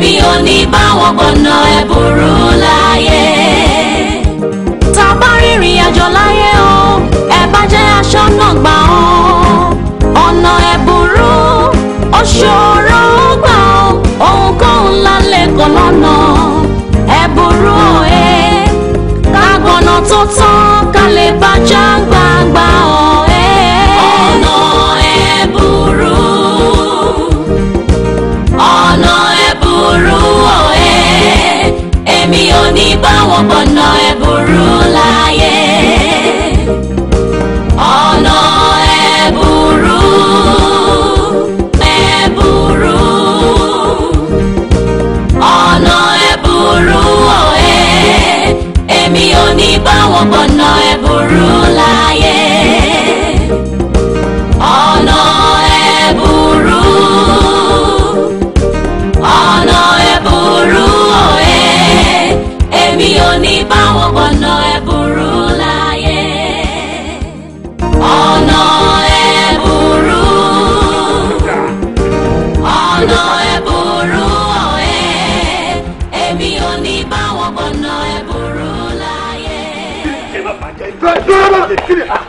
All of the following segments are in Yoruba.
Mi ò ní bá wọn kọ̀nà. ní báwọn gbọ̀nà ẹ̀ burú láyé ọ̀nà ẹ̀ burú ẹ̀ burú ọ̀nà ẹ̀ burú ọ̀ẹ́ èmi ò ní báwọn gbọ̀nà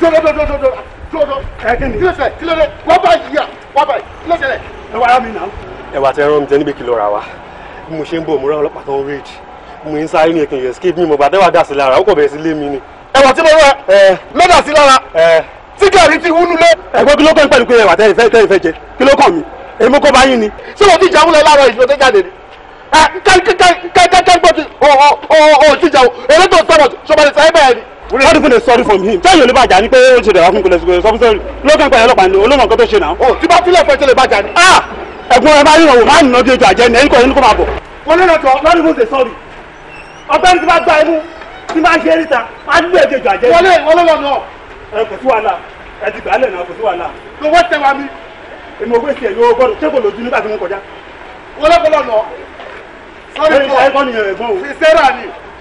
dododododo dodo ẹkẹni kílẹsẹ kílẹsẹ wà báyìí yà wà báyìí kílẹsẹ ẹ wà á mi nà. ẹwà tẹ ẹran mi tẹ níbi kìlọ̀ ra wa bí mo ṣe ń bọ̀ mo rán ọlọ́pàá tó ń rage mo ń sáré ní ẹkìn yẹn escape mi mo bá dẹ́wà dà sí lára ó kò bẹ̀rẹ̀ sí lé mi ni. ẹwà tí mo rẹ lọ́dà sí lára tí gàrí ti wúnú lé. ẹ̀gbọ́n kí ló kàn pẹ̀lú pé ẹwà tẹ́lẹ̀ fẹ́ tẹ́lẹ̀ fẹ́ jẹ kí ló kàn mí èyí mo kọ́ bá yín ni. ṣé wọ́n ti jàmúlẹ̀ láàárọ̀ ìṣòro tó jáde ni kẹ́kẹ́kẹ́kẹ́ gbọ́dọ̀ ọ̀ ọ̀ ọ̀ jíjà o èrè tó sọ̀rọ̀ sọ̀rọ̀ sọ̀rọ̀ bẹ́ẹ̀ ni wọ́n kò lè sọ́ọ́rí from him tẹ́yìn olè bàjá ni pé ó ṣe dàgbà fún kò lè sọ fún sọ́ọ́rí lókàn pẹ̀lú ọlọ́pàá ni olómọ̀ nǹkan tó ṣe náà. o oh, tí bá tilẹ̀ fẹ́ ṣe bàjá ni. Ah! ẹ̀gbọ́n ẹ máa ń rànwọ́ máa ń nà déjọ àjẹ́ ni ẹ̀yìn kọ́ ẹni kó máa bọ̀. mo ní ìrìnàjò lórí mo ṣe sọ́ọ̀rì ọ̀gbẹ́ni tí bá gba ẹnu tí máa ń ṣe eréta máa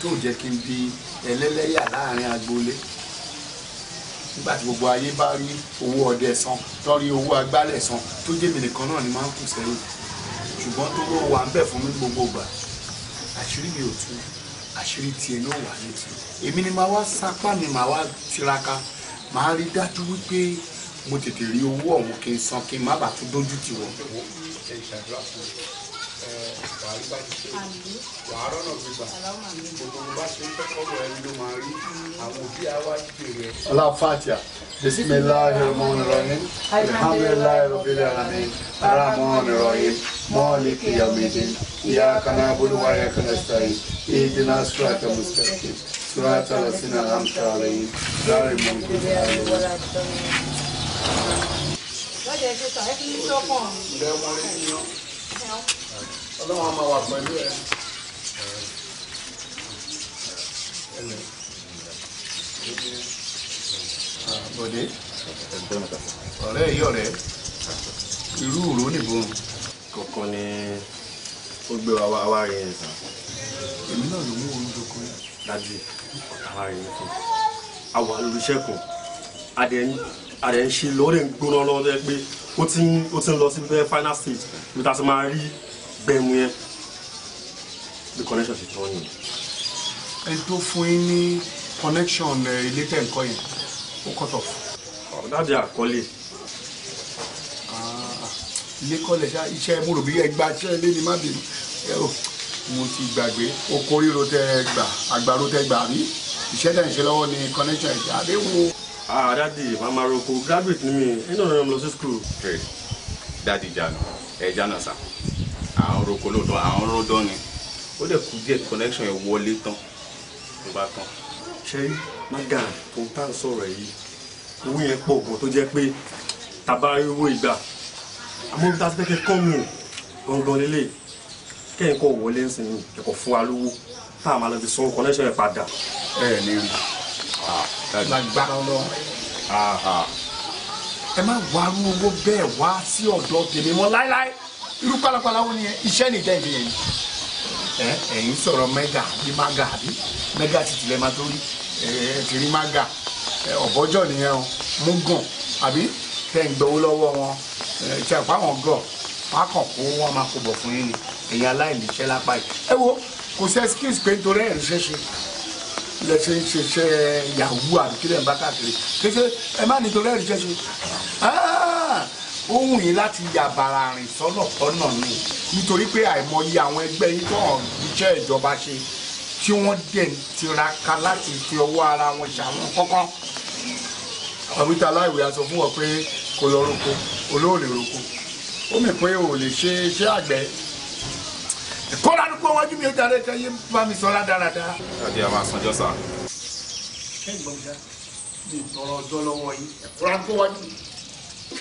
tó jẹ́ kí n di ẹlẹ́lẹ́yà láàrin agboolé nígbà tí gbogbo ayé bá rí owó ọdẹ san tó rí owó agbálẹ̀ san tó jẹ́mi nìkan náà ni máa ń kù sẹ́yìn ṣùgbọ́n tó ló wà ń bẹ̀ fún mi gbogbo ìgbà àṣírí mi ò tú àṣírí tiẹ̀ náà wà ní tu èmi ni màá wá sapá mi màá wá tiraka màá rí dájú wípé mo tètè rí owó ọ̀hún kí n san kí n má bàa tún dójú tì wọ́n wàhálì bá ti ṣe wàhálà náà fi gbà gbogbo bá ṣe ń fẹ́ kọ́kọ́ ẹni ló máa rí àwọn òbí àwa jèrè. aláfàtìyà bisimilahi rahman rahim alhamdulilahi rabbil alamin rahman rahim maliki yamidin iyyaka na'budu wa iyyaka nasta'in ihdina sirata mustaqim sirata lasina amsa alayhim ghayril maghdubi alayhim ọlọ́run á máa wà pẹ̀lú ẹ. bọ̀dé ọ̀rẹ́ yìí ọ̀rẹ́ irú òró nìbọn. kọ̀ọ̀kan ni ó gbé wa wá rí ẹ̀ sàn. èmi náà ló mú oorun dọ́kọ̀ yẹn. dájú ọ̀tàwá rí ẹ̀ fún àwa olùṣẹ́ kan adẹ̀ ń ṣe lọ́ọ́ dẹ̀ ń gbóná lọ́ọ́ dẹ́ pé ó ti ń lọ sí final stage nígbà tí máa rí gbẹmu yẹn bí connection ti tún wọn yìí. ẹ tó fún yín ní connection ilé tẹ̀ ń kọ́ yẹn ó cut off. ọ̀dàdì oh, àkọlé. Ah, ilé kọ́lẹ̀ ṣá iṣẹ́ mo rò bí ẹgbàá iṣẹ́ ilé ni má bínú ẹ o mo ti gbàgbé oko ríro tẹ gbà àgbàro tẹ gbà rí iṣẹ́ tẹ̀ ń ṣe lọ́wọ́ ni connection ẹ̀ ṣáà dé wo. ah dadi mama roko graduate ni mi nínú ọ̀rọ̀ mi lọ sí school. dadi jana ẹ jana sa àwọn roko lóòótọ́ àwọn rọ́dọ́ yẹn ó dẹ̀ kú díẹ̀ connection yẹn wọlé tán ló bá tán. ṣé magan tó ń tà ń sọ̀rọ̀ yìí owó yẹn pọ̀ gan tó jẹ́ pé tàbá owó ìgbà àmọ́ bí táṣí kẹ́kẹ́ kọ́ mù gangan lélẹ̀ kẹ́yìn kọ́ wọlé ń sìn kẹ́kọ̀ fún wa lówó tá a máa lọ fi san connection yẹn padà. ẹ ẹ ní rí ẹ má wá arú owó bẹ́ẹ̀ wá sí ọ̀dọ̀ tèmi mọ́ láéláé irú pálapàla wo ni yẹn iṣẹ́ nìjẹ́ ìdí yẹn ẹ ẹ̀yin sọ̀rọ̀ mẹ́gà bí mága àbí mẹ́gà ti tilẹ̀ máa tó rí ẹ ẹ ti rí mága ọ̀bọ́jọ́ nìyẹn o mú gàn àbí tẹ̀ ń gbowó lọ́wọ́ wọn ẹ ṣe àpáwọn gàn pákàn kó wọn máa kó bọ̀ fún yín ni ẹ̀yin aláìníṣẹ́ lápá yìí ẹ wo kò sí excuse pé nítorí ẹ̀rí ṣẹ́ṣe lẹ ṣe ṣe ṣe yahoo àbí kílẹ̀ ń bá káàkiri kéṣe ẹ má nítorí ẹ̀rí ṣẹ́ṣe ó wù yín láti ya bàrà rìn sọ́nà tọ́nà ni nítorí pé àìmọye àwọn ẹgbẹ́ yín tó hàn iṣẹ́ ìjọba ṣe tí wọ́n dẹ̀ tiraka láti fi ọwọ́ ara wọn ṣàwọn kọ́kọ́. àwítà aláìwé a sọ fún wọn pé kò lọ roko olóòlè roko ó mì pé ò lè ṣe iṣẹ́ àgbẹ̀ kọ́lá ní pé wájú mi ó darí ẹ̀ka yé bá mi sọ rádaràda. ẹ̀dí a máa sanjọ́ sá. ẹ gbọ́dọ̀ mi tọrọ ọjọ́ lọ́wọ́ yìí ẹ̀kúrà See,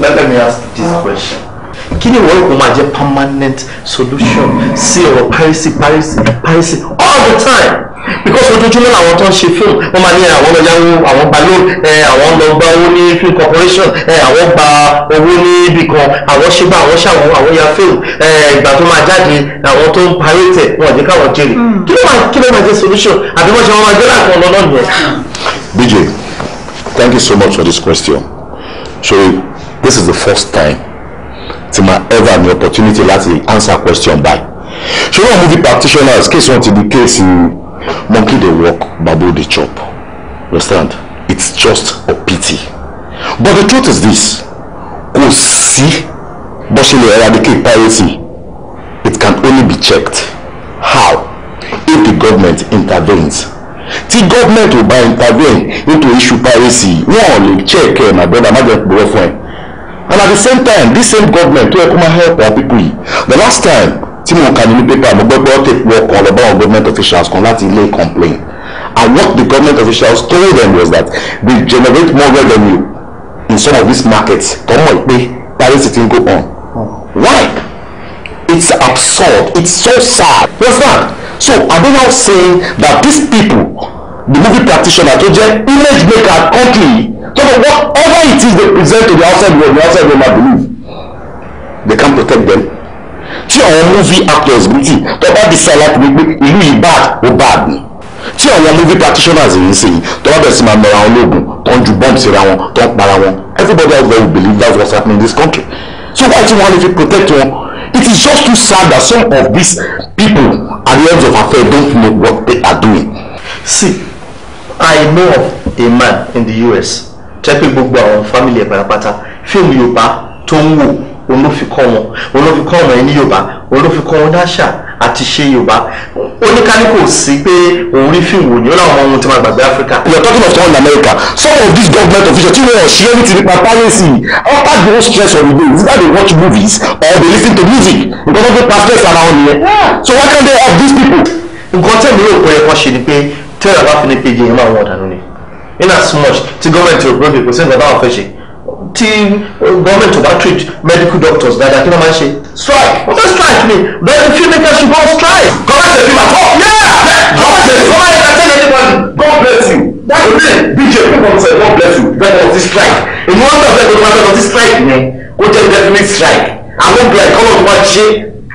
let me ask this question. Kí ni wọ́n kò máa permanent solution sí or piracy piracy piracy all the time? because ojoojúmọ́ làwọn tó ń ṣe film. wọ́n máa ní ah, àwọn lọ yáwó àwọn gba loan eh, àwọn lọ gba owó ní film corporation eh, àwọn gba owó ní ibì kan àwọn ṣe bá àwọn ṣàwọn àwọn ya fíìmù eh, ìgbà tó máa jáde àwọn tó ń parí tẹ̀ wọ́n jẹ́ káwọn jèrè hmm. kí ló máa kí ló máa jẹ́ solution àbí wọ́n ṣe wọ́n máa gbé láàkàn lọ lọ́nà yẹn. BJ thank you so much for this question so this is the first time ti ma ever ní opportunity láti answer question by So wọn mú the practitioners case one ti di case. In, monkey they walk, babu they chop understand it's just a pity but the truth is this kò sí bó ṣe lè eradicate piracy it can only be checked how if the government intervenes The government will bá intervene into issue piracy One check ẹ my brother my girlfriend. and at the same time this same government tó yẹ kó help our people the last time tí mo kà nínú pépà mo gbọ́ pé ó tètè wọ ọkàn àwọn government officials kan láti ilé complain and what the government officials told them was that they generate more revenue in some of these markets tó mọ̀ pé paris ti ń go on why it's absurd it's so sad you understand so are they now saying that these people the movie practitioner tó jẹ́ image maker country so that whatever it is they present to the outside world the outside world might believe they can protect them tí àwọn movie actors méjì tó bá decide láti gbé ìlú yìí bad ó bad ni tí àwọn movie practitioners yìí ń sèyí tó bá bẹ̀rẹ̀ sí máa mẹ́ra wọn lóògùn tó ń ju bomb síra wọn tó ń para wọn everybody out there will believe that's what's happening in this country so why tí wọ́n lè fi protect wọn it is just too sad that some of these people at the end of affair don't know what they are doing. see i know of a man in the us tẹ́pẹ́ gbogbo àwọn family ẹ̀ pátápátá fíìmù yorùbá tó ń wò òun ló fi yorùbá òun dáṣà àti ṣe yorùbá oníkálukú sí pé òun rí fíìmù wò ó láwọn ohun tí wọn gbàgbé áfíríkà. we are talking of one in america some of these government officials tí wọn ṣe everything nípa piracy after the whole stress of the day is that they watch movies or they listen to music because of the past around here so why can't they help these people. nǹkan tẹ̀mí yóò pẹ́ ẹ̀kọ́ ṣe ni pé tẹ́lẹ̀ bá fi ní page yẹn máa wọ̀ ọ̀dà lónìí in as much government tí gọ́ọ̀mẹ̀ntì ò tí gọ́ọ̀mẹ̀ntì bá treat medical doctors dáadáa kí ló máa ń ṣe strike wọ́n fẹ́ strike ni bẹ́ẹ̀ few makers should go strike. gọ́ọ̀mẹ̀ntì fi máa kọ́ gọ́ọ̀mẹ̀ntì fi máa yẹ kátẹ́ yẹn nípa God bless you that day BJP come say God bless you bẹ́ẹ̀ kọ́ ti strike èmi wọ́n tọ̀ bẹ́ẹ̀ kọ́ this strike yẹn kó jẹ́ definite strike àwọn obìnrin kọ́ ló wá ṣe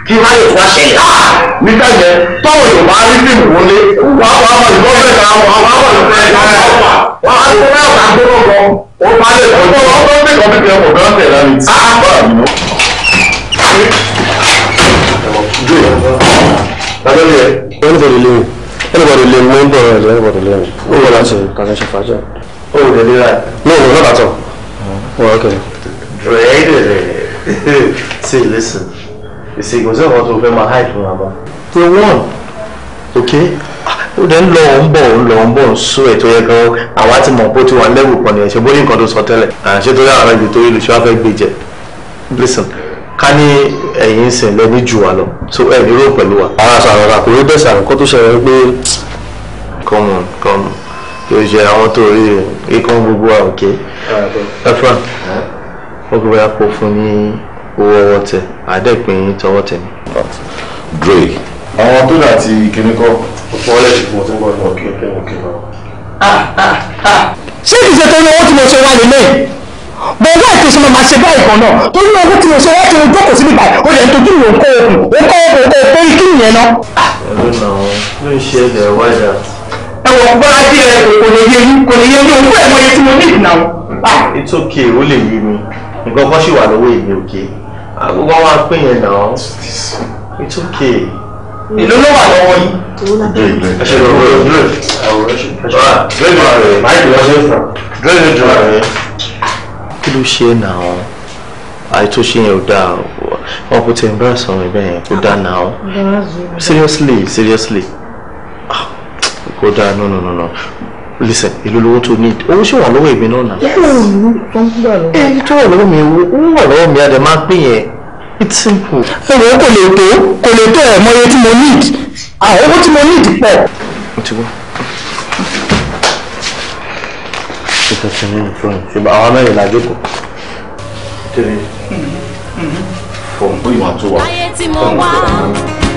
kí wọ́n lè wá ṣẹlẹ̀ ah! nígbà yẹn tọ́wọ̀ yóò máa rí fíìmù wọlé wàá wàá wà ní gọ́ọ̀mẹ̀ntì àwọn àwọn àwọn àwọn àwọn àwọn àwọn àwọn o ó máa lè kọ́ ọ́ ọ́ bẹ́ẹ̀ kọ́ bẹ́ẹ̀ kọ́ bẹ́ẹ̀ tẹ̀ lánàá ní. àbọ̀ àmì Anybody leave? Anybody leave? No one does. Anybody leave? Who will answer? Can I share fire? Oh, they did that. No, no, not at all. Oh, okay. Dreaded. See, listen. You see, because I want to open my height for Mama. The one. Okay. Ah, ó dẹ̀ ń lọ òun bọ̀ òun lọ òun bọ̀ ń sún ẹ̀ tó yẹ kọ́ àwa ti mọ̀ bó ti wà lẹ́rù kan nìyẹn ṣe bóyá nǹkan tó sọ tẹ́lẹ̀ àṣẹ tó yára ju torí olùṣọ́ afẹ́ gbé jẹ listen ká ní ẹ̀yìn ń sìn lọ ní jù wá lọ so ẹ̀ ní ró pẹ̀lú wa. àwọn àṣà àrà kò rí bẹ́ẹ̀ sàrò kó tó ṣẹlẹ̀ pé come on come on yóò jẹ àwọn tó rí ikán gbogbo wa òkè efra ó kí wọ́n kó fún ní owó ọwọ́ tẹ àdẹ́pìn wọ́lẹ̀ ti mo ti ń bọ̀ ní òkè òkè òkè náà. ṣé ìṣe tó ní owó tí mo ṣe wá lélẹ̀ mo wá ètò ìṣúná máa ṣe báyìí kan náà tó ní owó tí mo ṣe wá tí mo jókòó síbi báyìí ó lè ń tojú mi ò kó okùn ó kó okùn ó pé kí nìyẹn náà. ẹ̀rọ náà ló ń ṣe ẹ̀dẹ̀ wájà. ẹ̀wọ̀n gbọ́dá sí ẹ kò lè yé mi kò lè yé mi òkú ẹ̀ mọ iye tí mo ní ìdìnnà it's okay ó lè yé mi nǹkan kan ṣì wà lọ́wọ́ èmi ah, it's okay èló ló wà lọ́wọ́ yìí. ẹ ṣe lọ́wọ́ rẹ̀ dúró dúró rẹ̀ máìkì lọ́sẹ̀ fún dúró rẹ̀ dúró rẹ̀. kí ló ṣe nà ọ́ àìtúnṣe yẹn ò dáa wọn kò tẹ embarrass ọmọ ẹgbẹ́ yẹn kò dáa nà seriously seriously ah, kò dáa no no no no listen ìlú lówó tó need owó ṣe wà lọ́wọ́ èmi náà nà. ẹ ẹ tó wà lọ́wọ́ mi owó wà lọ́wọ́ mi adẹ máa pín yẹn it's simple. èrò kò lè tó kò lè tó ẹ̀ mọye tí mo need àwọn owó tí mo need pọ̀. mo ti wọ́. ṣètò sí nínú fóònù ṣùgbọ́n àwọn mẹ́rin la jókòó. three four bóyá wà tó wà. ayé tí mo wá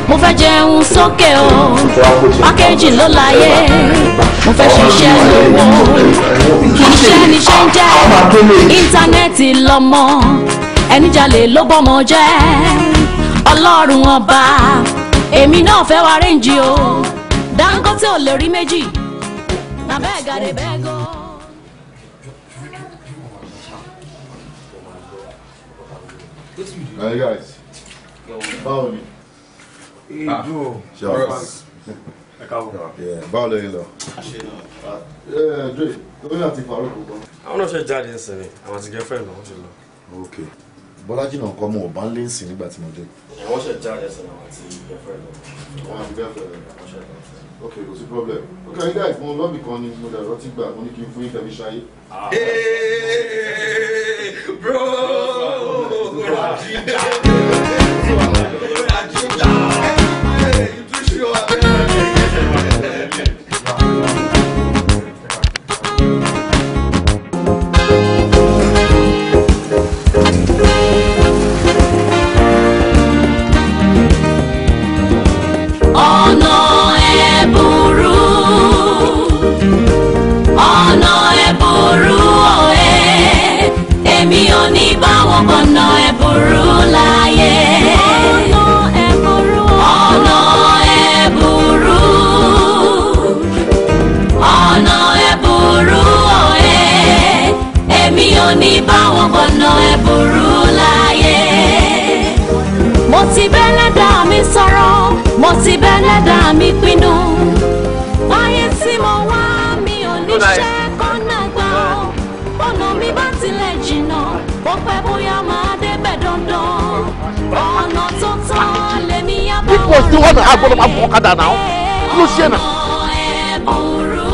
mo fẹ́ jẹun sókè o pákéjì ló láyé mo fẹ́ ṣiṣẹ́ lówó kì í ṣe níṣẹ́ ń jẹ́ íńtánẹ́ẹ̀tì lọ́mọ ẹni ló bọ́mọ jẹ́ ọlọ́run ọba èmi náà fẹ́ wá rẹ́ǹjì o Dangote ò lè rí méjì na bẹ́ẹ̀ gàdé bẹ́ẹ̀ gan. Hey guys, báwo ni? Ìjọ. Ah, ṣé o pa? báwo lè lọ. Eh, àwọn náà ṣe jáde ẹsẹ̀ ni àwọn àti girlfriend náà wọ́n ṣe lọ bọ́lájì náà kọ́ mọ̀ ọ̀bá ń lé nsìn nígbà tí mo dé. ẹ̀wọ́n ṣe jáde ẹsẹ̀ náà àti bẹ́fẹ̀ lọ. wọ́n àti bẹ́fẹ̀ lọ. ok kò sí problem. ok ayé dáì fún lọ́ọ̀bì kan ni mo dàrọ́ ti gbà mo ní kí n fún ìfẹ́ mi ṣayé. bro rajida rajida you too sure mi ò ní bá bọ̀nà ẹ̀ láyé. mo ti bẹ́lẹ́dà mi sọ̀rọ̀ mo ti bẹ́lẹ́dà mi pinnu. wáyé tí mo wá mi ò ní ṣe kọ́nà gbà ó bọ́nà mi bá tilẹ̀ jìnnà bó pẹ́ bóyá máa débẹ̀ dandan ọ̀nà tó tán lèmi yá bá wọn rẹ̀. people still want to have one of my ọ̀kadà now. ló ṣe nà. ọ̀nà ẹ̀ burú.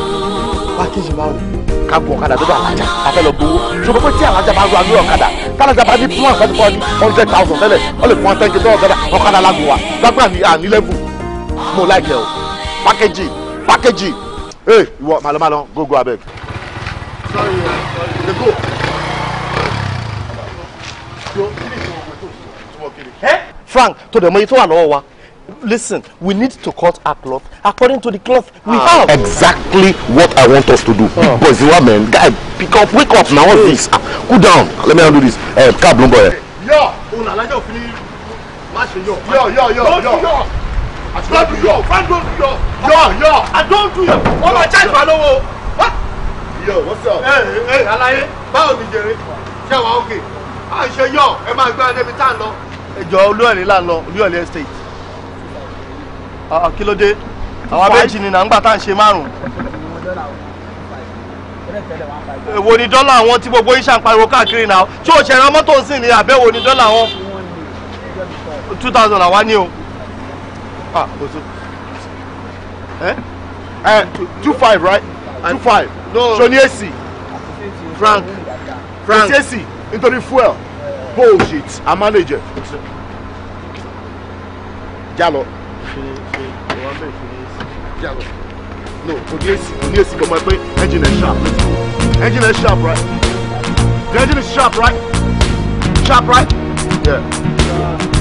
wákìjì máa wò ká gun ọ̀kadà tó bá alájà afẹ́ lọ gbowó ṣùgbọ́n pé tí alájà bá ra ní ọ̀kadà kálájà bá ní plan fẹ́ fọ́ ní hundred thousand tẹ́lẹ̀ ó lè fún ten k tọ́wọ́ ọ̀kadà ọ̀kadà lágùn wa gbàgbà ní àní level mo like ẹ o pákéjì pákéjì ee ìwọ màlọ́ màlọ́ go go abeg. sorry uh, sorry go. Frank tó dẹ̀ mọ iye tó wà lọ́wọ́ wa listen, we need to cut our cloth according to the cloth we ah. have. Exactly what I want us to do. Oh. Big boys, you are men. Guy, pick up, wake up now. What's this? Ah, cool down. Let me handle this. Uh, eh, car blown boy. Yo, una oh, la yo fini. Yo, yo, yo, yo. Don't do yo. I don't do yo. I don't do yo. Yo, yo. I don't do yo. All my child, I know. What? Yo, what's up? Hey, hey, alaye. Báwo ni jèrè? Ṣé wàá okay? À ń ṣe yọ̀ ẹ máa gbé adébítà lọ. Ẹ jọ olúwẹ̀lẹ̀ là ń lọ olúwẹ̀lẹ̀ estate. Ah, kí ló dé àwọn méjì ni nàǹgbà tá à ń ṣe márùn. èwo ni dọ́là àwọn tí gbogbo yín ṣàǹpariwo káàkiri náà tí o ṣẹ̀rọ mọ́tò ń sìn ní àbẹ̀wò ni dọ́là àwọn two thousand àwa ní o. Ah, eh? Eh, two five right two five No. ní èsì Frank Frank èsì nítorí fuel bullshit a manager jalo no kò ní èsì kò ní my kò mọ̀ pé engine is sharp engine is sharp right the engine is sharp right sharp right yeah.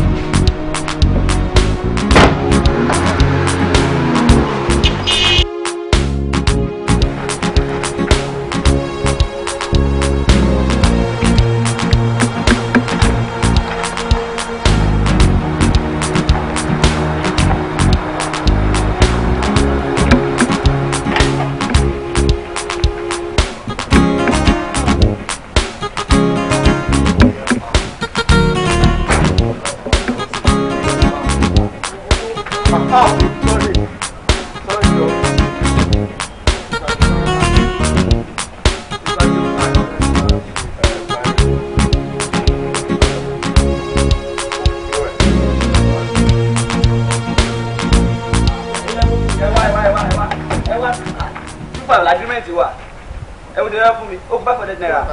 hundred naira.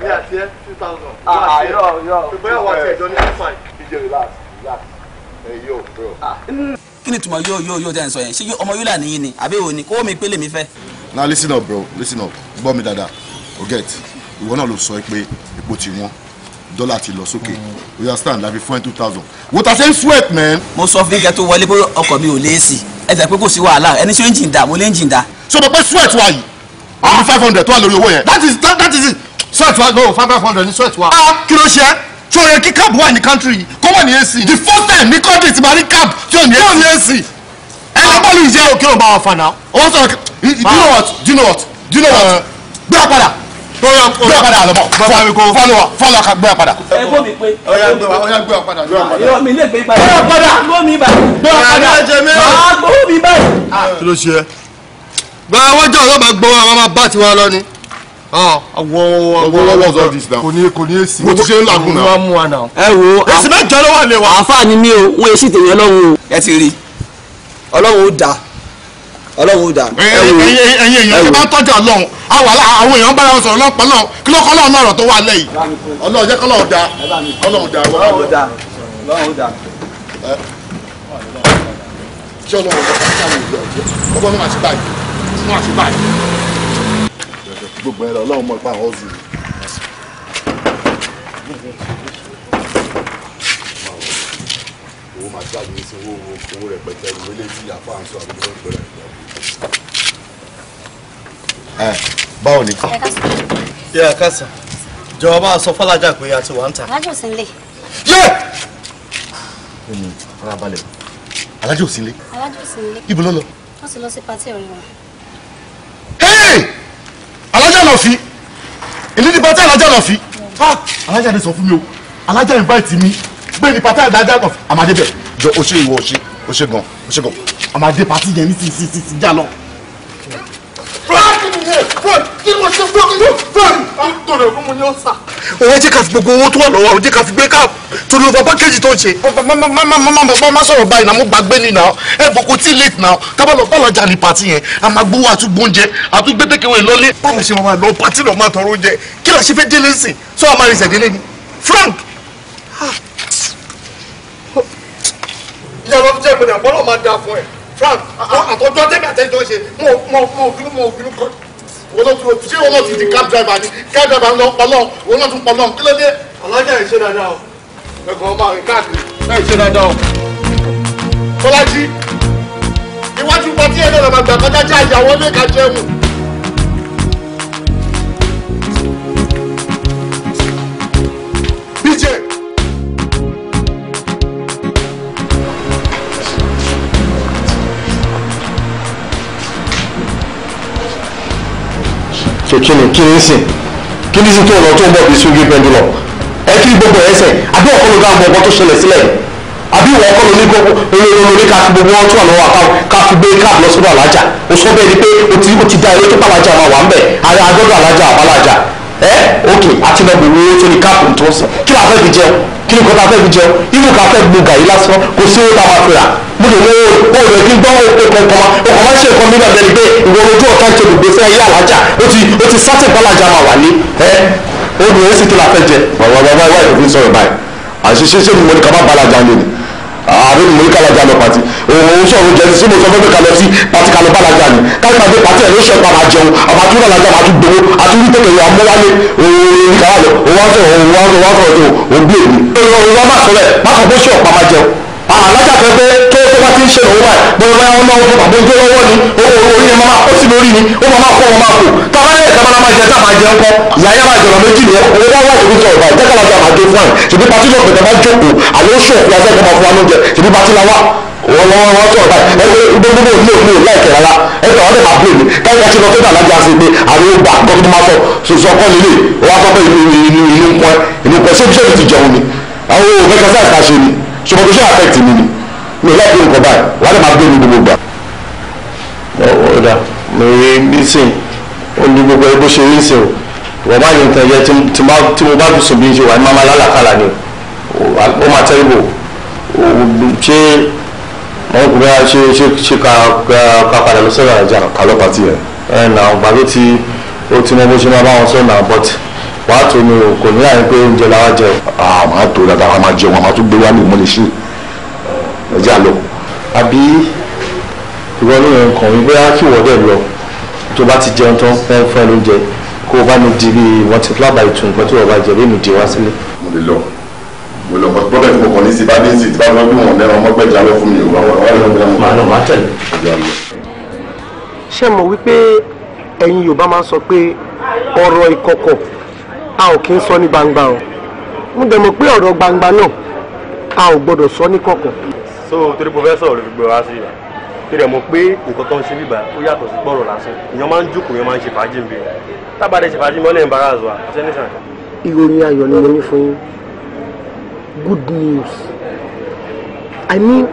èmi àti ẹ two thousand. ah, ah, ah yọ yọ. ṣùgbọ́n àwọn àti ẹ̀jọ́ ní fine. ìjẹ́ relax relax Hey, yo, bro. kí ni tuma yóò yóò yóò jẹ́ àìsàn yẹn ṣé ọmọ yóò là níyì ni àbí òun ni kó mi pé lèmi fẹ́. na listen up bro listen up gbọ́ mi dada. o get ìwọ náà ló sọ pé epo ti wọ́n dọ́là ti lọ sókè o yà stand láfi fún ẹ two thousand wò ta ṣe ń sweat man. mo sọ fún ike tó wọlé pé ọkọ mi ò léèsì ẹ tẹ̀ pé kò sí wàhálà ẹni tí ó ń jìn dà mo lè ń jìn dà. sọ ma pé sweat wa yìí ọdún ah! five hundred tó wà lórí owó yẹn. that is that, that is it. sweat wa no five hundred ni sweat wa. Ah, kí ló ṣe ṣòro kí cab wà ní country yìí kó wà ní ac. the first time ní country ti ma ní cab tí ò ní ac. tí ò ní ac. ẹ lọ bọ́ọ̀lù ìjẹ́ òkè ò bá wa fa náà. o sọ do you know what do you know what do you know what gbé wa padà gbé wa padà àlọ́mọ fọlọ́ wa fọlọ́ wa gbé wa padà. ẹ gbọ́ mi pé ọ̀ya gbé wa ọ̀ya gbé wa padà gbé wa padà. yọ mi lè gbé padà gbé wa padà gbó mi báyìí. gbó mi báyìí. kí ló ṣe é gba wọ́jọ́ yóò bá gbọ́ àwọn máa bá tiwa lọ ni. àwọn ọwọ́ kò ní kò ní èsì. mo ti ṣe ń làgùn náà. ẹ wo èsì mẹ́jọ ló wà lẹ́wà. àǹfààní mi o wọ́n èsì tèmi ọlọ́run o. ẹ ti rí ọlọ́run ó dáa ọlọ́run ó dáa. ẹyin èèyàn ti bá ń tọ́jú ọlọ́run àwọn èèyàn bára wọn sọ̀rọ̀ lọ́pọ̀ náà kí lọ́kọ́ ọlọ́run náà rọ̀ tó wà lẹ́yìn ọlọ́run jẹ́ kọ́lọ́run dáa ọlọ́run dáa ọlọ́run dáa ọlọ́run dáa ṣé ọlọ́run dáa ọgbọ́n náà ti báyìí fún àti báyìí. gbogbo ẹ̀rọ ọlọ́run mọ̀ ipa àwọn ọ̀sùn. owó máa jáde ní sinwó owó owó rẹpẹtẹ ìwé létí àfáàǹsọ àbúrò ìgbẹ́rẹ́ ìgbà. ẹ báwo ni. yẹ ẹ kásán jọ̀wọ́ bá a sọ fọlájà pé a ti wà ń ta. alájò sí ilé. yẹ. fara balẹ̀ alájò sí ilé. alájò sí ilé. ibo lọ. wọ́n ti lọ sí patí ọ̀rẹ́ wọn hey alájà lọ fi ìlú ní pátá alájà lọ fi alájà ni sọ fún mi o alájà invite mi gbé ní pátá alájà lọ fi àmàdé bẹ jọ o ṣe ìwọ o ṣe o ṣe gan o ṣe gan àmàdé pàtí yẹn ní sí sí sí já lọ owó jẹ́ ká fi gbogbo owó tó wà lọ́wọ́ àwọn jẹ́ ká fi gbé ká torí ọba pákéjì tó ń ṣe. ma. sọ̀rọ̀ báyìí náà mo gbàgbé ni náà ẹ bọ̀ kò tí ì late náà tábà lọ bọ́ọ̀lù ọjà ní pàtí yẹn a máa gbowó àtúgbóúnjẹ àtúgbẹ́dẹ́kẹ̀wé lọ́lé. báwo ṣe máa lọ pàtí náà máa tọrọ oúnjẹ kí lóò ṣe fẹ́ délé sí sọ àmà rẹ̀ ṣẹ̀délé ni Frank. ìyá ọlọ́run jẹ́ ìpínlẹ̀ àpọ́lọ́ máa dáa fún ẹ̀ frank àtọ́jọ́ tẹ́mi àtẹ́jọ́ ṣe mo mo mo bínú mo bínú kọ́ wọn lọ tún ṣé wọn lọ ti di cab driver ni cab driver lọ pọlọ wọn lọ tún pọlọ kí ló dé. ọlọ́jà ìṣe dáadáa o ẹ̀gbọ́n ọmọ rẹ̀ káàkiri náà ìṣe dáadáa o. Bọ́lájí iwájú pàtí ẹ̀ náà lọ́ba jẹ́ àyàwó lè ka jẹun. so kí ni kí ni sìn kí ni sìn tó lọ tó ń bọ̀ bí swinging pendulum ẹ kí gbogbo ẹsẹ̀ àbí ọkọ ló dá àwọn ọkọ tó ṣẹlẹ̀ sílẹ̀ àbí ìwọ ọkọ ló ní gbogbo olóró ní ká fi gbogbo wọn tún àná wà ká fi gbé káàdì lọ sọ́dọ̀ alájà o sọ bẹ́ẹ̀ ni pé o ti da eré tó pàlájà máa wà ń bẹ̀ àrẹ agbọ́dọ̀ alájà àbálájà ẹ eh? ok àti lọ bèrè owó tó ní káàpù tó ń sọ kí la fẹ́ fi jẹun kí ni kọ́ta fẹ́ fi jẹun irú ká fẹ́ gbó gàyí lásán kò sí owó tá a máa fi rà mo lè lọ o rẹ kí n gbọ́ okùn kan okùn máa ń ṣe nǹkan mílíọ̀nù lẹ́nu pé ìwọ ojú ọ̀tá ń ṣe olùgbèsè ayé alájà ó ti ó ti sátẹ̀ bọ́lájà máa wà ní ẹ eh? ó ní èsì kí la fẹ́ jẹ. bàbá bàbá ìwà ìfòfin sọ̀rọ̀ báyìí àṣìṣe ṣé mo ní ká má bàlájà lónìí ààrẹ mi ní kálájà lọ pàtì òun sọ̀rọ̀ jẹ́ sí mo sọ fẹ́ kalọ sí pàtì kalọ bàlájà ni káyipàdé pàtì ẹ̀ ló sọ para jẹun àmọ́ àtúntò alájà máa tún gbowó àtúntò tẹ̀lé ìwà mọ́wálé òun kàwá lọ òun wá sọ̀rọ̀ òun wá sọ̀rọ̀ òun bí èmi. èrò òun wá má sọ̀rọ̀ ẹ̀ má sọ bó ṣe ọ̀pá máa jẹun alájà fẹ́ bẹ́ẹ̀ tó bá ti ń ṣe lọ́wọ́ báyìí bọ́lá wọn náà fún àbójú lọ́wọ́ ni owó orí ẹ̀ máa ó sì lórí ni ó máa kọ́ wọn máa kù tábà ẹ̀ tábà máa jẹ tábà jẹ ńkọ́ yàyà máa jọ̀rọ̀ méjì nìyẹn owó bá wà síbi tọ̀ ìbáyìí jẹ́kàlá jẹ́ àmàjọ fún àyìn ṣèbí patí lọ pẹ̀tẹ́ bá jókòó àlọ́ sùn ìyá sẹ́kọ̀ọ́ máa fún wa lóúnjẹ ṣèbí patí la wà wọ́n wọ́n wọ́n tọ̀ báyìí ẹ gbogbo mi ò mi ò láìpẹ́ rárá ẹ tọ̀ wọ́n lè máa bèèrè káyọ̀ ti lọ tó dà lájà sí pé àwọn ògbà tọ́kí máa tọ̀ sọ̀kọ́ lélẹ̀ wọ́n á tọ́ pé inú inú inú pọ́n inú pọ́n ṣé bí ṣé ti jẹun ni àwọn òògùn kẹsàn-án kà ṣe ni ṣùgbọ́n tó ṣe àfẹ́ẹ̀tì mi ni mi láti nǹkan báyìí wàá lè máa gbé mi gbogbo gbà. ọ̀dà mi rí nísìn oní gbogbo ẹ bó ṣe rí nísìn o wọ́n má ní nǹkan yẹ tí mo bá fi sùn bí n ṣe wà ní máma lálàkàlà ni ó máa tẹ́lẹ̀ bò ṣé wọ́n kò bá ṣe ṣe ṣe ka ka padà lọ sọ́dọ̀ àjà. kálọ́ pàtì yẹn. ẹ nà ọgbà ló ti ó ti mọ bó ṣe máa bá wọn sọ́nà bọ́tì wàá tó ni o kò ní àyè pé oúnjẹ làwọn jẹ. àmọ́ àtò dáadáa wọn jẹun àmọ́ àtúgbé wálé mo lè ṣe Nàìjíríà lọ àbí ìwọ ló yẹn kàn mí bóyá kí wọ́n dẹ̀ lọ tó bá ti jẹun tán fẹ́ fún ẹ lóúnjẹ kó o bá mi di bí wọ́n ti fúlábà ìtù nǹkan tí wọ́n bá jẹ lẹ́nu di wá sílé. mo lè lọ mo lọ bọ́ bọ́dọ̀ ìfowó kan ní sí bàbá èsì tí bá fẹ́ bí wọn lẹ́nu ọmọgbẹ́jọ alẹ́ fún mi ò wá wọ́n lẹ́nu ọmọgbẹ́jọ. màá lọ màá tẹ̀lé. ṣé mo wípé ẹ̀yin Yorùbá máa ń sọ pé ọ̀rọ̀ ìkọ̀kọ̀ a ò kí ń sọ ní gbangba o mo dẹ̀ mọ̀ pé ọ̀rọ̀ gbangba náà a ò gbọ́dọ̀ sọ ní kọ̀kọ̀ so torí professor ló fi gbé wá sí ibà torí ẹ mọ̀ pé nǹkan tó ń ṣe bíbà ó yàtọ̀ sí gbọ́rọ̀ lásán èèyàn máa ń jókòó èèyàn máa ń ṣe fàájì ń bẹ tábàdé ṣe fàájì mọ́lẹ̀ ń bára àzọ́ àtẹ́nìṣàn. ìròyìn ayọ̀ ni mo ní fún yín good news i mean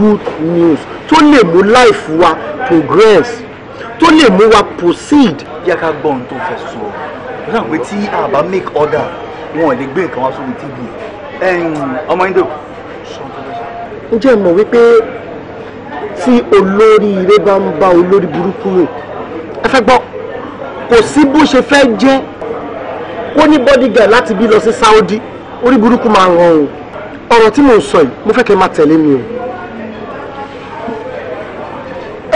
good news tó lè mú life wa progress tó lè mú wa proceed. yá ká gbọ́ ohun tó fẹ́ sọ ọ́ náà pé tí àbá make order wọn ò lè gbé nǹkan wá sórí tv ọmọ indo ǹjẹ́ ẹ mọ̀ wípé tí olórí ire bá ń bá olórí burúkú rò ẹ fẹ́ gbọ́ kò sí bó ṣe fẹ́ jẹ́ kó ní bodyguard láti bí lọ sí Saudi orí burúkú máa ràn o ọ̀rọ̀ tí mò ń sọ yìí mo fẹ́ kẹ́ máa tẹ̀lé mi o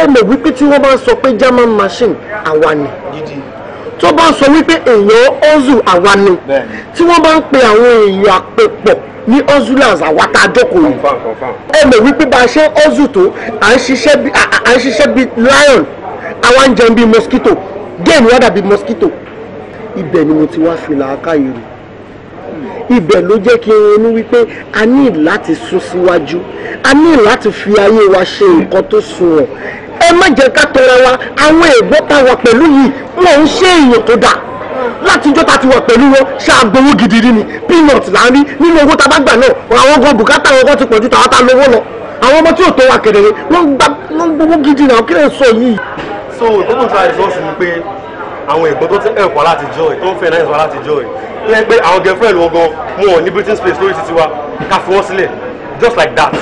ẹ mọ̀ wípé tí wọ́n bá ń sọ pé German machine àwa ni tó bá ń sọ wípé èèyàn ozu àwa ni tí wọ́n bá ń pe àwọn èèyàn àpepọ̀ ní hustlers àwátá jókòó yìí ẹ mọ̀ wípé bá a ṣe hustle tó à ń ṣiṣẹ́ bí lion àwa ń jẹun bí mosquito géèmù wá dàbí mosquito ibẹ̀ ni mo ti wá fi làákàyè rò ibẹ̀ ló jẹ́ kí n ronú wípé a ní láti sún síwájú a ní láti fi ayé wa ṣe nǹkan tó sunwọ̀n ẹ má jẹ́ ká tọrọ wa àwọn èèbó táwa pẹ̀lú yìí wọn ń ṣe èèyàn tó dáa láti ìjọ́ ta ti wà pẹ̀lú wọn ṣàgbowó gidi rí ni peanut là ń rí nínú owó tá a bá gbà náà àwọn gan bùkátà wọn kan ti pọ̀jù tàwọn ta lówó lọ àwọn ọmọ tí ò tó wa kedere ló ń gbowó gidi náà kí lè sọ yìí. so ìtọ́jú ta ìjọ́sìn pé àwọn ẹ̀gbọ́n tó ti ẹ̀kọ́ láti joy tó ń fẹ́ náà ẹ̀kọ́ láti joy tó yẹ pé àwọn girlfriend wọn gan wọn ò ní breathing space lórí títí wa ká fi sílẹ̀ just like that.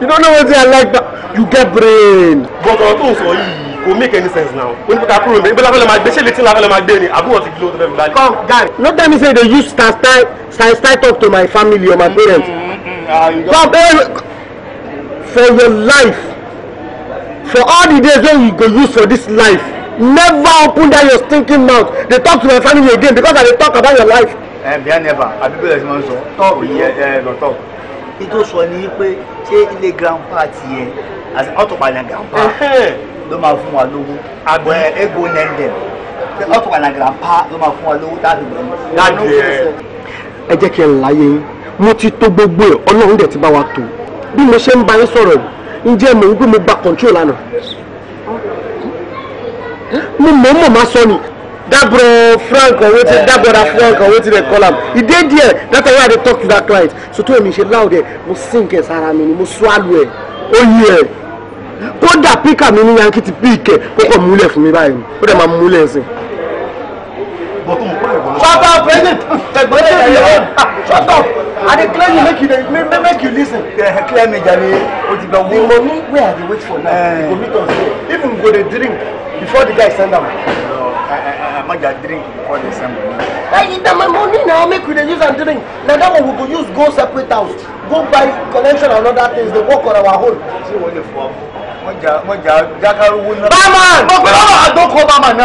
you don't know wetin i like that you get brain. bọ́tọ̀ tó ń sọ yìí kò make any sense now ó ní kó ká kúrò mi ìgbéláfẹ́ lè máa gbé ṣé létí ńlá fẹ́ lè máa gbé ni àbúrò ti come guy no tell me say they use style start start start talk to my family or my mm-hmm, parents mm-hmm. Ah, come eh, for your life for all the days wey you go use for this life never open that your stinking mouth They talk to my family again because i dey talk about your life. Eh, bẹ́ẹ̀ never àbí bẹ́ẹ̀ ṣe man so. Talk, tọ́ọ̀kì yẹn ẹ eh, lọ tọ́ọ̀kì nítorí sọ ni pé ṣé ilé grandpa tiẹ̀ àti ọ̀tọ̀pàlẹ̀ grandpa ló máa fún wa lówó àbẹ ego nẹ́ndẹ̀m ọ̀tún wàhálà grandpa ló máa fún wa lówó dáàbì lọ́wọ́. ẹ jẹ́ kí ẹ láyé yín mo ti tó gbogbo ẹ̀ ọlọ́run dẹ̀ ti bá wa tó bí mo ṣe ń bá yín sọ̀rọ̀ yìí ǹjẹ́ mo ń gbé mo gba control lánàá mo mọ̀ mọ̀ máa sọ ni dabro frank or wetin dabroda frank or wetin dem call am e dey there that time talk to that client so tó o mi ṣe loud ẹ mo sink ẹ sára mi ni mo swallow ẹ ó yí ẹ kódà píkà mi ní yankí ti píìkẹ̀ kókò múlẹ̀ fún mi báyìí ó dẹ̀ máa múlẹ̀ sí. shut up president ẹgbẹ́ rẹ̀ yẹ ọ́ shut up i dey clear you make you dey make, make you lis ten. clear me jare o ti gba the money wey i dey wait for now you go meet us there if we go dey drink before the guy send am. maja drink before they send money. Hey, na my money now make we dey use am drink. Na that one we go use go separate house, go buy collection and other things dey work on our own. See what dey for mọ̀jà jákàrúwó náà. báman mo pe báman àdókò báman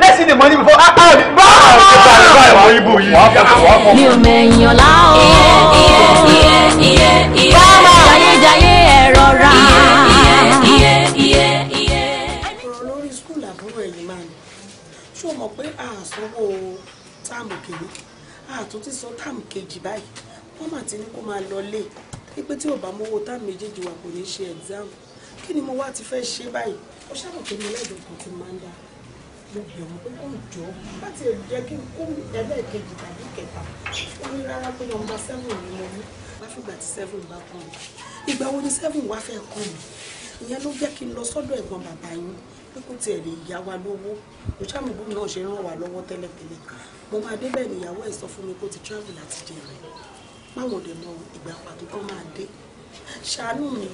let's see the money before ah ah báman. báman báman ibo yìí wàá fọ wàá fọ. mi ò mẹ̀yàn lá o. iye iye iye iye báman jayéjayé ẹ̀rọ ra. iye iye iye. ọ̀rọ̀ lórí skul àbúrò ẹ̀yìn máa ní ṣé o mọ̀ pé àsanwó táàmù kìíní àtúntí sọ táàmù kejì báyìí wọ́n mà ti ní kó máa lọ lé pípé tí ò bá mówó táàmù méjèèjì wà kò ní ṣe ẹ̀gzáàmù kí ni mo wá ti fẹ́ ṣe báyìí ó ṣàmù pé mi lẹ́dọ̀ọ́kan ti máa ń dá mo bẹ̀ wọ́n pé kò jọ láti jẹ́ kí n kó ẹlẹ́ẹ̀kejì tàbí kẹta ó ní rárá pé nọ́mbà seven ni mo mú láfìgbà tí seven bá kàn mí ìgbà wo ni seven wá fẹ́ kàn mí ìyẹn ló jẹ́ kí n lọ sọ́dọ̀ ẹ̀gbọ́n bàbá yín pé kò tiẹ̀ lè yá wa lówó kò ṣàmù bóun náà ṣe ràn wá lọ́wọ́ tẹ́lẹ̀tẹ́lẹ̀ mo máa débẹ̀ níyàwó ẹ̀ sọ fún mi kó ti travel láti jẹrẹ máwọn ọ̀dẹ̀ mọ ìgbà pàtó tó máa dé ṣàánú mi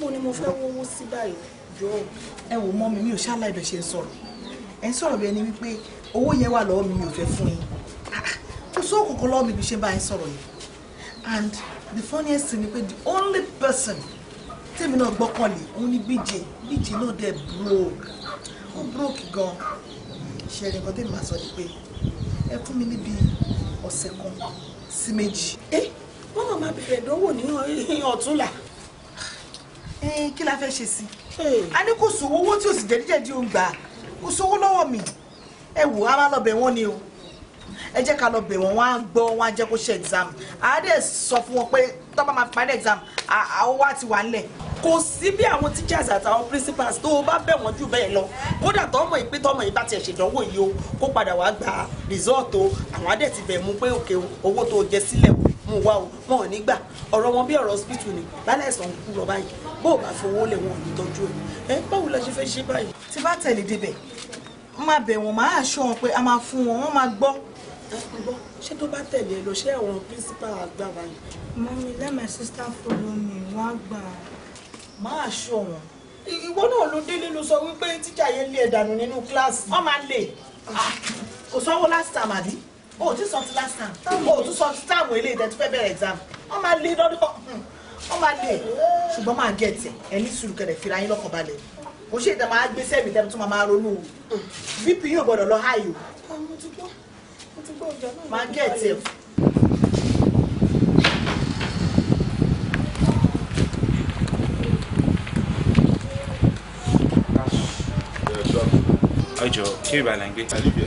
mo ni mo fẹ́ wówó sí báyìí jọ. ẹ wò mọ́ mi mi ò ṣáláì bẹ̀ ṣe ń sọ̀rọ̀ ẹ̀ ń sọ̀rọ̀ bí ẹni wípé owó yẹn wà lọ́wọ́ mi mi ò fẹ́ fún yín kò sóò kòkó lọ́wọ́ mi bí ṣe bá yín sọ̀rọ̀ yìí and the funniest thing ni pé the only person tèmi náà gbọ́kànlé òun ni bíjì bíjì náà dẹ̀ broke ó broke gan ṣe ẹni nǹkan tèmi máa sọ ni pé ẹ fún mi níbi ọ̀sẹ̀ kan sí méjì. ẹ eh, wọ́n náà máa bẹ̀rẹ̀ ìdánwò ní ọ̀túnla. Eh, kí la fẹ́ ṣe sí eh. a ní kò sówó owó tí ò sì jẹ́díjẹ́dí ò ń gbà kò sówó lọ́wọ́ mi ẹ wò á má lọ bẹ̀ wọ́n ni o ẹ jẹ́ ká lọ bẹ̀ wọ́n wọ́n á gbọ́ wọ́n á jẹ́ kó ṣe exam a dẹ̀ sọ fún wọn pé tọ́ba máa parí exam àwọn wa ti wà nílẹ̀. kò sí bí àwọn teachers àtàwọn principals tó o bá bẹ̀ wọ́n jù bẹ́ẹ̀ lọ kódà tọ́mọ yìí pé tọ́mọ yìí bá tiẹ̀ ṣèdánwò yìí o kó padà wàá gba result o àwọn adẹ̀ ti bẹ̀ mú wá o wọn ò ní gbà ọ̀rọ̀ wọn bí ọ̀rọ̀ hospital ni lálẹ́ ìsàn kú lọ báyìí bó o bá fowó lẹ̀ wọn ò ní tọ́jú ẹ̀ ẹ báwo la ṣe fẹ́ ṣe báyìí. tí bá tẹ̀lé débẹ̀ máa bẹ̀ wọ́n máa ṣọ́ wọn pé a máa fún wọn wọ́n máa gbọ́. ṣé tó bá tẹ̀lé ẹ lọ ṣé àwọn principal àgbà báyìí. mọ́mí let my sister follow me wọ́n á gbà á. máa ṣọ́ wọn ìwọ náà ló délé ló sọ wípé tíjà yẹn lé ẹ̀dànù nínú kíláàsì wọ́n máa lè ah, kò sanwó last time o oh, ti sọ ti last time o tún sọ ti táwọn eléyìí tẹ tún fẹ́ bẹ̀rẹ̀ exam o máa lé lọ́dún kan hmm. wọ́n máa lé ṣùgbọ́n máa gẹ̀ tẹ̀ ẹni sùúrù kẹrẹ̀ fira yín lọ́kàn balẹ̀ kò ṣe ìtẹ̀ máa gbé sẹ́mi tẹ́ tún máa ronú bp yóò gbọ́dọ̀ lọ háyò máa gẹ̀ tẹ̀. ọjọ́ kí ìbàlẹ̀ ń gbé.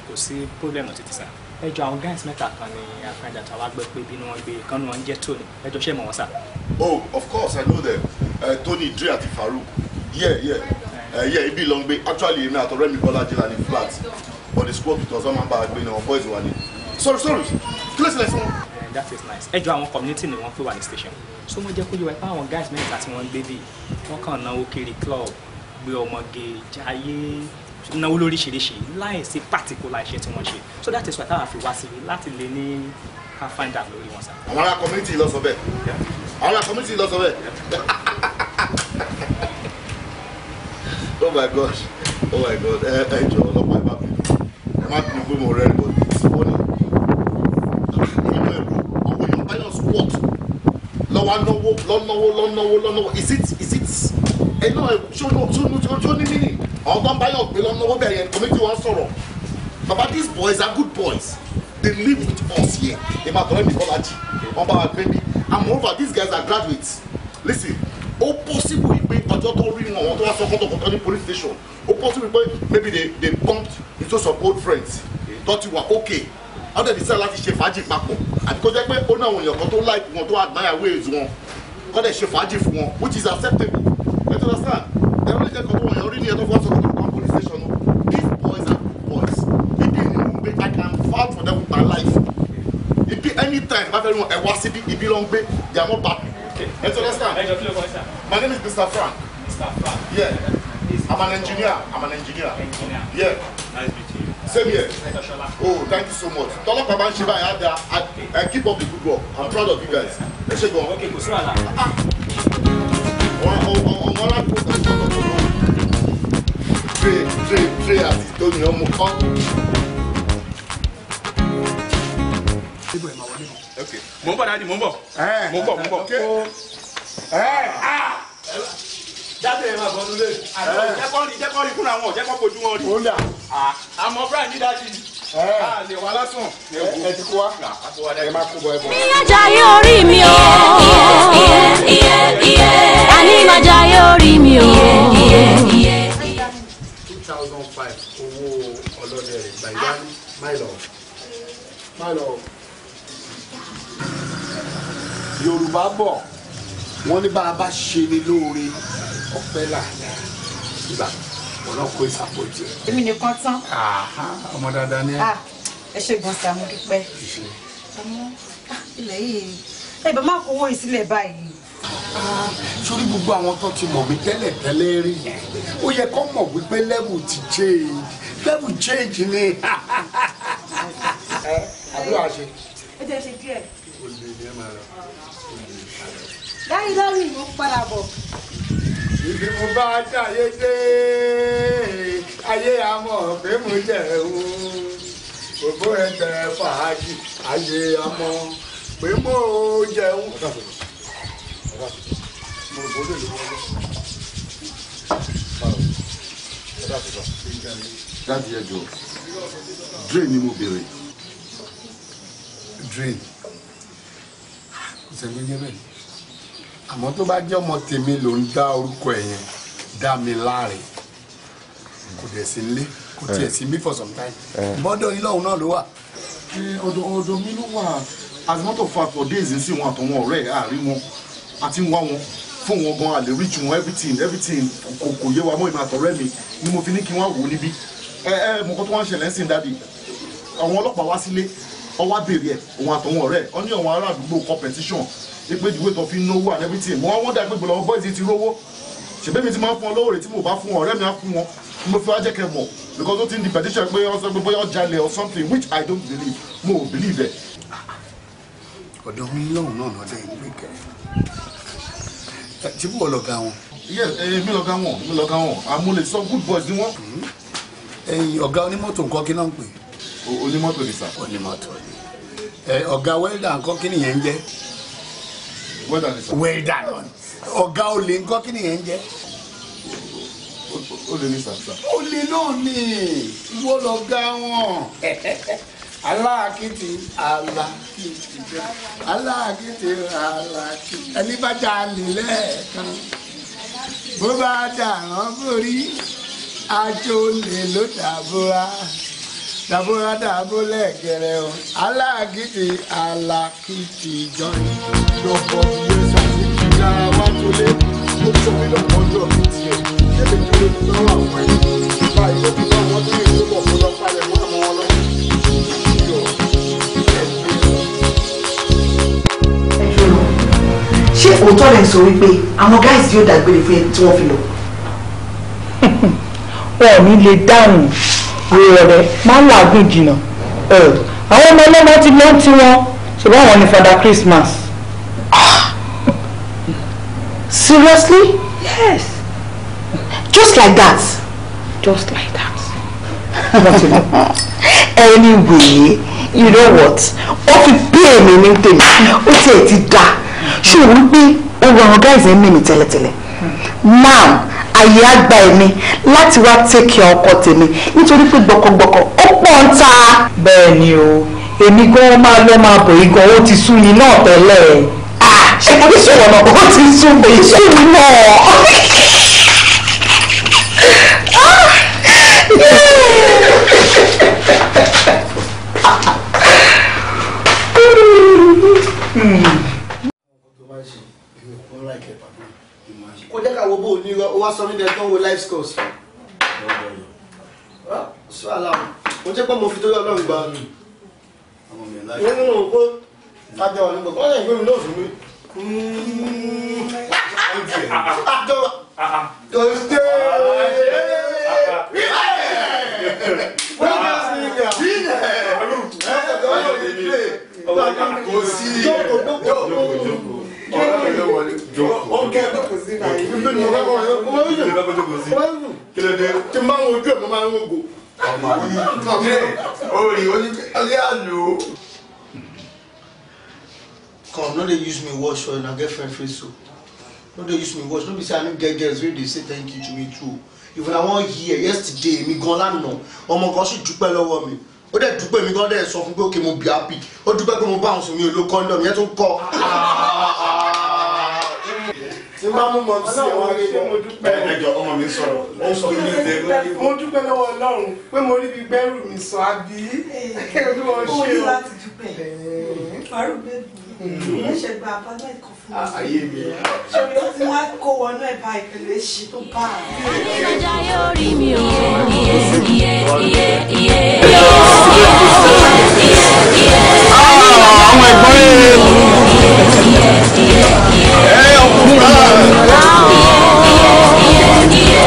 kò sí problem títí sá ẹjọ àwọn guys mẹ́ta kan ni àfẹnjà tó wá gbé pé bínú wọn gbé kánú wọn jẹ Tony ẹjọ ṣe mọ wọn sá. oh of course i know them uh, Tony Dre àti Farouk yeah yeah uh, yeah ibi ló ń gbé actually èmi àtọ̀rẹ́ mi Bọ́lá jìlá ní flat but the squad tó sọ́n máa ń bá a gbé ní wọn boys wà ní. sorry sorry Close, ló ṣẹlẹ̀ eh, that is nice ẹjọ àwọn community ni wọn fi wà ní station so mo jẹ kó yọ ẹpá àwọn guys mẹ́ta tí wọn gbé bí wọn kàn náwó kiri club gbé ọmọge jayé náwó lóríṣiríṣi láìsí particular iṣẹ́ tí wọ́n ṣe so that is why táwọn fi wá síbi láti lè ní ká find out lórí wọn sá. àwọn ará community lọ sọ bẹ́ẹ̀ àwọn ará community lọ sọ bẹ́ẹ̀ oh my god oh my god ẹ ẹ jọ ọlọ́pàá ẹ má bínú ẹ má bínú pé mo rẹ ẹ bọ wọn ni nínú ẹrọ ọmọ yorùbá lọ́wọ́ is it is it ẹnu ṣóní mí ni ọgbọ́n báyọ̀ gbé lọ́nà owó bẹ̀rẹ̀ kọ́mẹ́tì wọn sọ̀rọ̀ baba these boys are good boys they live with us here ìbàdàn ẹ̀mí bọ́lájì wọ́n bá wa gbé mi and moreover these guys are graduates listen ó possible pé ọjọ́ tó rí wọn wọn tó wá sọ kọ́tọ̀kọ́tọ̀ ní police station ó possible pé maybe they they bumped into some old friends Thought you were okay wọ́n dẹ̀ decide láti ṣe fàájì papọ̀ àti kó jẹ́ pé ó ní àwọn èèyàn kan tó like wọn tó admire ways wọn kọ́ dẹ̀ ṣe fàájì fún wọn which is acceptable you understand? They already take control. You already enough what's going to the police station. These boys are boys. If you mo gbé. I can fight for them with my life. If you any time, rí wọn ẹ̀ wá síbi ibi ló ń gbé. They are not bad. You understand? My name is Mr. Frank. Mr. Frank. Yeah. I'm an engineer. I'm an engineer. Engineer. Yeah. Nice meeting you. Same here. Oh, thank you so much. Tọ́lọ́pàá máa Shiva. I báyìí àdá and keep up the good work. I'm proud of you guys. Let's go. Okay, go. sí ah. Oh, oh, oh kan ládùúgbò kan tó mi ajayi orí mi o. àní màjà orí two thousand five owó ọlọ́dẹ rẹ̀ my love my love yorùbá bọ̀ wọ́n ní bá a bá ṣe ni lóore ọpẹ́ làdá ìgbà ọ̀nà kó ìsàpọ̀jù. èmi nìkan tán. ọmọ dáadáa ni ah, ẹ. ẹ ṣe gbọ́n sí amúdúpẹ́. Ah, àmọ́ ilẹ̀ yìí ẹ bá má kówó ìsílẹ̀ báyìí sórí gbogbo àwọn tó ti mọ̀ mí tẹ́lẹ̀ tẹ́lẹ̀ rí yẹn ó yẹ kó mọ̀ wípé level ti change level change ni. Eh, àbúrò àṣẹ. ẹ jẹ́ ṣe díẹ̀. olè ni ẹ máa rà. lórí ìlú padà bọ̀. ibi mo bá dáyé dé ayé àmọ́ pé mo jẹ̀ o òbó ẹ̀ tẹ̀ fàájì ayé àmọ́ pé mo jẹun mo rògbò lè lówó ọjọ́ báwo ẹ dá àtúntò. dáàbì ẹ jọ drain ni mo béèrè. drain ìṣẹ̀lẹ̀ ń yẹ bẹ́ẹ̀ àmọ́ tó bá jẹ́ ọmọ tèmi ló ń dá orúkọ ẹ̀ yẹn dá mi láre kò dẹ̀ sí nílé kò tiẹ̀ sí mí for some time eh. Eh. bọ́dọ̀ yín lọ́hùn náà ló wà. Eh, ọ̀dọ̀ ọ̀dọ̀ mi ló wà as a matter of fact for days nsìn wọn àtọwọn ọ̀rẹ́ àárín wọn àti ń wá wọn fún wọn gan àlè rí wọn everything everything kò kò yé wa mọ́ ìmọ̀ àtọ̀rẹ́ mi ni mo fi ní kí wọ́n wò níbí ẹ ẹ mo kọ́ tó wọ́n ṣẹlẹ̀ ń sìn dáàdì àwọn ọlọ́pàá wá sílé ọwọ́ abèrè ẹ̀ òun àtọ̀wọn ọ̀rẹ́ ẹ̀ ọ ní àwọn ará àdúgbò competition ipe ìdúgbò tó fi náwó and everything mo wá wọ́n dá gbégbé lọ́wọ́ bọ́ìsì ti rówó ṣèbémi ti máa ń fún ọ lóòrè tí mo bá fún ọ̀rẹ́ mi á fún wọn mo fi wá jẹ́ kẹ́ mọ̀ because ó ti ń di petition pé ọ sọ pé bóyá ọjàlẹ̀ or something which i don't believe mo ò believe ẹ̀. ọ̀dọ̀ mi lọ́hùn náà lọ́dẹ̀ ìgbẹ́kẹ̀ ṣé bí wọ́n wọn. yes èmi lọ ga wọn èmi lọ wọn àmúlẹ̀ sọ good boys ni wọ́n. Hmm. ẹyin ọ̀gá onímọ́tò nǹkan kí náà ń pè. onímọ́tò ni sà. onímọ́tò ni ọ̀gá wẹ́dà nǹkan kí nìyẹn ń jẹ́. wẹ́dà ni sà. wẹ́dà lọ ni ọ̀gá olè nǹkan kí nìyẹn ń jẹ́. olè ni sà sà. olè náà ni ìwọ lọ ga wọn. aláàkìtì aláàkìtì aláàkìtì aláàkìtì ẹni bá dà ní lẹ́ẹ̀kan bó bá dà wọ́n borí ajo lè ló dàbúra dàbúra dàbó lẹ́ẹ̀gẹ̀rẹ̀ o aláàkìtì aláàkìtì jọ̀ọ́ lọ́pọ̀ yóò ṣàṣìṣe dára wá tó lé ó sọ mí lọ́pọ̀ ọjọ́ mi tiẹ̀ ẹ̀ẹ́dẹ́gbẹ̀rún lọ́wọ́ àwọn ẹ̀ báyìí ó ti bá wọn tó yẹ. òótọ́ lẹ̀ ń sọ wípé àwọn guys yóò dágbére fún ẹni tí wọ́n fi lọ. wọn ò ní lè dáhùn wèrè rẹ máa ń làágùn jìnnà àwọn ọmọ ọlọ́mọ ti lọ́ọ́ tiwọn ṣùgbọ́n àwọn ni father Christmas. seriously? yes. just like that? just like that. anyway you know what ó fi pé èmi ní tèmi ó tiẹ̀ ti dáa ṣé o rí pé ó wọ guys ẹ̀mí mi tẹ́lẹ̀tẹ́lẹ̀ now àyè àgbà ẹ̀mí láti wá take care ọkọ tèmi nítorí pé gbọkọgbọkọ ó pọ̀ ń ta. bẹ́ẹ̀ ni o èmi gan máa lọ máa bọ̀ yìí gan ó ti sú mi náà tẹ́lẹ̀ ah, ṣe mo ní sọ̀rọ̀ náà ó ti sú mi sú mi náà. Ah! Hmm. wo bó o ní lọ ó wá sọ mí dẹ tó ń wo life scores. sọ aláwọ mo jẹ́ pé mo fi torí ọlọ́run gba ìwé nínú òpó àjọ ọ̀nà gbọ̀ngàn ọ̀nà ìgbé mi náà fún mi. àjọ tòṣìṣẹ́ kò sí jókòó jókòó jókòó ọ̀rẹ́ mi ló wọlé. ó kẹ́ ẹ kò sí náà. ibi ni mo bá kọ́ ọ wọ́n yìí. ìjọba kò tó kò sí. kílódé tí n bá ń wojú ẹ̀ mo máa ń wogo. ọmọ yìí ó rí ó ní ọdí àlò. come no dey use me wash for una girlfriend face o no dey use me wash no be say i no get girls wey dey say thank you to me too even i wan hear yesterday mi gan lana ọmọ kan sì dúpẹ́ lọ́wọ́ mi ó dẹ̀ dúpẹ́ mi gan dẹ̀ sọ fún pé òkè mo bí happy ó dúpẹ́ pé mo bá àwọn sùn mi ò lo condom yẹn tó ń kọ́ máa mú mọ̀ sí ẹ̀wọ̀n rẹ̀ mo dúpẹ́. ẹjọ ọmọ mi sọ̀rọ̀ ó sọ ní ìdè lórí. mo dúpẹ́ lọ́wọ́ Ọlọ́run pé mo rí ibi gbẹ́rù mi sọ àbí. ó láti dúpẹ́ faruk bẹ́ẹ̀ni ẹ gba abala ẹ̀kọ́ fún mi. ayé mi. ṣòbí ó ti wá kó wọnú ẹ̀ bá ìpele ṣe tó bá a. ayélujára ah, yóò rí mi o. iye iye iye iye iye iye iye. àwọn ẹ̀gbọ́n yẹn ẹ ọkùnrin sílẹ̀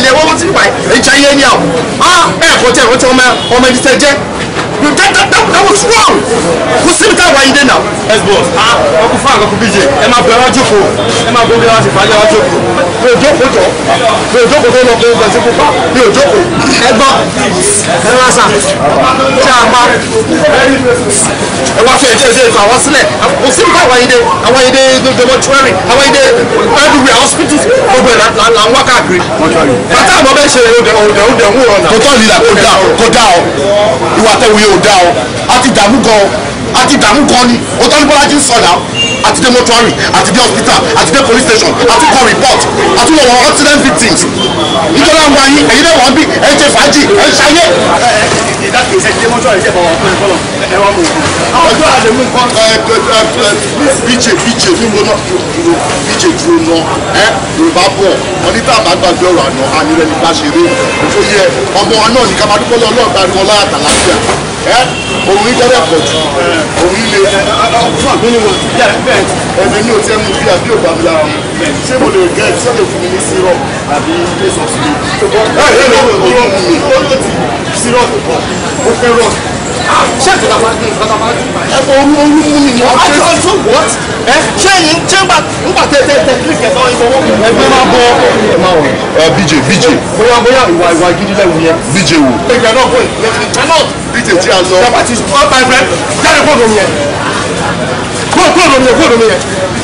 lé ẹ wọ́n ti bá ẹ jẹ́ yé ni àwọn ẹ kọ́ tẹ ẹ rántí ọmọ ẹni tẹ jẹ́ You that, that, that, that was wrong. Kò síbi tá a wà yìí dé náà. Yes boss, ah, ọkọ fún àgọ́kọ BJ, ẹ máa bẹ̀rẹ̀ wá jókòó, ẹ máa gbóbi wá sí ìfàlẹ́ wá jókòó. Mi ò jókòó jọ, mi ò jókòó tó lọ pé ọgbà sí pupa, mi ò jókòó. Ẹ gbọ́, ẹ wá sà, ṣé a pa? Ẹ wá fẹ́ ẹjẹ́ ẹjẹ́ ìfọ̀ àwọn sílẹ̀, kò síbi tá a wà yìí dé, àwọn yìí dé the mortuary, àwọn yìí dé everywhere hospitals, gbogbo ẹ̀ là ń wá káàkiri. Bàtà àmọ́ bẹ́ẹ̀ ṣe òdẹ̀ òdẹ̀ òdẹ̀ òwúrọ̀ náà. Kò tọ́ ò dáa o a ti gan àti dààmú kan ni ọ̀tọ́nibọ́lájí ń sọ̀dá àti dé mọ́túárì àti dé hospital àti dé police station àti kọ report àti lọ wọ accident victims nítorí àwọn ayé ẹ̀yin náà wọ́n bí ẹ̀ ń ṣe fàájì ẹ̀ ń ṣayé. bíjè bíjè níbo náà bíjè dúró náà ẹ yorùbá bọ̀ wọn ní táàbà àná ànílẹ̀ nípa ṣeré tó yẹ ọmọ náà ní ká máa dúpọ́ lọ́ọ́ lọ́ọ́ gbàgbọ́ láyàtà láfíà ẹ òun ní kẹ́rẹ́ pọ̀ jù òun lè fún àmínú wọn bí àbẹ̀ ẹ̀mí ní òtí ẹ̀mú bí àbí òbá mi lára wọn ṣé mo lè gẹ́ ṣé lè fún mi ní sírọ̀ àbí ilé sọ̀tún mi. ẹ ẹ lọ́wọ́ ìwọ́n mi ó ló ti sírọ̀ ó fẹ́ rọ̀ ṣé ìtura fún ẹ kò orú orú mi ni wọn ṣe é sí ẹ ṣé ẹyin ṣé ńgbà ńgbà tẹ tẹ tẹ kílì ẹgbẹ́ máa bọ ẹ máa wọ ẹ bj bj bóyá bóyá ìwà ìwà gidi lẹ́wọ̀n yẹn bj wò. ẹgbẹ́ náà bọ̀ ìgbẹ́ cannot tí a lọ. ṣàpàtì ọ̀ bàbá ẹ jáde kúrò lómi yẹn kúrò kúrò lómi yẹn kúrò lómi yẹn.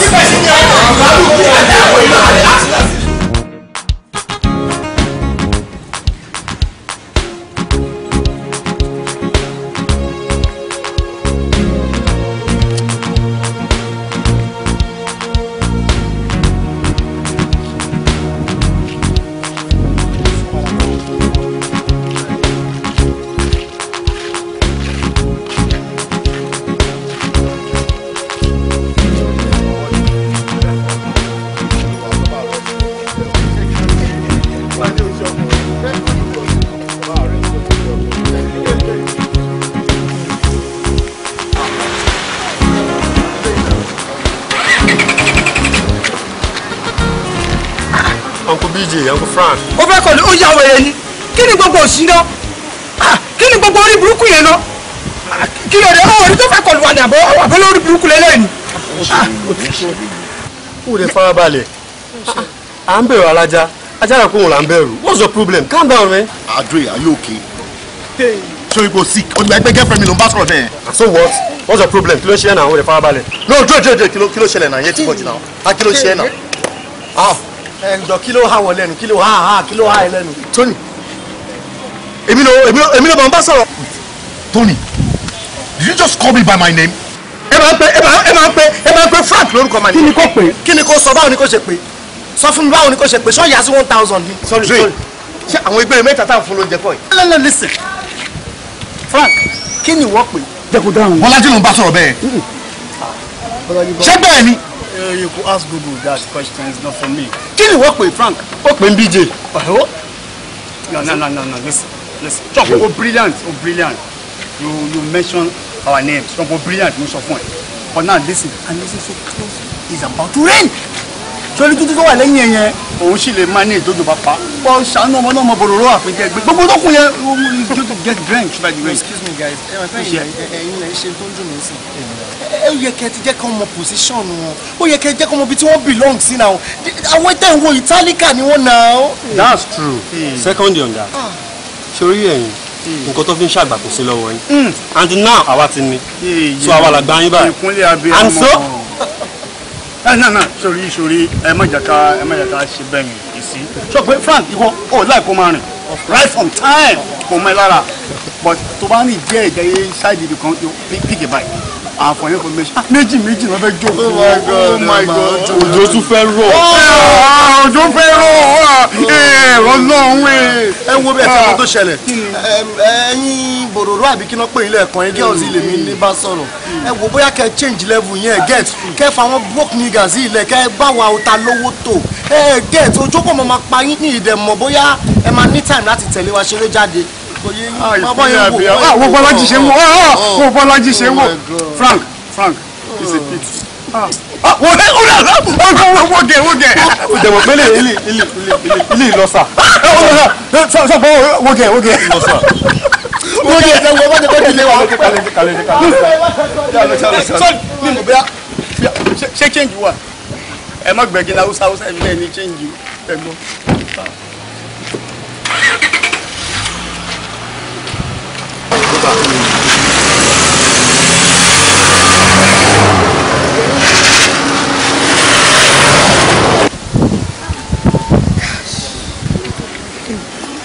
síbẹ̀ sí ni àwọn àgbàlù àti àwọn ìlànà àti Frank. ó fẹ́ kọ́ ni ó yà wẹ̀rẹ̀ ni kí ni gbogbo òsì náà kí ni gbogbo orí burúkú yẹn náà kí ló dé ó orí tó fẹ́ kọ́ lu wa ní àbọ̀ àbọ̀ lórí burúkú lẹ́lẹ́ ni. ó lè farabalẹ̀ à ń bẹ̀rù alájà ajá rẹ̀ kó wọn là ń bẹ̀rù what's your problem calm down man. Adre are you okay? ṣé o ibo sick o oh, ẹgbẹ́ girlfriend mi ló ń bá sọ̀rọ̀ bẹ́ẹ̀. so what what's your problem kí ló ń ṣe ẹ̀ náà àwọn ò ẹ jọ kí ló há wọ lẹ́nu kí ló há há kí ẹ lẹ́nu. Tony èmi ló èmi ló bá ń bá sọ̀rọ̀. Tony did you just call me by my name. ẹ máa ń pè ẹ máa ń pè ẹ máa ń pè Frank lórúkọ màá kí ni kò pè. kí ni kò sọ báwo ni kò ṣe pè sọ fún mi báwo ni kò ṣe pè sọ yà sí one thousand ni. sorry sorry ṣe àwọn ìbéèrè mẹ́ta tá à ń fún lóúnjẹ kọ́ yìí. lẹ́lẹ́ listen Frank kí ni wọ́n pè. jẹ́ kó dáhùn. Bọ́lájí ló ń bá sọ̀rọ̀ bẹ́ẹ̀. ṣé bẹ́ẹ̀ ni. Uh, you could ask Google that question, it's not for me. Kí ni wọ́n pè Frank? Ó pè BJ. Ọ̀hún? No, no, no, no, no, listen, listen. Trump, oh brilliant, oh brilliant. You you mention our names. Trump, oh brilliant, mo sọ fún ẹ. But now listen, and listen so close, it's about to rain sórí tútù tó wà lẹ́yìn ẹ̀yẹn òun sì lè máa ní ìdodo bàbá bọ́ sànú ọmọ náà mọ bòròró àpèjẹ gbé gbogbo tó kún yẹn you go get drink by the way. excuse me guys ẹ wà fẹ́yìn ẹ̀yin lẹ́yìn ṣe tó ń dùn mí sí ẹ yẹ kẹ ti jẹ kọ mọ position wọn ó yẹ kẹ jẹ kọ mọ ibi tí wọn belong sí náà àwọn tẹ̀ ń wo italica ni wọn náà. that's true mm. second on that ah. sórí ẹ̀yin hmm. nǹkan tó fi ń ṣàgbà kò sí lọ́wọ́ yín hmm. and now àwa ti ní hmm, so àwa làgbà yín báyìí and so ẹ eh, náà náà sori sori ẹ eh, má jẹ ká ẹ eh, má jẹ ká ṣe bẹ́ẹ̀ yẹn èsì sọ pé Frank ìwọ ò láì kó máa rìn right from time kò mọ ẹ lára but tó bá ní díẹ̀ ìjẹ́ ṣáìdì ibì kan pick a bike àfọ̀n yóò fún méjì méjì méjì ló fẹ́ jó oh my god oh òjò tún fẹ́ rọ̀ oh, ah, òjò fẹ́ rọ̀ ẹ̀rọ ah, eh, eh. ẹ wo bí ẹ̀ka tó ṣẹlẹ̀ ah, ẹ̀yin bòròró àbí kí náà pè ilé ẹ̀kan yẹn girls ilé mi ní bá sọ̀rọ̀ ẹ wo bóyá kẹ́ change level yẹn get kẹ́ fa àwọn broke niggas ilẹ̀ kẹ́ bá wa ọ̀tá lówó tó get ojú kò mọ̀ máa pa yín ní ìdẹ̀mọ̀ bóyá ẹ máa ní time láti tẹ̀lé wa ṣeré jáde Ah, bàbá yẹn wò ah, ṣe ń wò ó wò bọ́lájì ṣe ń wò oh Frank Frank is a pit. Ah. wò ó wò ó wò gẹ̀ wò gẹ̀. o jẹ̀wọ̀ pé ilé ilé ilé ilé ìlọ́sà. sọ pé wò gẹ̀ wò gẹ̀. wò gẹ̀ wò bá ti kọ́ ilé wa. sọ ni mo change wa ẹ má gbẹ̀gìn náà hausa hausa ẹ̀mí náà ní change ẹ̀gbọ́n. sàhábà.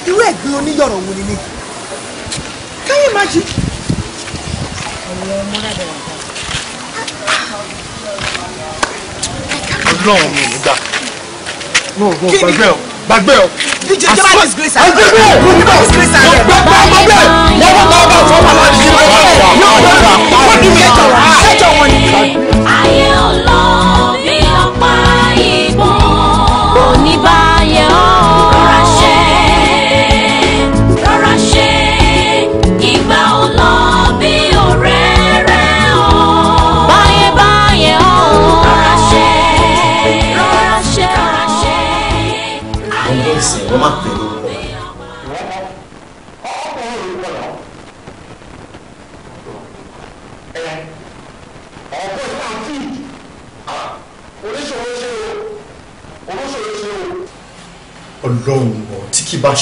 irú ẹ̀gbin oníyọ̀rọ̀ wo ni mi káyé má ṣe. ọlọ́run mi nígbà. mo ò gbàgbé o gbàgbé o. díje jẹ́ bá disgrace àná. àti bẹ́ẹ̀ kú bá disgrace àná. ọgbẹ́ bá ọgbẹ́ bẹ́ẹ̀ wọ́n bá bá fọ́ wà láti ṣe wọ́n bá wà. yóò wọ́n ní ṣẹ́jọ̀ wọn ni.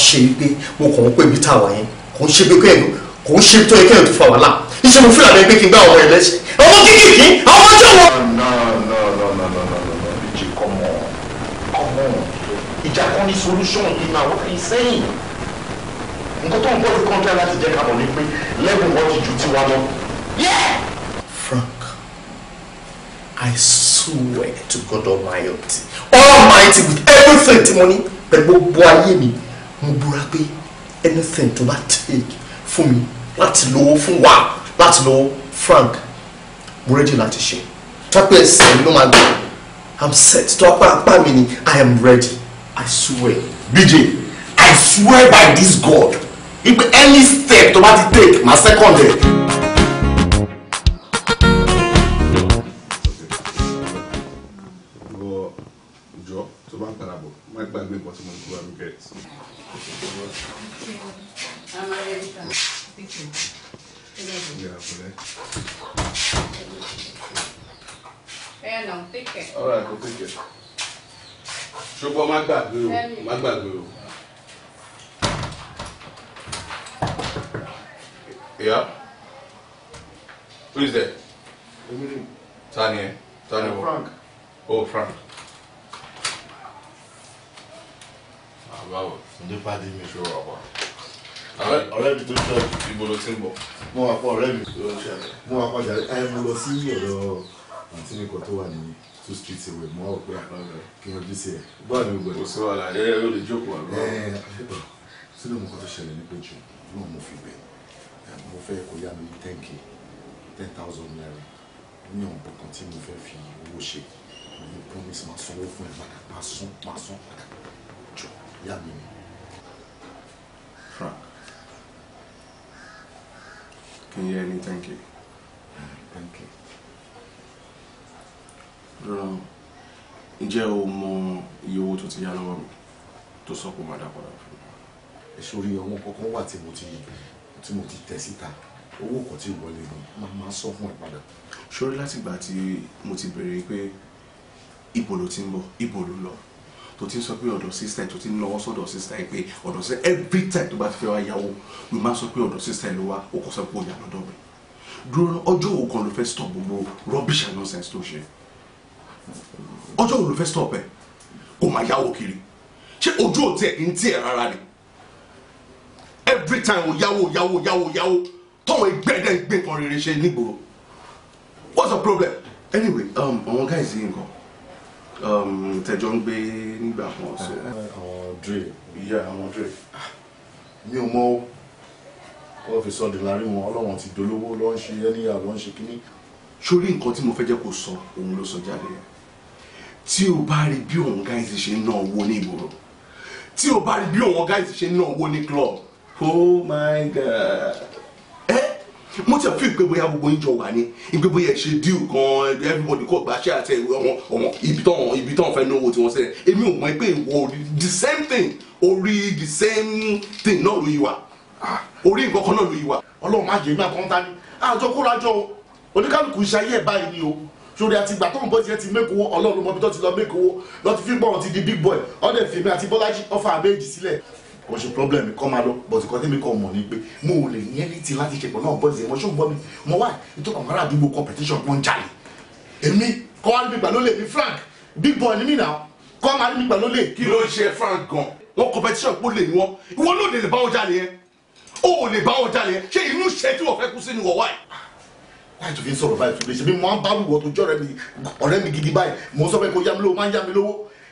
ṣe wípé mo kàn ń pè mí tà wáyé kò ń ṣe pé kẹ́hìn kò ń ṣe tó yẹ kẹ́hìn tó fa wàhálà iṣẹ́ mo fúlàní pé kí n gbá ọmọ rẹ̀ lẹ́sẹ̀ ọmọ kékeré àwọn ọjọ́ wọn. ìjà kan ní solution ìmọ̀ àwọn fi sẹ́yìn nǹkan tó ń bọ́ sí kọ́ńtà láti jẹ́ ká mọ̀ pé lẹ́bùn wọn ti ju tiwa lọ. Frank, I swear to God Almighty, Almighty with everything tí mo ní pẹ̀lú gbogbo ayé mi mo búra pé anything to that take fún mi láti lówó fún wa láti lówó frank mo ready láti ṣe tọ́pẹ́ ẹsẹ̀ ló máa gbé i'm set tọ́pẹ́ apá mi ni i am ready i swear bj i swear by this god If any step to bá ti take ma second ẹ. jọ tó bá padà bọ̀ má gbàgbé bọ́ tí mo ní Yeah, no, take care. All right, go take Ṣùgbọ́n má gbàgbé o, má gbàgbé o. Yeah? Who is there? Emily. ẹ? Ta wọ? Oh, Frank. Oh, ah, báwo. Ǹdé pàdé mi ṣe wà wá. Ọ̀rẹ́ mi tó ń ṣọ́ọ̀bù. Ibo ló ti ń bọ̀? Mo wà pọ̀ ọ̀rẹ́ mi tó ń ṣẹlẹ̀. Mo wà pọ̀ jàre. Ẹ mo lọ sí ọ̀dọ̀ àǹtí mi kan tó wà ní two streets away. Mo wà pé kí n yọjú sí ẹ̀. Bọ́ọ̀ ni gbogbo ẹ̀. Kò sí wàhálà ẹ ẹ lè jókòó àbúrò. Ẹ ẹ àfẹ́bọ̀ sínú mo kọ́ tó ṣẹlẹ̀ ní péjọ náà mo fi bẹ̀. Mo fẹ́ kó yá mi ten k ten thousand naira ní ọ̀pọ̀ kan tí mo fẹ́ fi Frank. Can you hear me? Thank you. Thank you. Rọrùn, ǹjẹ́ o mọ iye owó tó ti yá lọ́wọ́ mi tó sọ pé màdá padà fún mi? Ìṣòrí ọmọ kankan wà tí mo ti tí mo ti tẹ̀ síta. Owó kan tí wọlé ni máa máa sọ fún ẹ padà. Ṣorí látìgbà tí mo ti bèrè pé ibo ló ti ń bọ̀, ibo ló lọ tó ti ń sọ pé ọ̀dọ̀ sísá tó ti ń lọ́wọ́ sọ́dọ̀ sísá yìí pé ọ̀dọ̀ sísá every time tó bá fẹ́ wá yàwó ló máa sọ pé ọ̀dọ̀ sísá ló wá ó kọ́ sọ pé ó yà lọ́dọ̀ rẹ̀ dúró ọjọ́ òun ló fẹ́ stop gbogbo rubbish and nonsense tó ṣe ọjọ́ òun ló fẹ́ stop ẹ̀ kò máa yàwó kiri ṣé ojú òtí ẹ̀ kì í tiẹ̀ rárá ni every time ó yàwó yàwó yàwó yàwó tọ́wọ́ ẹgbẹ́ dẹ́ gbé nǹkan rere ṣe nígboro what's the problem anyway um, àwọn guys yìí nǹkan Um, tẹjọ ń gbé nígbà kan ọsọ. Eh, eh, àwọn dre. ìyá àwọn dre. Ah, mi ò mọ ọ fi sọ dìlárí wọn ọlọ́wọ́n ti dolówó ló ṣe ẹníyà ló ṣe kínní. sórí nǹkan tí mo fẹ́ jẹ́ kó sọ òun ló sọ jáde tí o bá rí bí òun gáìsì ṣe ń ná owó ní ìgboro tí o bá rí bí òun gáìsì ṣe ń ná ní club oh my god mo ti fi ìpè bóyá gbogbo yín jọ wà ní ìpè bóyá ṣe díù kan everybody kò gbà ṣe àtẹ ìwé ọmọ ọmọ ibi tán ibi tán fẹ́ náwó tí wọ́n sẹ́yìn èmi ò mọ̀ pé ìwọ the same thing orí the same thing náà ló yí wa orí nǹkan kan náà ló yí wa. ọlọ́run má jẹ́ ní àkọ́ńtà ni àjọ kórajọ o oníkálukú iṣẹ́ ayé ẹ̀ báyìí ni o sórí àti ìgbà tó ń bọ́ tiẹ̀ ti mẹ́kọ̀ọ́ ọlọ́run mọ́bí tó ti lọ mẹ́kọ̀ọ́ lọ́ọ́ ti fi gbọ́ ọ̀hún ti di big boy ọ̀dẹ̀ fèmí àti bọ́lájí ọ̀fà méjì sílẹ̀ kò ṣe problem mi kọ́ máa lọ but kọ́ tẹ́mi kọ́ mọ̀ ni pé mo ò lè ní anything láti ṣe pọ̀ náà boys ẹ̀ wọ́n ṣó ń gbọ́ mi mo wá nítorí àwọn ará àdúgbò competition wọn jalè èmi kọ́ wá níbi ìgbà ló lè mi Frank big boy ni mí náà kọ́ máa níbi ìgbà ló lè. kí ló ń ṣe Frank gan wọn competition pọ̀ lè ní wọn ìwọ ló lè bá wọn jalè yẹn o ò lè bá wọn jalè yẹn ṣé inú ṣe tí wọ́n fẹ́ kú sí ni wọ́n wáyé láì tó fi ń sọ̀rọ̀ báyìí tó lè ṣe bí mo máa ń bá wùwọ́ tó jọ́ ọ̀rẹ́ mi gidi báyìí mo sọ pé kó yá mi lówó máa ń yá mi lówó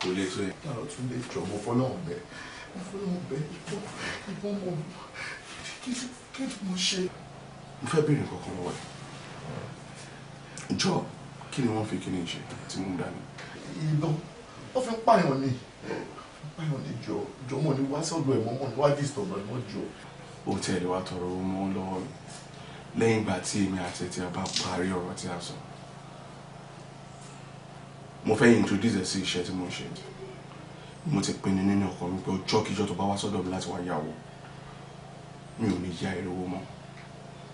kò lè tó yẹn. táwọn tún lè jọ mo fọlọ́run bẹ́ẹ̀ mo fọlọ́run bẹ́ẹ̀ ìbọn ìbọn mo kí ni mo ṣe. mo fẹ́ béèrè kankan lọ́wọ́ ẹ̀ jọ kí ni wọ́n fi kí ni ṣe tí mo ń dání. ìbọn wọ́n fi pààyàn ni pààyàn ni jọ jọ mọ̀ ní wá sọ́dọ̀ ẹ̀ mọ́ mọ́ ní wá dìstọ̀ mọ́ ní wọ́n jọ. ó tẹ̀lé wa tọrọ mọ́ lọ́wọ́ mi lẹ́yìn ìgbà tí èmi àti ẹ̀ ti a bá parí ọ̀rọ̀ tí a sọ mo fẹ́ introduce ẹ sí iṣẹ́ tí mo ń ṣe mo ti pinnu nínú ọkọ mi pé ọjọ́ kíjọ́ tó bá wá sọ́dọ̀ mi láti wá yàwó mi ò ní yá ìrówó mọ́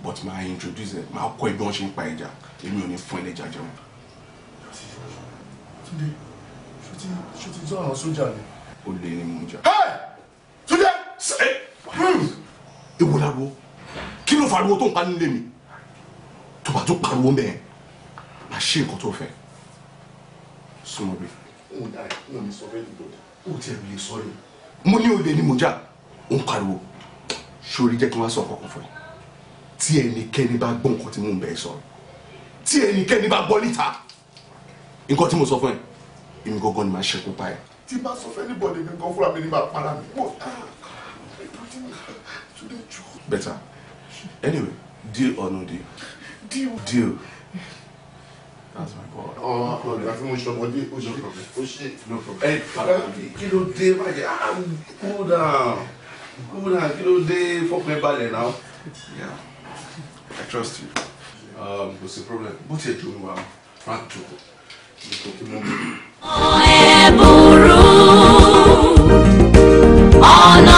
but máa introduce ẹ máa kọ́ ẹgbẹ́ wọn ṣe ń pa ẹja èmi ò ní fún ẹlẹ́jà jẹun. Túndé ṣùtì ṣùtì jọ àwọn sójà ni. ó lé ní mú jà. Túndé hmm! ewu lariwo kí ló fa ariwo tó ń pa nílé mi tó bá tó pariwo mẹ́ẹ̀ máa ṣe nǹkan tó fẹ́ súnmọ́ bí. n da ẹ n ò ní sọ fẹ́ẹ́ dìbò dà. o tiẹ̀ mi lè sọ ni. mo ní olè ni mo já n pariwo sórí jẹ́ kí wọ́n sọ kankan fún ẹ tí ẹnikẹ́ni bá gbọ́ nǹkan tí mò ń bẹ́ẹ̀ sọ tí ẹnikẹ́ni bá gbọ́ níta nǹkan tí mo sọ fún ẹ èmi ah! better anyway deal or no deal. deal. deal. Oh, oh, oh, kí ló dé bàjẹ́ ah cool kí ló dé fọkàn balẹ̀ náà i trust you kò um, sí problem What tiẹ̀ jó mi wá to? joko joko kí mo. ẹ burú ọ̀nà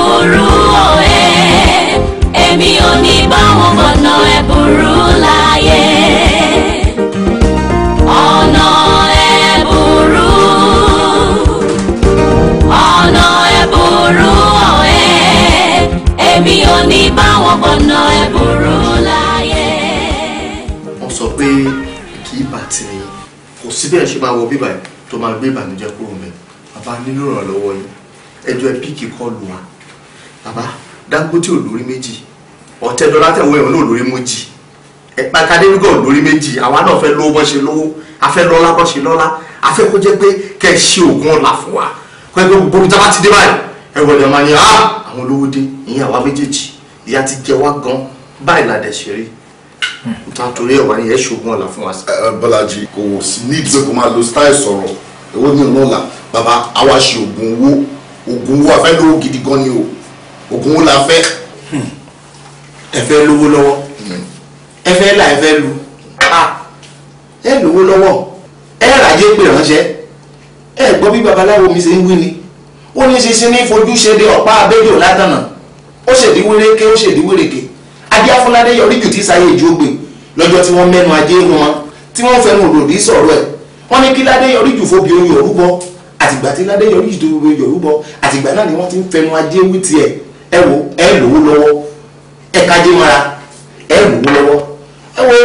Oh eh. Emi oni ò ní no ọ̀nà ẹ burú láyé. èmi ò ní bá wọn bọ̀nà ẹ̀bùrú láyé. wọ́n sọ pé kì í bà tì yín kò sí bí ẹ ṣe máa wọ bíbà yìí tó máa gbé ìbànújẹ́ kúrò mẹ́ bàbá nílò ìrànlọ́wọ́ yín ẹjọ́ ẹ píìkì kọlù wa bàbá Dangote olórí méjì ọ̀tẹ́dọ́lá tẹ̀wé òun náà olórí méjì akadémíkà olórí méjì àwa náà fẹ́ lówó bọ́ ṣe lówó a fẹ́ lọ́lá bọ́ ṣe lọ́lá a fẹ́ kó jẹ́ pé kẹ́ ẹ ṣe òògùn ọ̀la fún wa kó ẹ pé gbogbo tábà dé báyìí ẹ wọlé ọmọ yẹn ah àwọn olówó dé ìyẹn àwa méjèèjì ìyá ti jẹ wá gan báyìí la dẹ̀ ṣe rí nítorí torí ẹ̀wà ni ẹ̀ ṣògùn ọ̀la fún wa. Bọ́lájí kò sí ní ìdílé kò máa lo style sọ̀rọ̀ èwo ní ọ̀nà ọ̀la bàbá àwa ṣe oògùn owó oògùn owó afẹ́ lówó gidi gan ni o oògùn owó la fẹ́. Hmm. ẹ fẹ́ lówó lọ́wọ́ hmm. ẹ fẹ́ là ẹ fẹ́ lu ah, ẹ lówó lọ́wọ́ ẹ ràjẹ́ pè ránṣẹ́ ẹ gbọ́ bí babaláwo mi ṣe ń wí ni ó ní sísin ní fojúṣe de ọ̀pá abẹ́jọ́ látànà ó ṣèdí wéréke ó ṣèdí wéreke adé afúnládé yọrí jù tí sáyé ìjó gbè lọ́jọ́ tí wọ́n mẹ́nu ajé wọn tí wọ́n fẹnu òdòdí sọ̀rọ̀ ẹ̀ wọ́n ní kí ládé yọrí jù fobi oyè òrúbọ àtìgbà tí ládé yọrí jù fobi oyè òrúbọ àtìgbà náà ni wọ́n ti ń fẹnu ajé wí tiẹ̀ ẹ wo ẹ lòó lọ́wọ́ ẹ kájé mara ẹ lòó lọ́wọ́ ẹ wo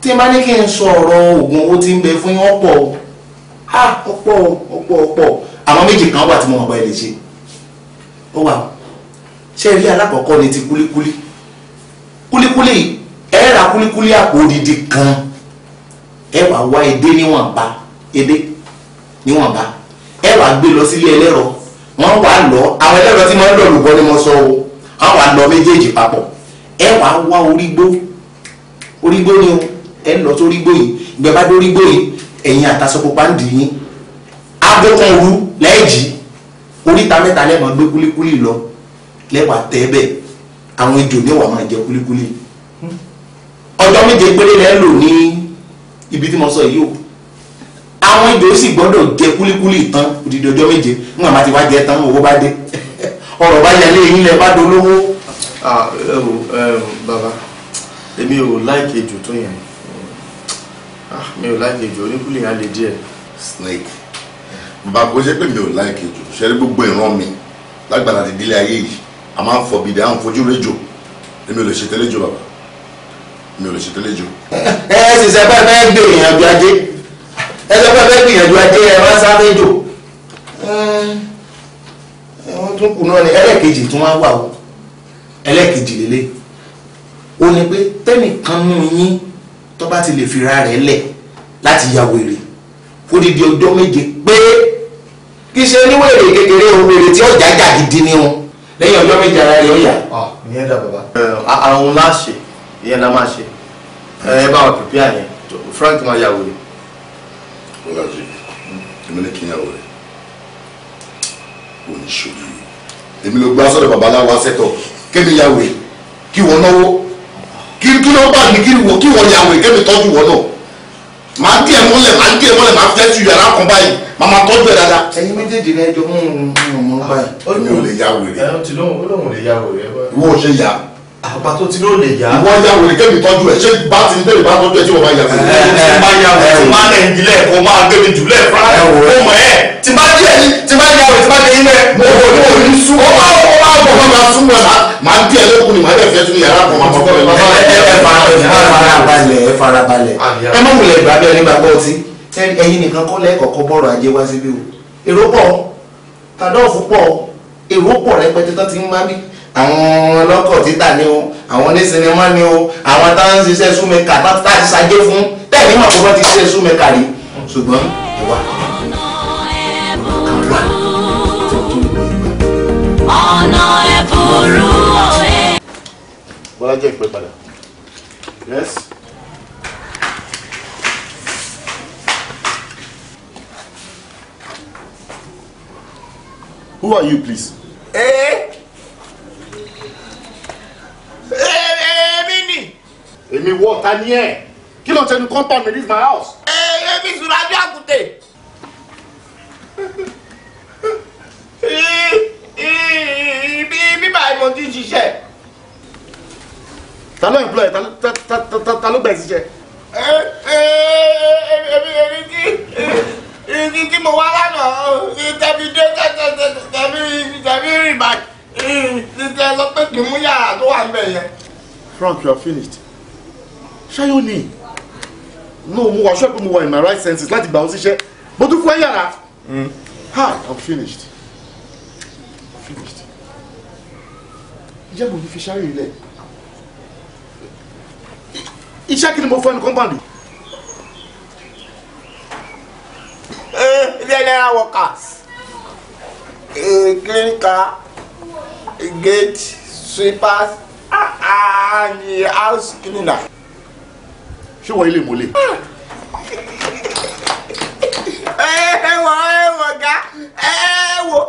tí n bá ní kí n sọ ọ̀rọ̀ oògùn owó tí ń bẹ fún yín ọ̀pọ̀ ọ̀pọ̀ ọ̀pọ̀ ọ̀pọ̀ àwọn méjì kan wà tí mo mọ̀ bá ẹ lè ṣe ó wà ṣé ilé alákọ̀ọ́kọ́ ni ti kúlíkúlí kúlíkúlí ẹ ra kúlíkúlí àpò odidi kan ẹ wà wá edé níwọ̀nba edé níwọ̀nba ẹ wà gbé lọ sílé ẹlẹ́rọ wọ́n wà lọ àwọn ẹlẹ́rọ tí wọ́n ń lọ lùbọ́ ni mo sọ o wọ́n wà lọ méjèèjì papọ̀ ẹ wà wá orígbó orígbó ni ẹ lọ sórígbó yìí ìgbẹ́ bá dórígbó yìí ẹ̀yin àtàsọ ń dì yín aago kan òru lẹ́ẹ̀jì oríta mẹ́ta lẹ́ẹ̀mọ́ gbé kúlíkúlí lọ lẹ́wà tẹ́ bẹ́ẹ̀ àwọn ejò lẹ́wà máa jẹ kúlíkúlí ọjọ́ méje péré lẹ́ẹ̀ lò ní ibi tí mo sọ yìí o àwọn ejò sì gbọ́dọ̀ jẹ kúlíkúlí tán odidi ọjọ́ méje nígbà máa ti wá jẹ tán owó bá dé ọ̀rọ̀ bá yẹ léyìn ilẹ̀ bá dolówó. bàbá èmi ò láìkè ejò tó yẹn ah, mi ò láìkè ejò oníkúlì yẹn á le díẹ̀. snake bàbá kò ṣe pé mi ò láìkè jù ṣẹlẹ̀ gbogbo ìran mi lágbàlá ti délé ayé yìí a máa ń fọbi dé à ń fojú rẹjò èmi ò lè ṣe tẹlẹjò bàbá mi ò lè ṣe tẹlẹjò. ẹ ẹ sì sẹpẹ fẹ gbìyànjú ajé ẹ sẹpẹ fẹ gbìyànjú ajé ẹ máa ń sáré jò wọn tún kù náà ni ẹlẹ́ẹ̀kejì tún wá wà o ẹlẹ́ẹ̀kejì lélẹ̀ o ní pé tẹ́nìkan nù yín tó bá ti lè fira rẹ̀ lẹ̀ láti ya wèrè fódìdí ọjọ́ méje pé kì í ṣe níwèrè kékeré omiire tí ọjà jà gidi ni o lẹ́yìn ọjọ́ méje ara rẹ̀ ó yà. ìyẹn dà bàbá. àwọn láṣẹ ìyẹn la máa ṣe ẹ bá wa pèpè àyẹn Frank máa yà wòlé. ọlá jù èmi ni kí n yà wòlé kò ní ṣòro èmi ló gbá sọ́dọ̀ babaláwo asẹtọ kémi yà wòlé kí wọn náwó kí kí ló bá mi kí wọn yà wòlé kémi tọ́jú wọn náà máa dí ẹ mọ́lẹ̀ ma dí ẹ mọ́lẹ̀ máa fẹ́ tu yàrá kan báyìí máa máa tọ́jú ẹ dáadáa. ẹyin méjèèjì náà jọ mú un mú un báyìí. ó ní òun lè ya wèrè. ẹ ó ti lóun ó lóun lè ya wèrè. ìwọ ò ṣe yà àpá tó ti lóde yá. ìwọ ya wòlé kébì tọ́jú ẹ ṣé bá ti ní tẹ́lẹ̀ bá tọ́jú ẹ tí wọ́n bá ya wòlé. ẹ bá ya wòlé tí máa lẹ́yìn ilé ẹ̀kọ́ máa gbẹ̀mí jùlẹ̀ fúnra ẹ̀ ọmọ ẹ̀ tí bá jẹ́ ẹni tí bá ya wòlé tí bá jẹ́ ilé. mo wò ní òní sún ọ máa wọ máa wọ máa máa sún wọn máa ń bí ẹ lókun ní màá dẹ̀ fẹ́ tún yàrá kan máa kọ́kọ́ rẹ̀ bàbá ẹ farabalẹ̀ ẹ farabalẹ̀ ẹ má wulẹ̀ gbàgbé ẹni gbàgbọ́ ọtí ẹyin nìkan kọ́ lẹ́ẹ̀kọ̀kọ́ bọ́ọ̀rọ̀ ajé wá síbí o èrò àwọn ọlọ́kọ̀ títà ni o àwọn ní sinimá ni o àwọn táwọn ń ṣiṣẹ́ súnmẹ́kà tá a ti ṣàjẹ́ fún tẹ́ẹ̀mí mọ̀ pé ti ṣiṣẹ́ súnmẹ́kà rí ṣùgbọ́n ìwà ọ̀nà ẹ̀ burú ẹ̀. bọ́lá jẹ́ ìpè padà. yes. who are you please. Hey! Eh? èmi eh, eh, ni. èmi wọ ta ni ẹ kí ló ń tẹnu compound me leave my house. èmi eh, sùnà bí àkùtè. ibi bíbá ìmọ̀ ti ń ṣiṣẹ́. ta ló ń employ ta ló gbà ẹ́ ṣiṣẹ́. èmi èmi kí ibi tí mo wá lánàá tẹ̀mí dé tẹ̀mí tẹ̀mí rìn báyìí. Frank you are finished Shall you need? no mo wà ṣọ́ọ̀pù mo wà in my right senses láti gbà ó But do you fún ẹ yàrá hi I'm finished finished ìjẹ́ mo fi ṣáré ilẹ̀ iṣẹ́ kí ni mo fọ́ ẹnu kọ́ńpáàdì. ilé eh, ẹlẹ́ra workers eh, clinical gate sweepers ah, ah, and house cleaner. ṣé wọ́n ilé mọ́lẹ̀. ẹ wọ ẹ wọ ga ẹ eh, wọ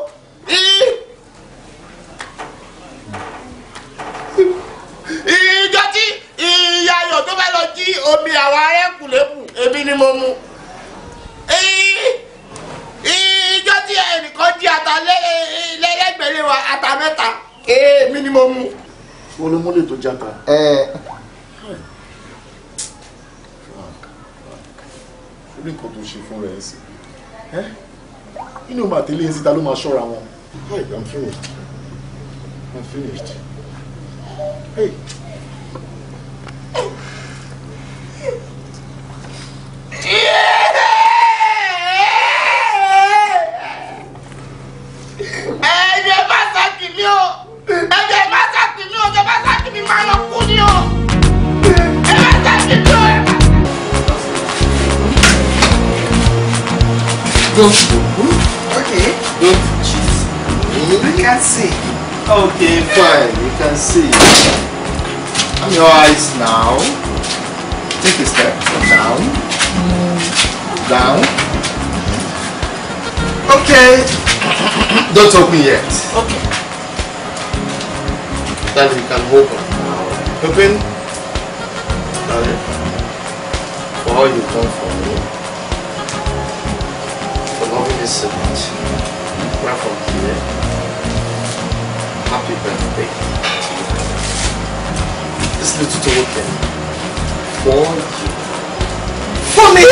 ìjọ tí ìyá ayọ̀ tó fẹ́ lọ jí omi àwọn arẹ́kùnlébù ebi ni mo mu ìjọ tí ẹnìkan jí ata lẹ́lẹ́gbẹ̀rẹ̀ eh, wa ata mẹ́ta ee mi ni mo mu olómúlè tó jáka. orí nǹkan tó ṣe fún rẹ̀ ẹ̀ sí inú màtí lé síta ló máa ṣọ́ra wọn. I'm finished. I'm finished. Hey. Don't you? Okay. If she's me, I can see. Okay, fine. You can see. I'm your eyes now. Take a step down. Down. Okay. Don't open yet. Okay. Then you can open. Open. Darling. For all you've for me this event. Right from here, happy birthday to you. This little token for you. For me?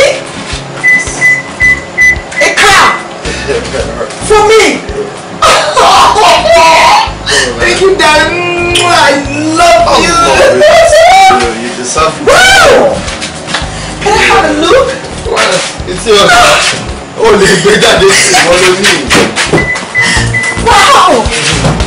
A car? for me? Thank you, darling. I love oh, you. Lord, you deserve it. Can I have a look? Well, it's your. o lè gbé jáde sí ìwọ lónìí. wáò.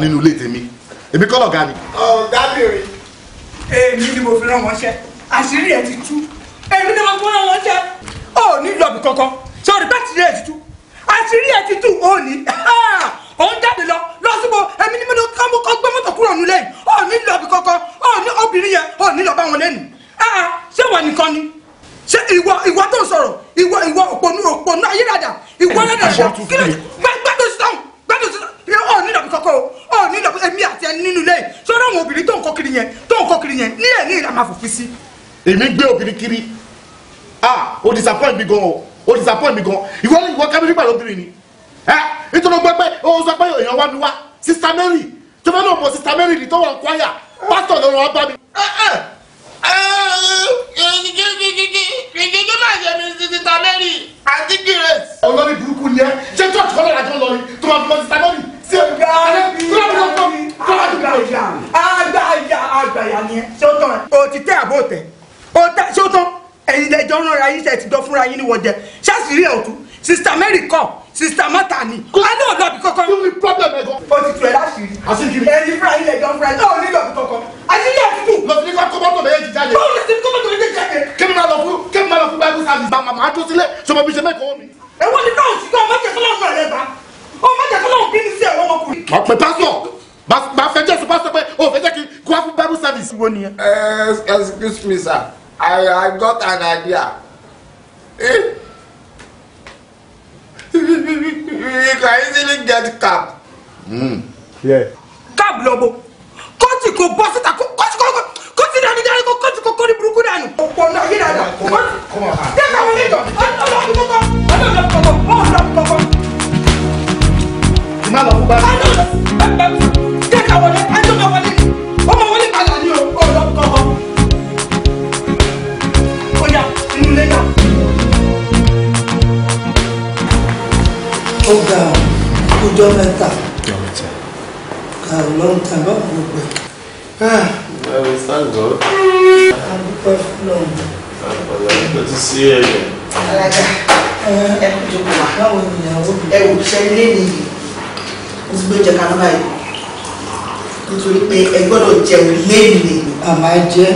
Tá nínú èmi gbé obìnrin kiri ah o disappoint mi gan o o disappoint mi gan ìwọ ni ìwọ kábíyèsí pàdé obìnrin ni ẹ nítorí o gbọ́ pé o sọ pé èèyàn wá mi wá sista Mary tó bá náà mọ sista Mary ni tó wà ń kwaya pásítọ̀ ló rán wá bá mi. kìkìkì máa ṣe mi sista Mary àti Grace. olórí burúkú ni ẹ ṣé church kọ́lá àjọ lọ ni tó máa fi mọ sista Mary sí ẹ gbàgbà àgbà àgbà àgbà yà ni ẹ ṣé ó tán ẹ. òtítẹ́ àbótẹ́ ó dá ṣé ó tán ẹ̀yin lẹ́jọ́ ń rọra yín ṣe ti dán fúnra yín ní wọ́n jẹ ṣáàṣì rí ẹ̀ ọ̀tún sista Mary kọ sista Martha ni a ní òlọ́ọ̀bì kankan. kí ni problem ẹ̀ gan. o ti tu ẹ̀ láṣìírí. àṣìírí. ẹni fúnra yín lẹ́jọ́ fúnra yín náà ò ní lọ́ọ̀bì kankan. àṣìírí àtúntò. lọ sí ká kọ́mọ́tò bẹ́ẹ̀ ti jáde. báwo lọ sí kọ́mọ́tò bẹ́ẹ̀ ti jáde. kí ni máa lọ fún kí ni máa lọ fún bible service. màmá máa tó sílẹ̀ sọmọ bí ṣe mẹ́kọ̀ọ́ mi. ẹ wọ́n ní káwọn ṣùgbọ́n ọmọ jẹ́ fọlọ́ọ̀fọ̀ rẹ̀ bá ọmọ jẹ́ fọlọ́ọ̀fọ̀ bí ní sí ẹ̀wọ̀n ọmọkùnrin. ọ̀pẹ pásọ̀ máa fẹ́ jẹ́ sùpásọ̀ pé òun fẹ́ jẹ́ kí kó wá fún bible service. wo ni ẹ. excuse me sir. I, I got an idea. Eh? you can easily get cab. Mm. Yeah. Cab lọ́bọ̀. Kọ́tì kò bọ́ síta kọ́tì kò kọ́ kọ́tì dání dání kọ́ kọ́tì kò kọ́ni burúkú dání. Ọ̀pọ̀ náà yí dání. Dẹ́ka wọn níjọ. Ọlọ́run kọ́kọ́. Ọlọ́run kọ́kọ́. Ọlọ́run kọ́kọ́. Ìmọ̀ àlọ́ fún bá mi. Dẹ́ka wọn ní. Ẹjọ́ bá wọlé. ó ga ọjọ́ mẹ́ta ga ọlọ́run ta báwo ló pẹ́. Bẹ́ẹ̀ni sáńgọ́. A dúpẹ́ fún ọ̀hún. Àpàlà ló ti sí ẹ̀yọ̀. Alága ẹ kò jókòó wá. Báwo ni ìyàwó mi? Ẹ wò ṣe ilé nìyí. Mo ti gbé jẹ kaná báyìí. Nítorí pé ẹ gbọ́dọ̀ jẹun lẹ́yìn lẹ́yìn. Àmà jẹ́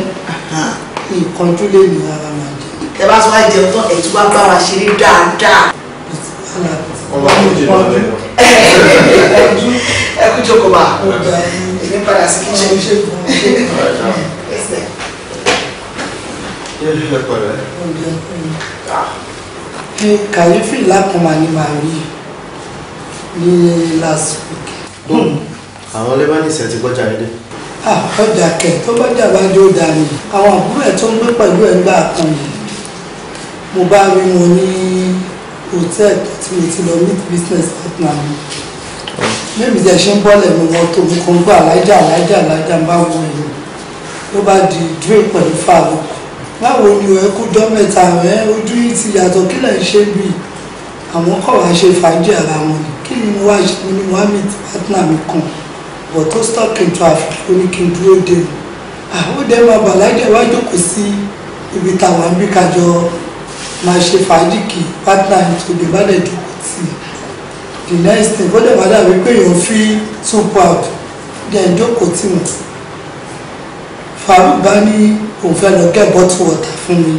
ìkanjú lẹ́yìn ara máa jẹ. Ẹ bá tún wá jẹun tán ẹ̀ tún wá bá wa ṣeré dáadáa. Bàtí wàhálà ọba méje náà lẹ. ẹ kú jókòó bá èmi padà sí kíchìn. ẹ pẹ̀lẹ́. kàyéfì lákùnmá ni màá rí ní last week. àwọn lebanese ti gbọ́jà ilé. ọjà kẹ tó gbọ́jà bá jó dání àwọn àbúrò ẹ̀ tó ń gbé pẹ̀lú ẹ̀ ń gbà mo bá rí wọn ní hòtẹ́ẹ̀lì tí mo ti lọ meet business partner mi bẹ́ẹ̀ jẹ́ ṣe ń bọ́lẹ̀ mi wọ́n tó mú kan gbà láìjà láìjà láìjà ń bá wọ ẹ̀yìn ló bá di drink pẹ̀lú fàlọ́ báwo ni ẹ kú dọ́mẹ̀ta ẹ ojú yìí ti yàtọ̀ kí lẹ̀ ń ṣe bí àwọn kọ̀ wá ṣe fàájì ara wọn ni kí ni mo wá ṣe mo ní mo wá meet partner mi kan but tó stock into Africa ó ní kí n dúró dé o ah, àwọn dẹ́ máa bà láìjà wájú kò sí ibi táwọn àbíkájọ máa ṣe fàájì kì í pátá ìtòdè bá dẹ̀ jókòó tì í the next thing bó dẹ̀ bá dàbí pé èèyàn fi two pound dẹ̀ jókòó tì wọ́n Farouk bá ní òun fẹ́ lọ get bottle water fún mi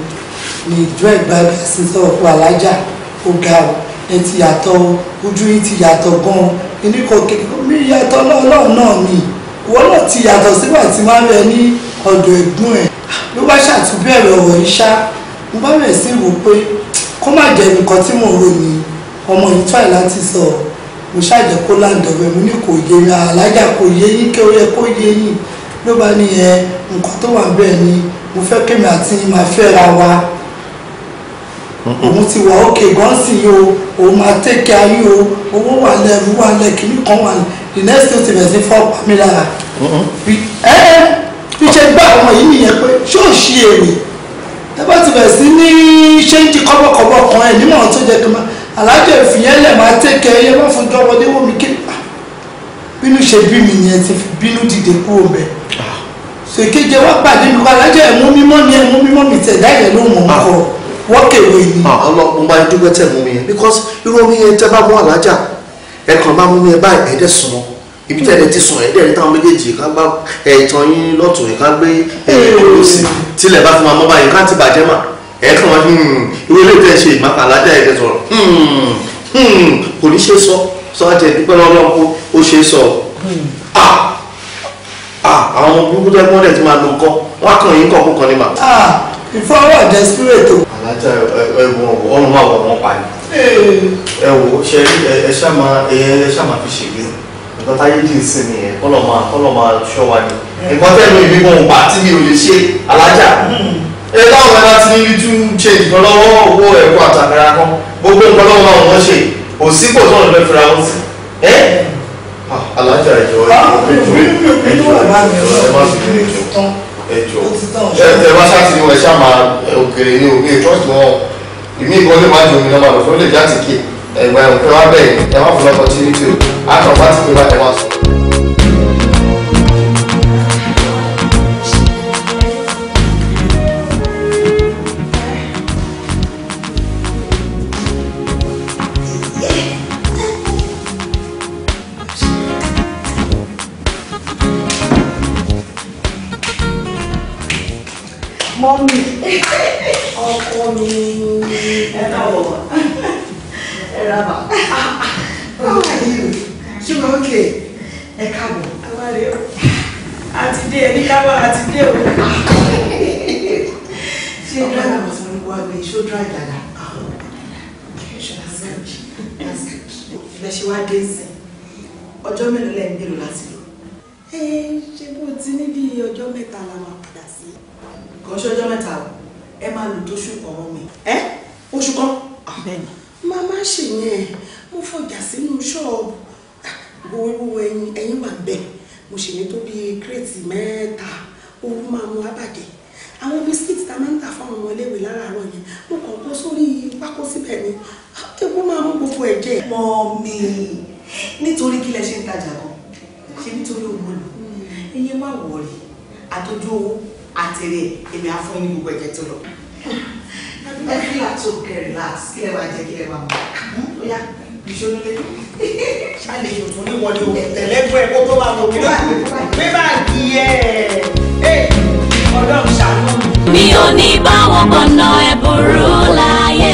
ní ìjọ ẹ̀gbá bẹ̀rẹ̀ sí sọ̀rọ̀ fún alájà ó ga ọ́ ẹ ti yàtọ̀ ojú yìí ti yàtọ̀ gan-an inú kan kékeré mi yàtọ̀ lọ́ọ̀lọ́ọ̀ náà ni ìwọ ti yàtọ̀ sígbà tí máa ń rẹ ní ọ̀dọ̀ ẹ̀gbọ́n ẹ̀ ló bá ṣàtúbẹ̀rẹ̀ ọ̀rọ̀ yìí ṣáá mo bá bẹ̀rẹ̀ sí wò pé kó má jẹ́ nǹkan tí mò ń rò ní ọmọ yìí tọ́ ẹ̀ láti sọ mo ṣàjẹ́ kó láǹdọ̀bẹ̀ mo ní kò yé mi alájà kò yé yín kí ó yẹ kó yé yín ló bá ní ẹ nǹkan tó wà bẹ́ẹ̀ ni mo fẹ́ kémi àti máa fẹ́ra wa òun ti wà òkè gan sí i o òun máa tẹ́kẹ̀ ayé o owó wà lẹ́rú wà lẹ́kìnní kan wà the next day ti bẹ̀rẹ̀ sí fọ́ pàmílára ẹ mm-hmm. ẹ fi ṣe gbá ọmọ yìí nìyẹn pé ṣé ò èrè tẹ́bá ti bẹ̀rẹ̀ sí ní ṣéǹjì kọ́bọ̀kọ́bọ̀ kan ẹ̀ nímọ̀ràn tó jẹ́ kí n máa alájọ ìfìyẹn lẹ̀ máa tẹ́kẹ̀ ẹyẹ má fún dọ́wọ́dé wọ́n mi ké bínú ṣe bí mi yẹn ti bínú dìde kúrò bẹ́ẹ̀ ṣèkéje wá pàdé mi kọ́ alájọ ẹ̀mú mímọ́ mi ẹ̀mú mímọ́ mi tẹ̀dá yẹn ló mọ̀ mọ́ kọ́ wọ́kẹ̀wé ni. Ah, ọlọ́pàá máa dúpẹ́ tẹ̀ mú mi yẹn because irú omi yẹn tẹ́ bá mú alájà ẹ̀kan bá mú mi yẹn báyìí ẹ̀ẹ́dẹ̀ sùn ibi tí ẹni ti sùn ẹ̀ dẹ́rẹ́ táwọn méjèèjì ká gbá ẹ̀tàn yín lọ́tún ká gbé ẹ̀ẹ́dẹ́gbẹ̀rún sí tilẹ̀ bá fún wa mọ́ báyìí ká ti bàjẹ́ mà ẹ̀ẹ́kan wọn ìwé ilé tẹ̀ ṣe ìmáka alájà ẹ̀ẹ́dẹ́ sọ̀rọ̀ hmm, hmm, kò ní ṣe sọ sọ àjẹ dúpẹ́ lọ́lọ́run kó ó ṣe sọ hmm. ah, ah, àwọn ọmọ burúkú tó ẹgbọ́n rẹ̀ ti máa lo nǹkan wọn á kàn yín kọ̀ọ̀kú kan ní mà. Ah, ìfọwọ́ desperate o. alájà ẹ̀wọ̀n ọ̀run máa wọ̀ wọ́n pa ni. ẹ̀wọ̀n ṣe ẹ ṣá máa fi ṣègbè lọ́tà yìí dì í sí nìyẹn kọ́lọ́mà kọ́lọ́mà ṣọ́ wa ni nǹkan ìbí wọn ò tí mi ò lè ṣe alájà hmm. ẹ táwọn ẹ̀rọ ti ní tún ṣe ìkan owó ẹ̀kọ́ àtàkàrà kan gbogbo nǹkan lọ́wọ́ àwọn ṣe kò sí kò tó lọ́ọ́ fira wọn sí ẹ́ ah, alájà ẹ̀jọ̀ ẹ̀jọ̀ ẹ̀jọ̀ ẹ̀jọ̀ ẹ̀jọ̀ ẹ̀ bá ṣáàtì wọn ẹ̀ ṣáà máa òkèrè ní òkè trust wọn ìmí ìkọ́lé máa jòmìnira màlúù fún ilé ìjà àtìkè ẹ̀wọ̀n ẹ̀wọ̀n kẹwàá bẹ́ẹ̀ ẹ̀wọ̀n fúnlọ́pọ̀ tí ní tù àtọ̀ bá ti pè wá ẹ̀wọ̀n sùn. dábàá how are you ṣùgbọ́n ok ẹ káàbọ̀. àwárí o àti dé ẹni káwọ́ àti dé o. ṣé dáadáa mọ̀ sọ́run wá gbé ṣó dry dada. ilẹ̀ ṣe wá dé sí ọjọ́ mélòó lẹ́yìn mélòó láti lò. ẹ ṣe bó ti ní bí ọjọ́ mẹ́ta la máa padà sí. kò ń ṣe ọjọ́ mẹ́ta o ẹ máa lò tó ṣùkọ́ ọmọ mi. ẹ oṣù kan. Ah, bẹ́ẹ̀ni màmá ṣèyẹn mo fọjà sínú ṣọ́ọ̀bù gbogbo ẹyin ẹyin wà bẹ́ẹ̀ mo ṣèyẹ tó bíi kírètì mẹ́ta ooru máa mú abàdé àwọn bisikíìtì tá a máa ń tà fáwọn ọmọ iléèwé láràárọ̀ yẹn mo kàn kó sórí pákó síbẹ̀ ni ewu máa mú gbogbo ẹ̀ jẹ́. mọ mi nítorí kí lẹ ṣe ń tajà kan ṣe nítorí owó lò hmm. ẹyẹ má wọrí àtọjú owó àtẹrẹ èmi á gbogbo ẹ̀jẹ̀ tó lọ every at home kẹ relax kí lẹ wá jẹ kí lẹ wá mọ ó yá ìṣonúlé. àlejò tó ní wọlé o tẹ̀lẹ́gbẹ́ kó tó bá wọ kíló gbé báàgì ẹ̀ ọlọ́run ṣàánú. mi ò ní báwọn bọ̀nà ẹ̀ burú láyé.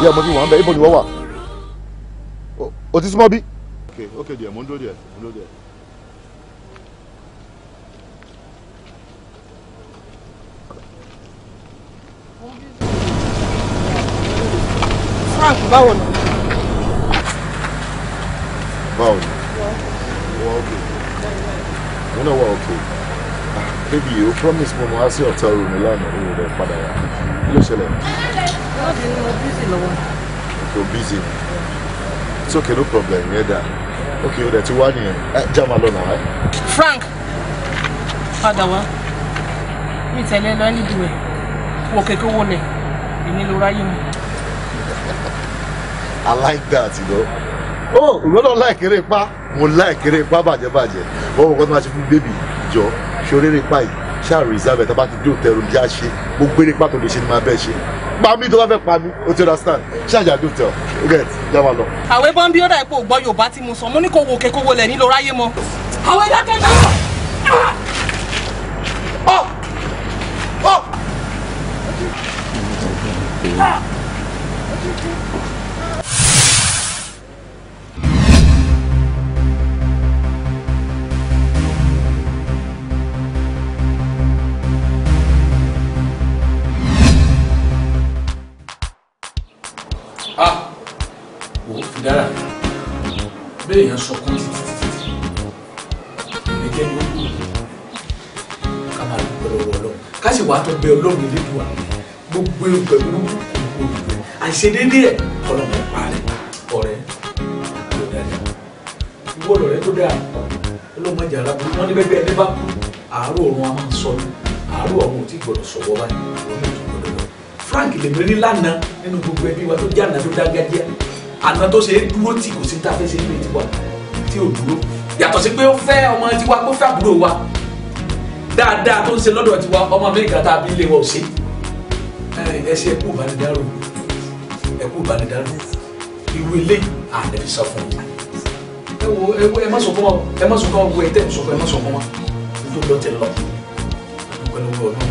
ìyá ọmọ bí wọn bẹ ibo ni wọn wà o ti súnmọ́ bí. ok ok díẹ̀ mo ń dúró díẹ̀ mo ń dúró díẹ̀. Frank báwo ni. báwo ni wọ́n ok wọ́n náà wọ́n ok ah, baby o promise mo mo wá sí hotel room lánàá òun rẹ̀ padà wá kí ló ṣẹlẹ̀. láti ní mo busy lọ́wọ́. so busy it's okay no problem yẹn dá okay o dẹ̀ ti wá nìyẹn ẹ eh, já máa lọ nà wá. Eh? Frank padà wá mi tẹ̀lé lọ ẹni dùn ẹ̀ wọ kẹ̀kẹ́ wọlé èmi ló ráyè mi. I like that, you know. Oh, ìwọ náà láì kéré pa, We like kéré pa bàjẹ́bàjẹ́. Wọ́n mọ̀ kọ́ tó máa ṣe fún baby, jọ, ṣe oréré pa yìí, ṣáà reserve ẹ̀ tá bá ti dé òtẹ́rù ní àṣe, gbogbo eré pàtó lè ṣe ni máa bẹ́ẹ̀ ṣe. Pa mí tó bá fẹ́ pa mí, o ti understand, ṣáàjà dùn tẹ̀ ọ́, get, já wa lọ. Àwẹ̀ bọ́n bí ó dà ipò gbọ́ Yorùbá tí mo sọ, mo ní kò wò kéko wọlé nílò ráyé mọ́. Àwẹ̀ dákẹ́ náà. bẹ́ẹ̀ yẹn sọkún ní jẹ́ ní ojú ká máa dúpẹ́ lọ́wọ́ ọlọ́run ká sì wàá tó bẹ ọlọ́run lédu wa gbogbo ìgbẹ́ gbogbo ìgbẹ́ àìṣedéédé ẹ̀ ọlọ́run ẹ̀ parí ọ̀rẹ́ ló dáadáa ìwọ lọ̀rẹ́ tó dáa ọlọ́run ẹ̀jẹ̀ aláboyún wọn ní bẹ́ẹ̀ bẹ́ẹ̀ ní bá kú àárọ̀ òun a máa ń sọ ní àárọ̀ ọ̀hún ò tí gbọdọ̀ sọ̀wọ́ báyìí Frank lè mẹ́rin na, nínú gbogbo ẹbí wa tó jáde tó dágájá àná tó ṣe é dúró tì kò sí tá a fẹ́ ṣe é pé tiwa tí ò dúró yàtọ̀ sí pé ó fẹ́ ọmọ tiwa pé ó fẹ́ àbúrò wa dáadáa tó ń ṣe lọ́dọ̀ tiwa ọmọ amẹ́ríkà tá a bí lé wa ò ṣe ẹ ṣe ẹkú ìbánidárò ẹkú ìbánidárò irú ilé àdẹ̀fi sọ fún mi ẹ wo ẹ wo ẹ má sọ fún wa ẹ má sọ fún wa wo ẹ tẹ̀ sọ fún ẹ má sọ fún wa tó lọ tẹ lọ pẹ̀lú ọlọ́run.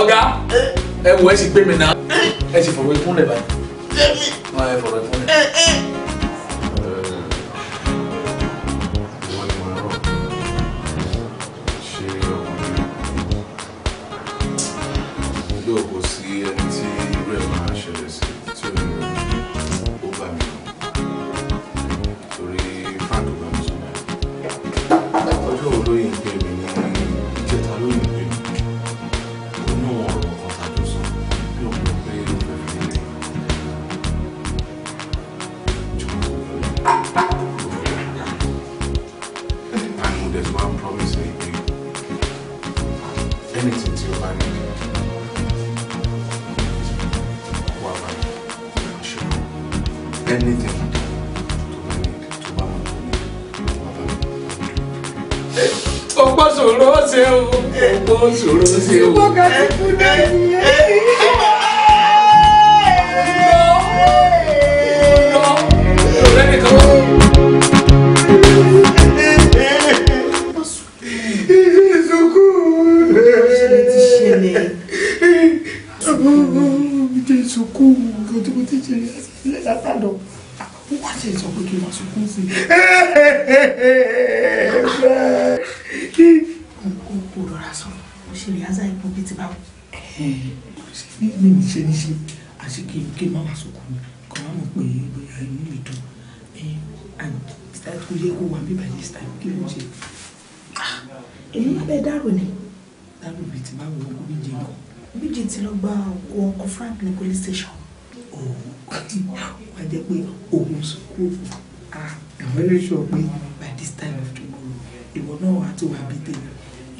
ọ̀gá ẹ wo ẹ sì gbé mi náà ẹ ti fọ̀rọ̀ ikún lẹ̀ báyìí. jẹ́mi. máa ẹ fọ̀rọ̀ ikún lẹ̀. sọ̀rọ̀ ṣe o. ṣùgbọ́n ká ti kí n má wá sọkún mi kọ́ máa mọ̀ pé bóyá inú mi dùn ẹ̀yìn and that kò yẹ kó wà mí by this time kí ló ń ṣe. Ah, èmi má bẹ́ẹ̀ dárò ni. dárò bíi ti báwo ọkọ méje nǹkan. méje ti lọ gba ọkọ ọkọ Frank ní police station. òun oh, wá jẹ́ pé òun sọkún òfò àwọn eré pé by this time of tomorrow ìwọ náà wàá tó wà bíi tèmi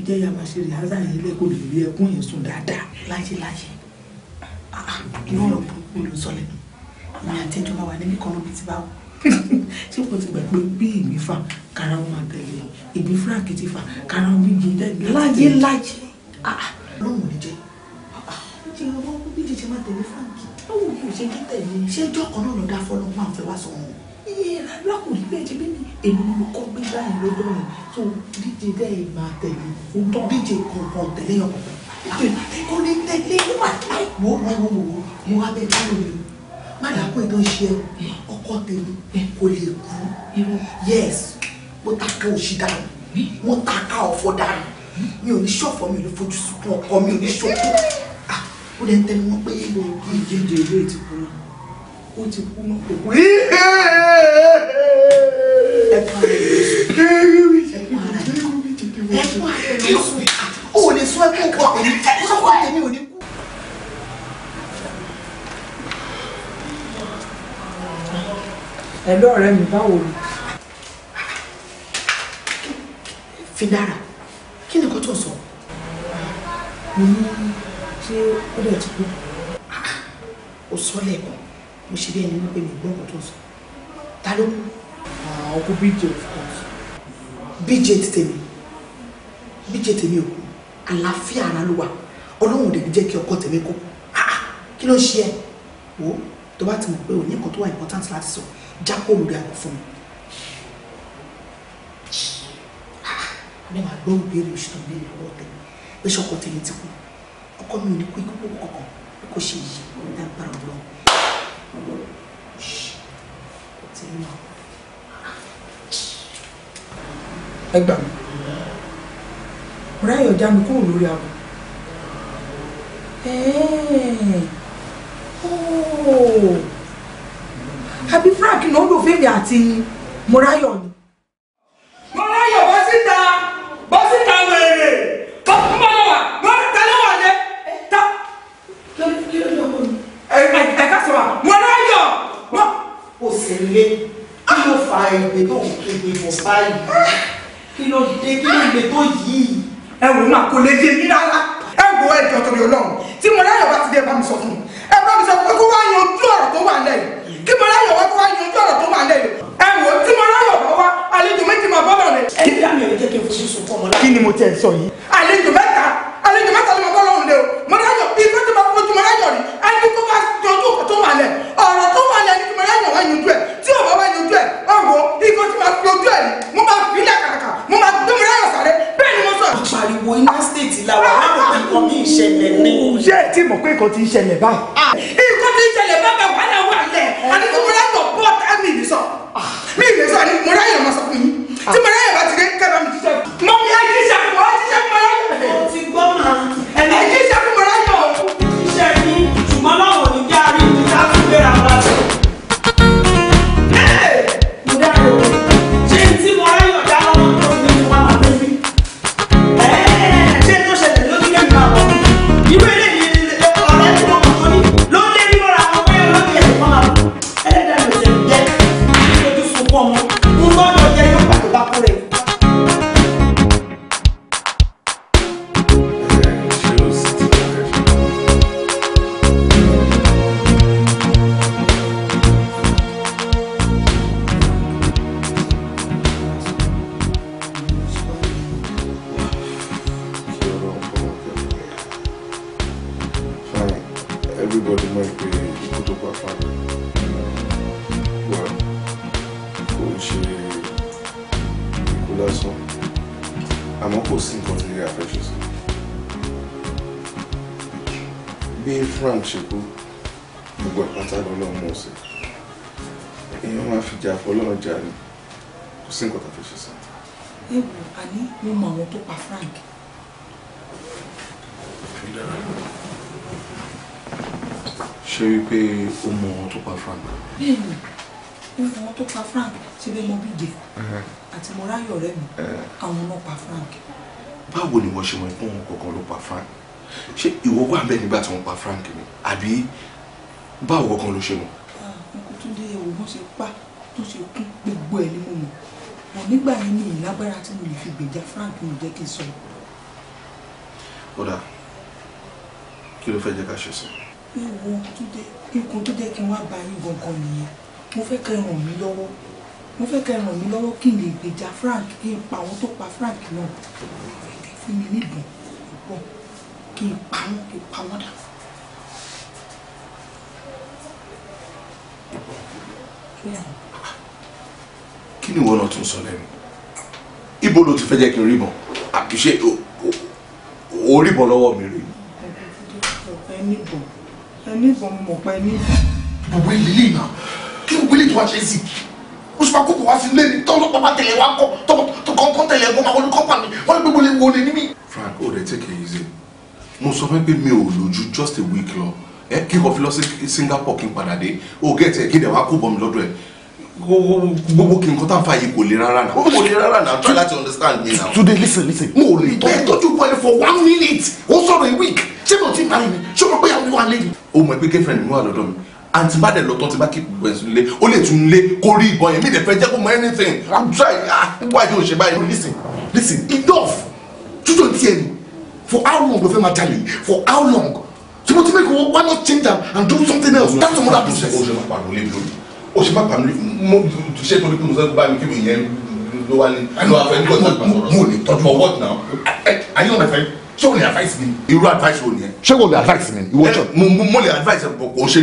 ìjẹ́ ya máa ṣe rìhásà yẹn lẹ́kọ̀ọ́ lè rí ẹkún yẹn sùn dáadáa láyé láyé. Ah, ah, kí wọ́n lọ bọ̀ mi ló sọ lẹ́nu àmì àti ìjọba wà níbi kan níbi tí bá wọ ṣé kò ti gbà pé bí ìmí fà kára wọn àtẹlẹ ìbí fúràkì ti fà kára wọn yìí dẹ́gbẹ́ láyé láyé ah, ah. lóhùn ní jẹ́ ah, ṣé ọmọ ọkùnrin méjì ṣe máa tẹ̀lé fáǹkì lóhùn kò ṣe kí tẹ̀lé ṣé jọ́kan náà lọ dá fọlọ́ máa fẹ́ wá sọ wọn lọkùnrin bẹ́ẹ̀ ṣe bẹ́ẹ̀ ni èmi ni mo kọ́ gbé báyìí lọ́dọ̀ rẹ̀ tó díje dẹ́ẹ̀ máa tẹ̀lé ohun díje kọ̀ọ̀kan tẹ̀lé ọkọ̀ ó ní tẹ́lẹ̀ nígbà wo wo wo wo mo wá bẹ dárò mi mádàkú ètò ìṣe ọkọ tèmi kò lè kú yes mo ta ká òṣì dànù mo ta ká ọ̀fọ̀ dànù mi ò ní ṣọ̀fọ̀ mi ò ní fojú sunkún ọkọ mi ò ní ṣokú ó lè tẹnu mọ́ pé ìjẹjẹ ìlú ètò kúrò ó ti kú mọ́ kò kú. ẹ̀kọ́ ara ẹ̀ ló sùn ẹ̀kọ́ ara ẹ̀ ló sùn o ò lè sún ẹkọ ọkọ tèmi ọkọ tèmi ò ní kú. ẹ̀lọ́ ọ̀rẹ́ mi báwo ni. fi dára kí ni kótó sọ. mo ní ṣé ó lè ti kú. o sọ lẹ́ẹ̀kan mo ṣe bí ẹni wípé mi gbọ́ kótó sọ ta ló kú. Ah, ọkọ bíjẹ of course. bíjẹ tèmi bíjẹ tèmi o kú àlàáfíà ara ló wà ọlọ́run dẹ̀ jẹ́ kí ọkọ tèmi kú kí ló ń ṣe ẹ́ wò ó tó bá ti mọ̀ pé ò ní nǹkan tó wà important láti sọ jápọ̀ lórí àgọ́ fún mi. àbẹ́ màá gbọ́ ìbéèrè oṣù tó ń béèrè lọ́wọ́ tẹ̀lé pé ṣọkọ tèmi ti kú ọkọ mi ò ní kú ikú kú kankan bí kò ṣe yìí dágbára ọlọ́run. ẹ gbà mí ọ̀ráyọ̀ já mi kúrò lórí abo àbí Frank náà lò fèmí àti Mọ́ráyọ̀ ni. fi gbèjà Frank mi jẹ́ kí n sọ. ó dà kí ló fẹ́ jẹ́ ká ṣe sí. ewu ikun tó jẹ́ kí n wá ba yín gangan nìyẹn mo fẹ́ kẹ́ ràn mí lọ́wọ́ mo fẹ́ kẹ́ ràn mí lọ́wọ́ kí n lè gbèjà Frank kí n pa àwọn tó pa Frank náà fún mi níbọn pọ̀ kí n pa wọ́n kí n pa wọ́n dà. kí ni ìwọ náà tún sọ lẹ́nu ibo ló ti fẹ́ jẹ́ kí n rí bọ̀ àkìṣe orí bọ̀ lọ́wọ́ mi rí. gbogbo ìlílẹ̀ iná kí n wílé tó wá ṣe é sí o sì máa kókò wá sí ilé mi tẹ̀lé wa kọ́ tó tẹ̀lé ẹ̀gbọ́n máa wọlé kọ́pà mi wọ́n ní gbogbo lè wo ni mí. Frank ó rẹ̀ take it easy mo sọ fẹ́ pé mi ò lójú just a week lọ ẹ kí n kọ fi lọ sí Singapore kí n padà dé o gẹ̀ẹ́tì ẹ̀ kí n dẹ̀ wá kó bọ̀ mi lọ́dọ̀ ẹ̀ gbogbo kí nǹkan tá a fa yìí kò le rárá náà kò le rárá náà try láti understand me now. today listen listen. mo ò lè bẹ́ẹ̀ tọ́jú bọ́ọ̀lù for one minute ó sọ̀rọ̀ a week ṣé mo ti máa ń ṣé mo pé àwọn ìwà lè. o mọ̀ pé girlfriend mi wà lọ́dọ̀ mi àǹtí bá dẹ̀ lọ́tọ́ tí bá kí gbogbo ẹ̀sùn lé ó lè tún lé kó rí ìbọn yẹn mi lè fẹ́ jẹ́ kó mọ anything i'm trying ah why you ṣe báyìí. listen listen enough tútù ti ẹ̀ for how long ló fẹ́ máa jalè for how long So mo ti fẹ́ Why not change am and do something else that's another business. o o ṣe má pa mi mo ṣe torí pé mo sọ bá mi kí mi yẹn ló wá ní ló wá fẹ́ ní kọ́ńtà pàṣẹ. mo lè tọ́jú for what now ayé ọ̀nà fẹ́ ṣé o lè advice mi irú advice wo nìyẹn. ṣé o lè advice mi ìwọ jọ. mo mo mo lè advice ẹ kò ṣe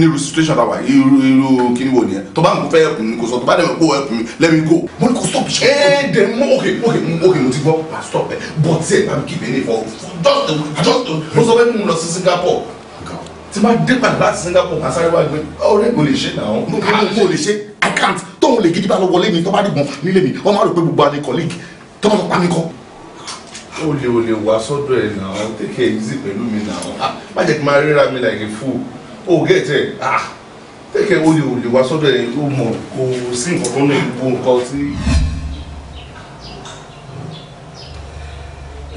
ní situation ta wa irú irú kíni wo nìyẹn tó bá ń fẹ́ ẹkùn mi kò sọ tó bá dẹ̀ mọ̀ kó ẹkùn mi let me go. mo ní kò stop ṣe. ẹ dẹ mo ok ok ok mo ti gbọ́ pa stop ẹ but ṣe bá mi kí bẹ́ẹ̀ ní for just just mo sọ pé mo lọ sí Singapore tí máa dé padà láti Singapore máa sáré wá gbé ọ̀rẹ́ mi lè ṣe náà. Ah, mo lè ṣe i can't tóun lè gidi bá lọ wọlé mi tó bá dìbọn nílé mi wọn máa rò pé gbogbo àní colleague tó bá lọ pa mí kọ. o lè o lè wá sọ́dọ̀ ẹ̀ náà take it easy pẹ̀lú mi náà ah, má jẹ́ kí n máa ríra mi like a fool o get it ah, take it o lè o lè wá sọ́dọ̀ ẹ̀ o mọ̀ kò sí nǹkan tó ní gbogbo nǹkan tí.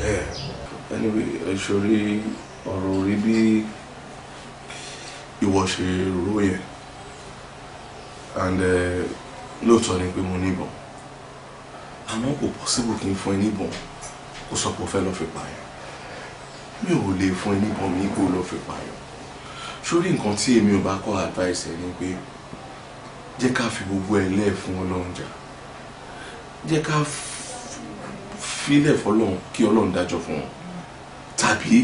Eh, anyway ẹ ṣòrí ọ̀rọ̀ orí bíi ìwọ ṣe rú yẹn and eh, lóòótọ́ ni pé mo níbọn àmọ́ kò possible kí n fún ẹ níbọn kó sọ pé o fẹ́ lọ fi pààyàn mi ò lè fún ẹ níbọn mi kó lọ fi pààyàn sórí nǹkan tí èmi ò bá kọ́ advice ẹ ni pé jẹ́ ká fi gbogbo ẹ lẹ́ẹ̀ fún ọlọ́run jà jẹ́ ká filẹ̀ fọlọ́run kí ọlọ́run dájọ́ fún wọn tàbí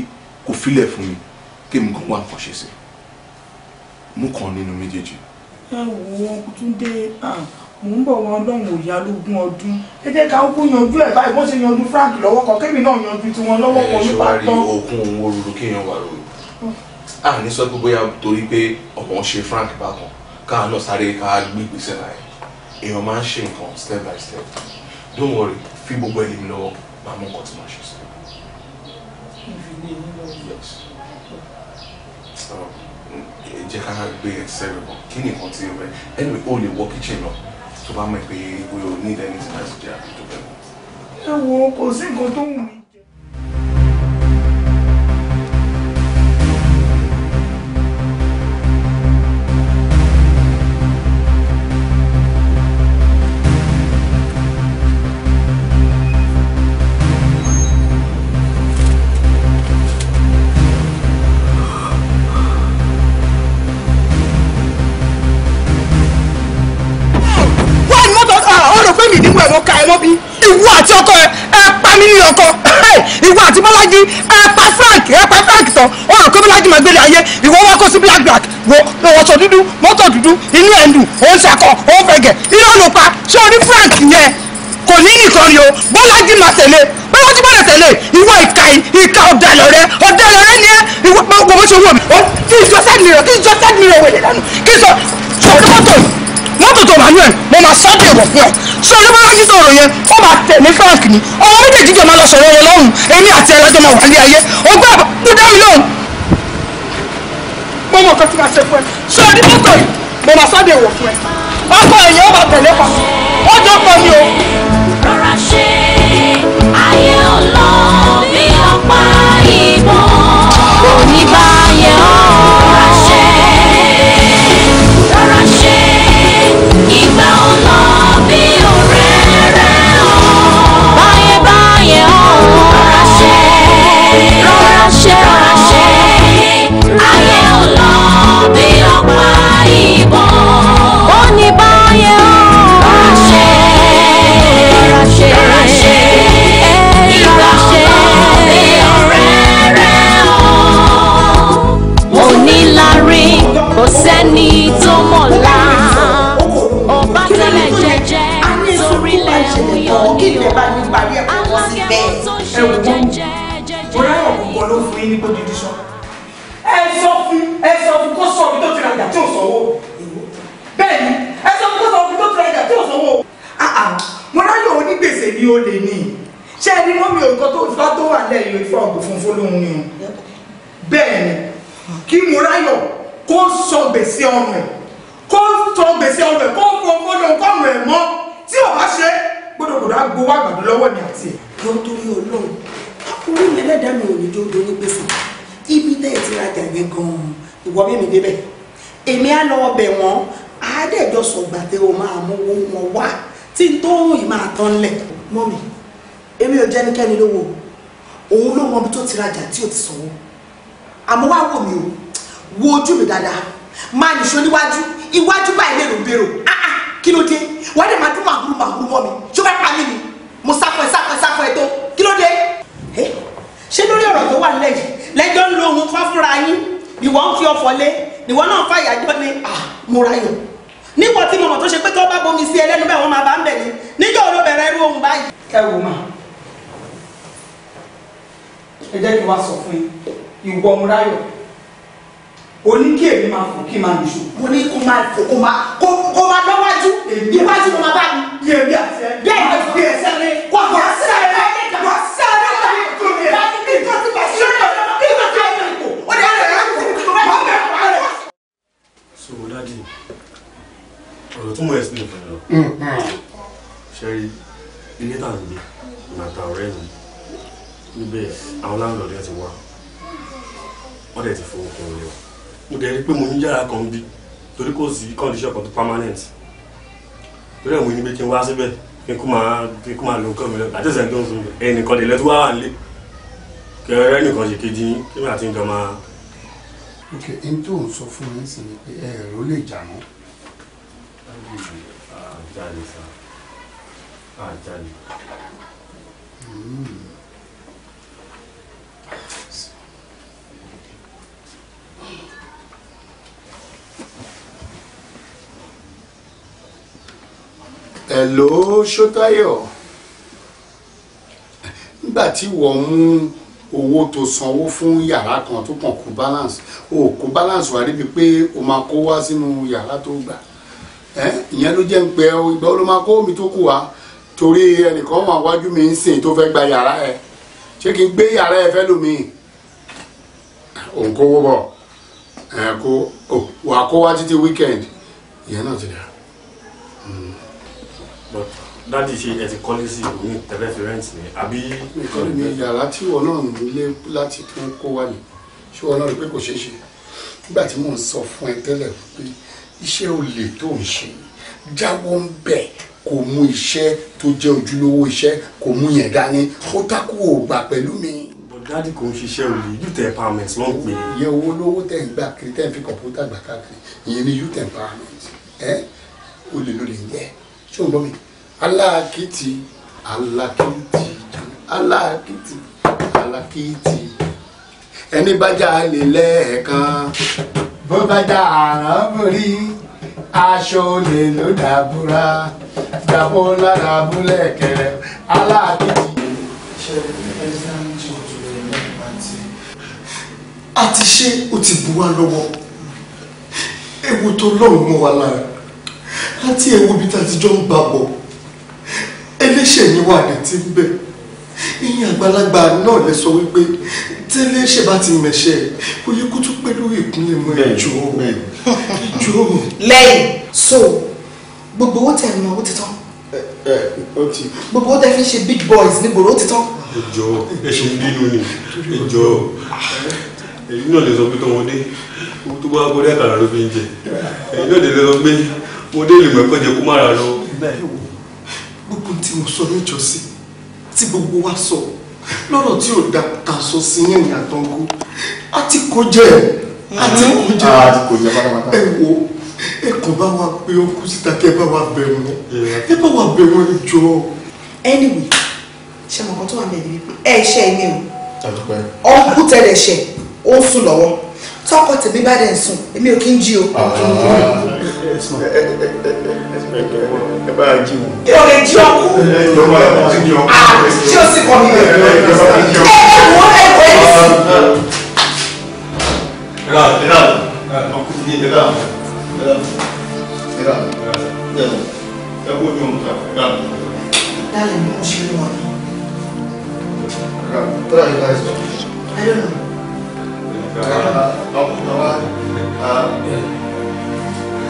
kò filẹ̀ fún mi kí èmi kàn wá nǹkan sí i mú kan nínú méjèèjì. ẹ wo Túndé mò ń bọ̀ wọn ọlọ́run ò lógún ọdún ẹ jẹ́ ká kúkú yanjú ẹ̀ báyìí wọ́n ṣe yanjú Frank lọ́wọ́ kan kémi náà yanjú tiwọn lọ́wọ́ kan nípa tán. ẹ ṣọwárí okun òun olùdó kéèyàn wà lóru a sọ pé bóyá torí pé ọ̀pọ̀ ṣe Frank bákan káà náà sáré ká gbé ìgbésẹ̀ láyé èèyàn máa ń ṣe nǹkan step by step don't worry fi gbogbo ẹ̀ mi lọ́wọ́ máa mú nǹkan tí máa ṣe sí i jẹ́ ká gbé ẹsẹ̀ rẹ̀ bọ̀ kí ni nǹkan tí o fẹ́ ẹnìwé ó lè wọ kíchìn lọ tó bá mọ̀ pé bóyá o ní ìdẹ́nìtì láti jẹ́ àbí tó fẹ́ mọ̀. ẹ wo kò sí nǹkan tó wù mí. ìwọ àti ọkọ ẹ ẹ pa mí ní ọkọ ìwọ àti bọ́lájí ẹ pa frank ẹ pa frank tán ó hàn bọ́lájí máa gbélé ayé ìwọ wá kó sí black black wo ọ̀ṣọ́ dúdú mọ́tò dúdú inú ẹ̀ ń dùn òun ṣàkọ òun fẹ̀gẹ̀ irọ́ ló pa ṣé o ní frank yẹn kò ní nìkan o bọ́lájí máa tẹ̀lé bọ́lájí máa tẹ̀lé ìwọ ìka ìka ọ̀dàlọ̀ rẹ ọ̀dàlọ̀ rẹ ni ẹ ìwọ gbogbo bó ṣe wù mí mọ́tò tó manuel mo máa sọ́ọ́ wọ̀ fún ẹ sọ ló bá rántí sọ̀rọ̀ yẹn ó máa tẹ̀lé frank ni ọmọ méjèèjì jọ máa lọ sọ̀rọ̀ wọn lọ́hùn èmi àti ẹ̀ lọ́jọ́ máa wà ní ayé ọgbà kú dá mi lóhùn. mo mọ nǹkan tí màá ṣe fún ẹ sọ ẹni mọ́tò yìí mo máa sáde wọ̀ fún ẹ ọkọ ẹ̀yẹ ó máa tẹ̀lé pa ọjọ́ pọ̀ ni o. gbèsè ọrùn ẹ̀ kó tọ gbèsè ọrùn ẹ̀ kó fọ fọdọ fọrùn ẹ̀ mọ́ tí ò bá ṣe gbọdọgbọdọ á gbowó àgbàdo lọ́wọ́ ní àti ẹ̀. yọ torí Ọlọ́run orí mi ẹlẹ́dàá mi ò ní jódo ní gbèsè ibi tẹ́ ẹ̀ ti rajà yẹn gan-an ìwọ mímí débẹ̀ èmi á lọ ọbẹ̀ wọn àádẹ́jọ sọ̀gbà tẹ o máa mówó wọn wá tí n tó ń ì máa tán lẹ̀. mọ́mi èmi ò jẹ́nikẹ́ni lówó òun ló mọ ibi tó ti rajà tí ò ti sanwó àmọ́ wá wò mí o wo ojú mi dáadáa máa nìṣó níwájú iwájú báyìí lè ló ń bèrò ah, ah, kí ló dé wàá dé màdúrà màgúrú màgúrú mọ́ mi ṣó fẹ́ pa mí ni mo sáfọ ẹ sáfọ ẹ sáfọ ẹ tó kí ló dé eh, ṣé lórí ọ̀rọ̀ tó wà nílẹ̀ yìí lẹ́jọ́ ń lo ohun fún fúnra yín ìwọ ń fi ọ̀fọ̀ lé ìwọ náà fàyàjọ́ ni ah, mo ra yàn níwọ tí mo mọ̀ tó ṣe pé tó bá bomi sí ẹlẹ́nu bẹ́ẹ̀ wọ́n máa bá ń bẹ̀ ni níjọ́ ló bẹ̀rẹ̀ irú ohun báyìí. ẹ wò má ẹ ìwọ ọmọ ráyọ̀ o ní kí èmi máa fò kí n máa nìṣó. mo ní kó máa fò kó máa kó kó máa lọ́wájú iwájú ló máa bá mi. yé mi àti ẹ bẹ́ẹ̀ ni bí ẹsẹ̀ mi kò kò sílẹ̀ rẹ̀ kò sílẹ̀ rẹ̀ kò ní tó mi rẹ̀ kí n tó ti bá ṣe é kí n tó ti bá ṣe é o ní àlọ́ rẹ̀ kò tó bá bẹ̀ pa rẹ̀. so dadi ọ̀rọ̀ tí mo explain fún yọ ṣẹ́rí ilé tà ń gbé nàta ọ̀rẹ́ mi níbẹ̀ àwọn láńlọ́ọ̀dù ẹ̀ ti wá wọ́n dẹ̀ ti fowó kún un lé wa mo dẹ̀ rí pé mo ní yàrá kan bí torí kò sí condition kan tó permanent torí àwọn onígbé kí n wá síbẹ̀ kí n kú máa kí n kú máa lo nǹkan mi lọ àti ìsẹ̀ tó ń sun ẹnìkan dẹ̀ lẹ́tọ́ wá wà nílé kẹrẹ nìkan ṣe kejì kí n àti ìjọba. ok n tó ń sọ fún mi sí ni pé ẹ ẹ̀rọ lè jà mọ́. àjálù sá àjálù. Hmm. Hello Ṣótáyọ̀ nígbà tí wọ́n mú owó tó sanwó fún yàrá kan tó kàn kó balance o kó balance wà níbi pé o máa kó wá sínú yàrá tó gbà ìyẹn ló jẹ́ ń pẹ́ ọ ìgbà wo ló máa kó omi tó kù wá torí ẹnìkan wà wájú mi ń sìn tó fẹ́ gba yàrá ẹ ṣé kí n gbé yàrá ẹ fẹ́ lómi òun bọ̀ ẹ̀ kó wà kó wá títí weekend ìyẹn náà ti dà but dáàdi ṣe ẹ ti kọ́lé sí ìlú ní tẹ́lẹ̀ fi rẹ́ǹtì ni àbí. ìkọ́lé ni yàrá tí wọn náà nílé láti tún kó wá ní ṣé wọn náà rí pé kò ṣeé ṣe nígbà tí mò ń sọ fún ẹ tẹ́lẹ̀ pé iṣẹ́ olè tó ń ṣe jáwọ́ ń bẹ̀ kò mú iṣẹ́ tó jẹ́ ojúlówó iṣẹ́ kò mú yẹn dání ó takú ògbà pẹ̀lú mi. dáàdi kò ń ṣiṣẹ́ olè youth empowerment ló ń pè é. iye owó lówó tẹ̀ ń gbà kiri tẹ̀ ń fi kọ̀ǹpútà gbà káàkiri ìyẹn ni youth empowerment ẹ́ olè ló lè ń jẹ́ ṣé o gbọ́ mi aláàkìtì aláàkìtì aláàkìtì aláàkìtì ẹni bá já lè lẹ́ẹ̀kan bó bá já àrán borí aṣọ olè ló dàbúra dàbó lára búlẹ̀ kẹrẹ aláàkìtì. àti ṣé o ti bu wa lọ́wọ́ ewu tó lọ́rùn mọ́ wa lára àti ẹ̀wù bíi tàtijọ́ ń gbàgbọ́ ẹlẹ́ṣẹ̀ ni wà ní ti ń bẹ̀ ìyẹn àgbàlagbà náà lè sọ wípé tẹ́lẹ̀ ṣe bá ti mẹ̀ṣẹ̀ kò yẹ kó tún pẹ́ lórí ìpínlẹ̀ mọ́ ẹ̀jọ́ ẹ̀jọ́. lẹ́yìn so gbogbo owó tẹ̀ ń ná ó ti tán gbogbo ó tẹ̀ fi ṣe big boys nígboro ó ti tán. ẹjọ ẹṣin bínú ni ẹjọ èyí náà lè sọ pé tọmọdé tó bá gbọdọ àkàrà ló fi ń jẹ èyí náà lè sọ pé mo dé ìlú ẹ̀kọ́ jẹ kó má ra lọ. bẹ́ẹ̀ wo gbogbo tí mo sọ níjọ́sí tí gbogbo wa sọ lọ́rọ̀ tí ò da ta sọ sí yẹn ní àtọ́ngó a ti kó jẹ a ti kó jẹ ẹ wo ẹ kàn bá wa pé ó kú síta kí ẹ bá wa bẹ̀ wọ́n ẹ bá wa bẹ̀ wọ́n jọ. anyway ṣe mọ̀ kan tó wà bẹ̀rẹ̀ wípé ẹ ṣe é ní o ọ̀nkú tẹ̀lẹ̀ ṣe ó sùn lọ́wọ́ tọkọ tèmi bá dẹ̀ sùn èmi ò kí ń jí o ẹ bá a jí wọn. ẹ ọ̀rẹ́ jí ọkú. ẹ jọba ẹ jí a tí o sì kọ́ mi lè. ẹ jọba ẹ jí ọkú. ẹ ẹ wọ ẹ wọ ẹ. ra ra ọkùnrin yìí ra ra ra ra ẹ wo ni òun ta ra. dálẹ̀ ni mo I don't know. ra ra ọkùnrin wa.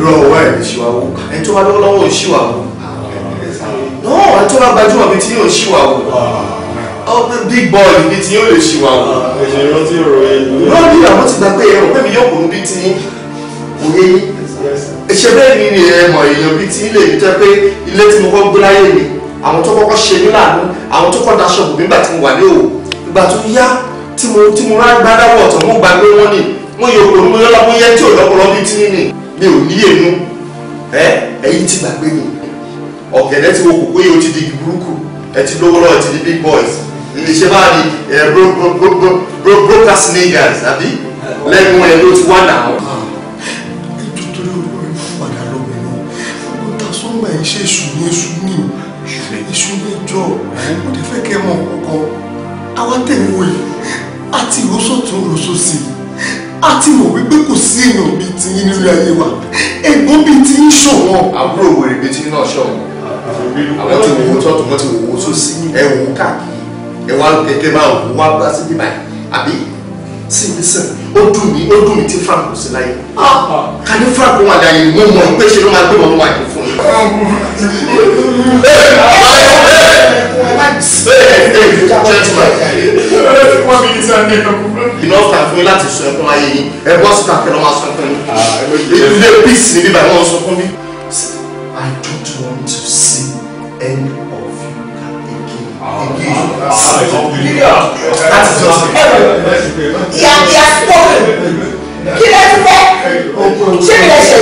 irọ́ ọwọ́ ẹ̀ lè ṣíwáwó ẹni tó bá lọ́wọ́ lọ́wọ́ ò ṣíwáwó náà ẹni tó bá gbajúmọ̀ bíi ti yóò ṣíwáwó ọ̀pẹ oh, big boy bíi ti yóò lè ṣíwáwó. ẹ̀ṣẹ̀ ìrántí ìròyìn. lọ́ọ̀dì àwọn ti gbà pé ẹ̀rọ pé mi yóò kún bíi ti òye ìṣe bẹ́ẹ̀ ni ni ẹ̀mọ̀ èèyàn bíi ti ilé mi jẹ́ pé ilé tí mo kọ́ gbé láyé mi àwọn tó kọ́kọ́ ṣe mí láàánú àwọn tó kọ́ daṣọ bò mí gbà tí mo wà ní òwò ìgbà tó yá tí mo tí mo rán gbádáwọ̀ ọ̀tọ̀ mo gbà mi ò ní ènú ẹ ẹ̀yin ti gbàgbé mi ọ̀gẹ̀dẹ̀ ti wo kò pé o ti di burúkú ẹ ti lówó lọ́wọ́ ti di big boys iléeṣẹ́ bá ní ẹ brokers niggas àbí lẹ́nu ẹ ló ti wá nà án. nítorí olórí padà lọ́wọ́ náà ó ta sọ́ngbà ẹ̀ ṣe èṣù ní èṣù ní èṣù ní ẹjọ́ ó ti fẹ́ kẹ́ mọ̀ ọ̀kan àwọn tẹ̀wé àti ìrọ́sọ̀tún ìrọ́sọ̀sìn a ti mọ̀ wípé kò sí èèyàn bíi tiyín nílé ayé wa ẹ̀gbọ́n bíi tiyín ṣọ̀wọ́n. àbúrò wo èrè tí náà ṣọ̀wọ́n àwọn ti wò ó tọ́tù wọ́n ti wò ó sósì ẹ̀ wò ó káàkiri ẹ̀ wá kẹ̀kẹ́ máa wò ó wá bá sí bíbá yìí àbí sí mi sàn ó dùn mí ó dùn mí tí Frank kò sí láyé ká ní Frank wà láyé mo mọ̀ pé ṣe ló máa gbé wọn wáyé fún mi. One minute and then iná ọ̀tà fún yín láti sọ ẹ̀kún ayé yín ẹ̀kún ọ̀sìn tàbí ẹ̀rọ máa sọ ẹ̀kún yín ilé peace níbí báyìí wọ́n sọ fún mi. I don't want to see any of you again. Again. That is just it. He has spoken. Kí lè ti fẹ́? Ṣé mi lè ṣe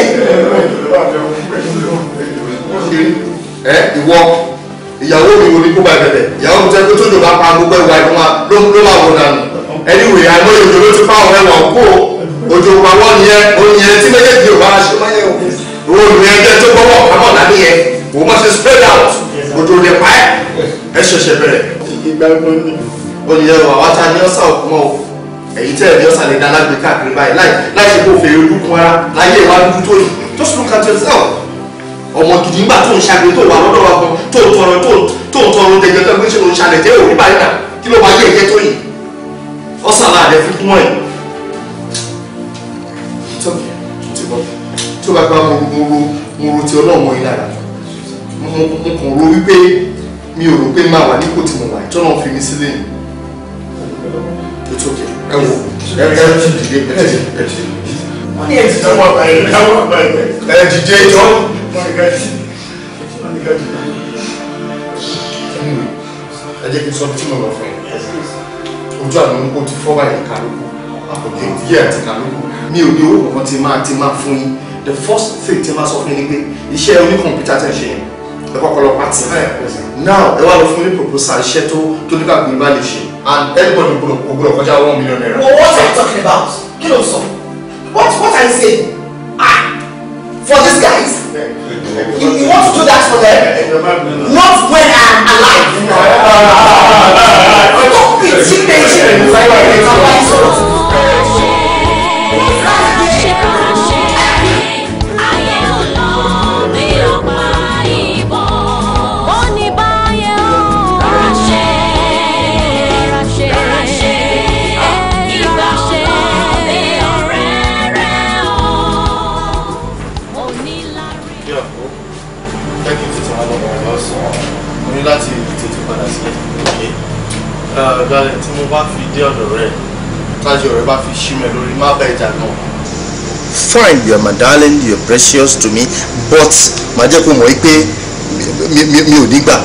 yìí? Ẹ ìwọ ìyàwó mi wo ni kó bá ẹ bẹ̀rẹ̀ ìyàwó mi tẹ́ pé tó pa gbogbo ìwà ìfún ló máa wọ dànù anyway àìmọ òjò ló ti pa ọ̀rẹ́ wọn kó òjò pawọ́ nìyẹn oníyẹn tí méjèèjì ò bá ṣe máyẹ o olùyẹn jẹ tó gbọ́wọ́ pamọ́ lábẹ́ yẹn o mọ̀ ṣe spread out òjò lè pa ẹ̀ eh? ẹ ṣẹ̀ṣẹ̀ bẹ̀rẹ̀. olùyẹn wà wá ta ní ọ̀sà òkú mọ́ o èyí tẹ̀ ní ọ̀sà lè dáná gbé káàkiri báyìí láì láì ṣe kó fèrè olúkun ara láyé ìwà dúdú tó yìí just look at yourself ọmọ gidi ńgbà tó ń ṣàgbé tó wà lọ́dọ̀ wa tó ń tọrọ tó ń tọrọ dẹ̀jẹ̀ tó ń gbé ṣe ń ṣàlẹ̀ tẹ́ òní báyìí náà kí ló máa yé ẹ̀jẹ̀ tó yìí ọ̀sán àdẹ fífún ẹ̀ tí ó bá gbá mo ro mo ro ti ọlọ́run yìí lára mo kàn ro wípé mi ò rò pé máa wà nípò tí mo wà ìtọ́nà fi mi sílẹ̀ ni ó tó kẹ ẹ wò ẹ ẹ ti dìde ẹ ti ẹ ti. wọ́n ní ẹ̀sìn táwọn àbáyé táwọn àbáyé ẹ dìde jọ. ẹ jẹ́ kí n sọ tí mo lọ fún ojú àná ń ti fọ́ báyìí kálukú àpòkè díẹ̀ àti kálukú mi ò ní owó kankan ti máa ti máa fún yín the first thing ti máa sọ fún yín ni pé iṣẹ́ oní tẹ̀ ṣe ẹ kọ́kọ́ lọ pàtì now ẹ wá lọ fún mi proposal iṣẹ́ tó tó ní káàkiri bá lè ṣe and everybody gbọ́dọ̀ gbọ́dọ̀ kọjá one million naira. well what are you talking about kí ló sọ what what are you saying ah for these guys you want to do that for them, not when I am alive. Don't be teenagers. àgàgà tí mo bá fi dé ọ̀dọ̀ rẹ̀ tájú ọ̀rẹ́ bá fi ṣí mi lórí má bá ìjà náà. fine you are my darling you are precious to me but màá jẹ́ kó mọ̀ wípé mi ò ní gbà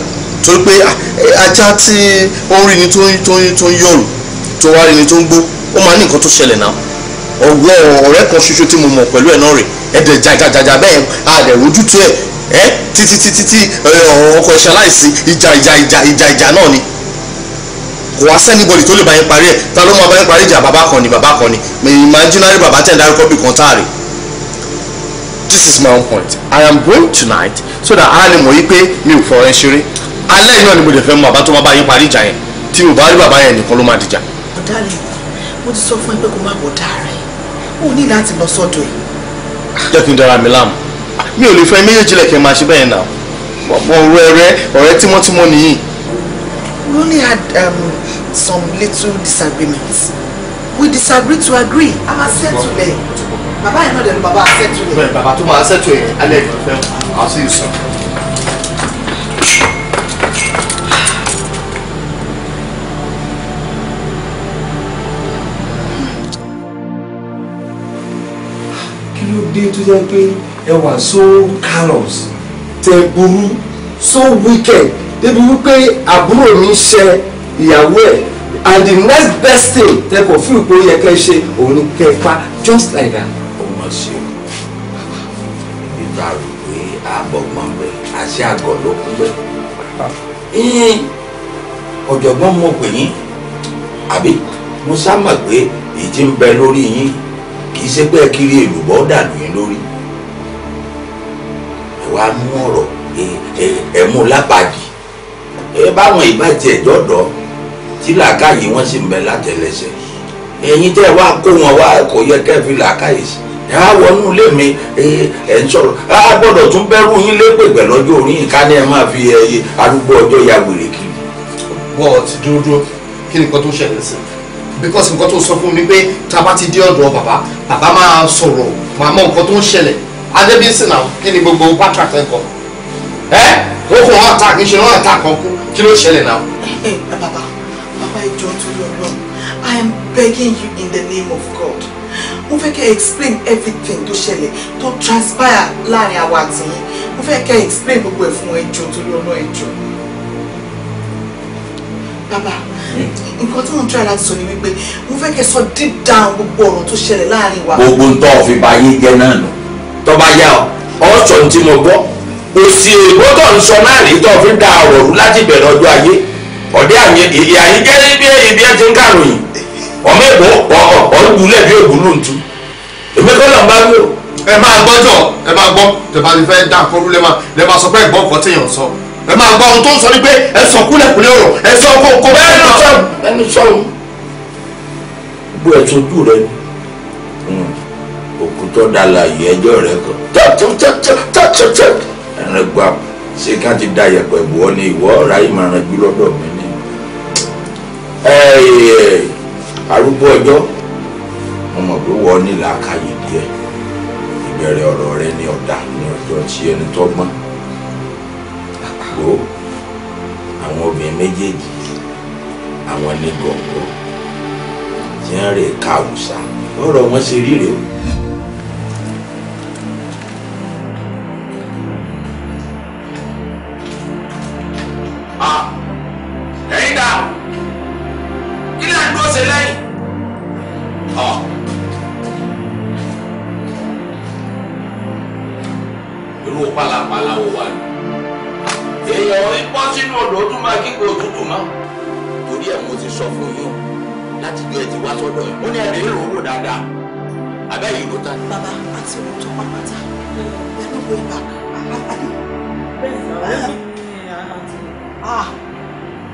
torí pé ah, ajá tí ó ń rí ni tó ń yọ̀rù tó wá rí ni tó ń gbó ó máa ní nǹkan tó ṣẹlẹ̀ náà ọwọ́ ọ̀rẹ́ kan ṣoṣo tí mo mọ̀ pẹ̀lú ẹ̀ náà rè ẹ̀dẹ̀ jàjàjàjà bẹ́ẹ̀ àdẹ̀ ojútùú ẹ̀ ẹ́ títí títí tí ọkọ̀ ìṣaláìsí ìjà ìjà ìjà ìjà ìjà náà ni kò wá sẹ́nibọ̀lì tó lè bá yín parí ẹ̀ ta ló máa bá yín parí ìjà bàbá kan ni bàbá kan ni imaginary bàbá tẹ̀ dárúkọ bí kan táàrí. this is my own point i am going tonight so that a lè mọ̀ yí pé mi ò fọ̀rọ̀ ẹ ṣeré alẹ́ yìí náà ni mo lè fẹ́ mọ bàbá tó máa bá yín parí ìjà yẹn tí mo bá rí bàbá yẹn nìkan ló máa dìjà. ọ̀dàlẹ̀ mo ti sọ fún ẹ pé kó má bọ̀ dára ẹ̀ ó ní láti lọ sọ́dọ̀ ẹ̀. jẹ́ kí n dára mi láàmú mi ò lè fẹ́ méjèèjì lẹ̀kẹ́ máa ṣe bẹ́ẹ̀ náà ọ̀rẹ́ rẹ ọ̀rẹ́ tímọ́tímọ́ nìyí we only had um, some little disagreements we disagree to agree I'm upset today. Baba, bàbá yẹn náà dẹ̀ upset today. a settle ẹ. bẹ́ẹ̀ bàbá tó máa settle I'll see you soon. dé tó jẹ́ pé ẹ so callous so wicked débi wípé àbúrò mi ṣe ìyàwó ẹ̀ and the next best thing tẹkọ̀ fún ìpò yẹ kẹ́ ṣe òun ni kẹ́ pa just like that. ọmọ sí o ìgbà rò pé àbọ̀gbọ́n bẹ àti àgọ̀ ló kú bẹ. ọ̀jọ̀gbọ́n mo pè yín àbí mo sá mọ̀ pé èyí ti ń bẹ lórí yín kì í ṣe pé kiri èlùbọ́ dànù yín lórí ẹ wá mú ọ̀rọ̀ ẹ mú lápàdì ẹ báwọn ìbàjẹ́ dọ́dọ̀ tí làákàyè wọn sì ń bẹ látẹlẹsẹ̀ ẹ̀yin tẹ́ wá kó wọn wá kò yẹ kẹ́ fi làákàyè sí ẹ á wọnú ilé mi ẹ ń sọ̀rọ̀ á gbọ́dọ̀ tún bẹ́rù yín lépèpè lọ́jọ́ orí yín ká ní ẹ máa fi ẹyẹ arúgbó ọjọ́ ya wèrè kiri. bọ́ ọ ti dúró dúró kí ni nǹkan tó ṣẹlẹ̀ sí because nǹkan tó sọ fún mi pé tá a bá ti dé ọ̀dọ̀ bàbá bàbá máa sọ̀rọ̀ màá mọ nǹkan tó ń ṣẹlẹ̀ adébísìn náà kí ni gbogbo patrick ẹ̀ kọ́ ẹ́ ó fún wọn àtàkì ṣe wọn àtàkì ọkùn kí ló ṣẹlẹ̀ náà. bàbá bàbá ìjọ torí Ọlọ́run I am begging you in the name of God mo fẹ́ kẹ́ explain everything tó ṣẹlẹ̀ tó transpire láàrin àwa àti yín mo fẹ́ kẹ́ explain gbogbo ẹ̀ fún ẹjọ́ torí ọ̀nà ẹjọ́. bàbá nǹkan tí mo ń try láti sọ ni wípé mo fẹ́ kẹ́ sọ deep down gbogbo ọ̀rọ̀ tó ṣẹlẹ̀ láàrin wa. gbogbo ń tọ́ ọ̀fìn bá yín jẹ́ náà nù tó bá yá ọ ọ̀ sọ̀rọ̀ tí mo gbọ́ òsì èbó tó ń sọ náà rí tó fi ń da ọ̀rọ̀ rú láti bẹ̀rẹ̀ ọjọ́ ayé ọ̀dẹ́ àyè èyí àyè jẹ́ bí ibi ẹ ti ń kàròyìn ọmọ èbó ọ̀ọ́dúnlẹ̀ bí ògùn ló ń tu èmi kọ́ lọ́n bá wí o. ẹ máa gbọ́ jọ ẹ máa gbọ́ tẹ̀bá ti fẹ́ dá àkọ́rú lẹ́ máa lẹ́ máa sọ pé ẹ̀gbọ́n kan téèyàn sọ ẹ máa gbọ́ ohun tó ń sọ ní pé ẹ sọ kúlẹ̀kúlẹ̀ ọ̀rọ̀ ẹ sọ kó kó bẹ́ẹ̀ lọ sọ ẹni sọ̀rọ̀ gbogbo ẹ̀ tún dùn rẹ hmm. òkú tó dáa la ìyẹjọ́ rẹ kọ ẹran gba ṣé ká ti da yẹ̀pẹ̀ bò ọ́ ni ìwọ ráyè máa ranjú lọ́dọ̀ mi ni. arúgbó ọjọ́ mo mọ̀ pé wọ́n ní làákàyè díẹ̀ ìbẹ̀rẹ̀ ọ̀rọ̀ rẹ ní ọ̀dà ní ọjọ́ tí ẹni tó gbọ́n àpò àwọn obìnrin méjèèjì àwọn ní gọ̀ọ̀gọ̀ tí ọ̀rọ̀ wọn ṣe rí rèé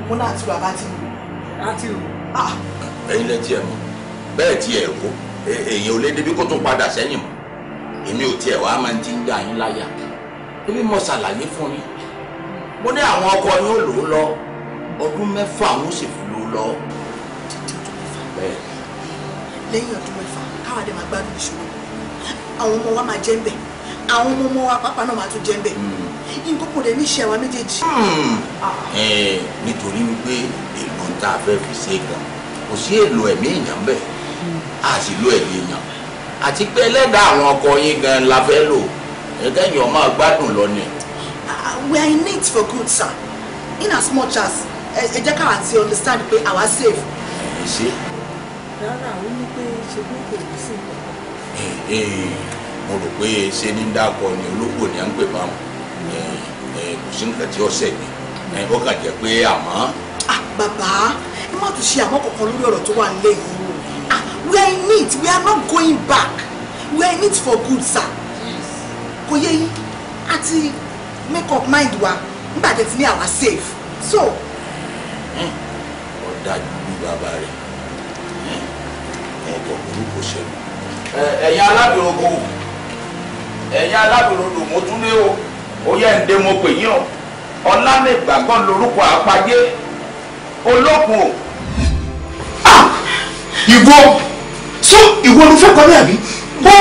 mo náà ti bàbá ti wù. láti wù. ẹ̀yin lẹ tiẹ̀ mọ̀ bẹ́ẹ̀ tiẹ̀ wò e, èyàn ò lè débi kó tún padà sẹ́yìn mọ́ èmi ò tiẹ̀ wàá máa ti ń dá yín láyà ebi mo ṣàlàyé fún yín mo ní àwọn ọkọ yín ò lò ó lọ ọdún mẹ́fà ń sì fi lò ó lọ. lẹ́yìn ọdún mẹ́fà káwọn àdè máa gbádùn ìṣòro àwọn ọmọ wa máa jẹ́ ń bẹ̀ àwọn ọmọ ọmọ wa pápá náà máa tún jẹ́ ń bẹ̀. Hmm nǹkan lè ní ṣe àwa méjèèjì. Hmm. nítorí wípé èèyàn tá a fẹ́ fi ṣe é gan kò sí èlò ẹ̀mí èèyàn bẹ́ẹ̀ a sì lo ẹ̀mí èèyàn àti pé ẹlẹ́dàá àwọn ọkọ yín gan la fẹ́ lò ẹ̀kẹ́yìn ọmọ gbádùn lọ ni. Ah, we are in need for good sir in as much as ẹ jẹ́ káwa ti understand pé our safe. ẹ ṣe. rárá ó ní pé ṣe bí kò ní sí. Eh, eh, mo rò pé ṣe ní dákọ ni olóògbò ni à ń pè báwọn kò sí nǹkan tí ó ṣẹ̀bi ó kàn jẹ́ pé àmọ́. Ah, bàbá ẹ má tún ṣe àmọ́ kankan lórí ọ̀rọ̀ tó wà nílẹ̀ yìí ah, we are in it we are not going back we are in it for good sir kò yẹ yín àti make up mind wa nígbà tẹ ti ní àwa safe so. ọ̀dájú hm, bí bàbá rẹ̀ hm, ẹ̀kọ́ burúkú ṣẹlẹ̀. ẹ̀yin alábìrògbò ẹ̀yin alábìrògbò mo tún lé o ó yẹ ń dé mo pè yín o ọlámìgbàgbọ́n lorúkọ àpáyé olókùn o. Ah! ìwọ so ìwọ ló fẹ́ kọ́lé àbí bó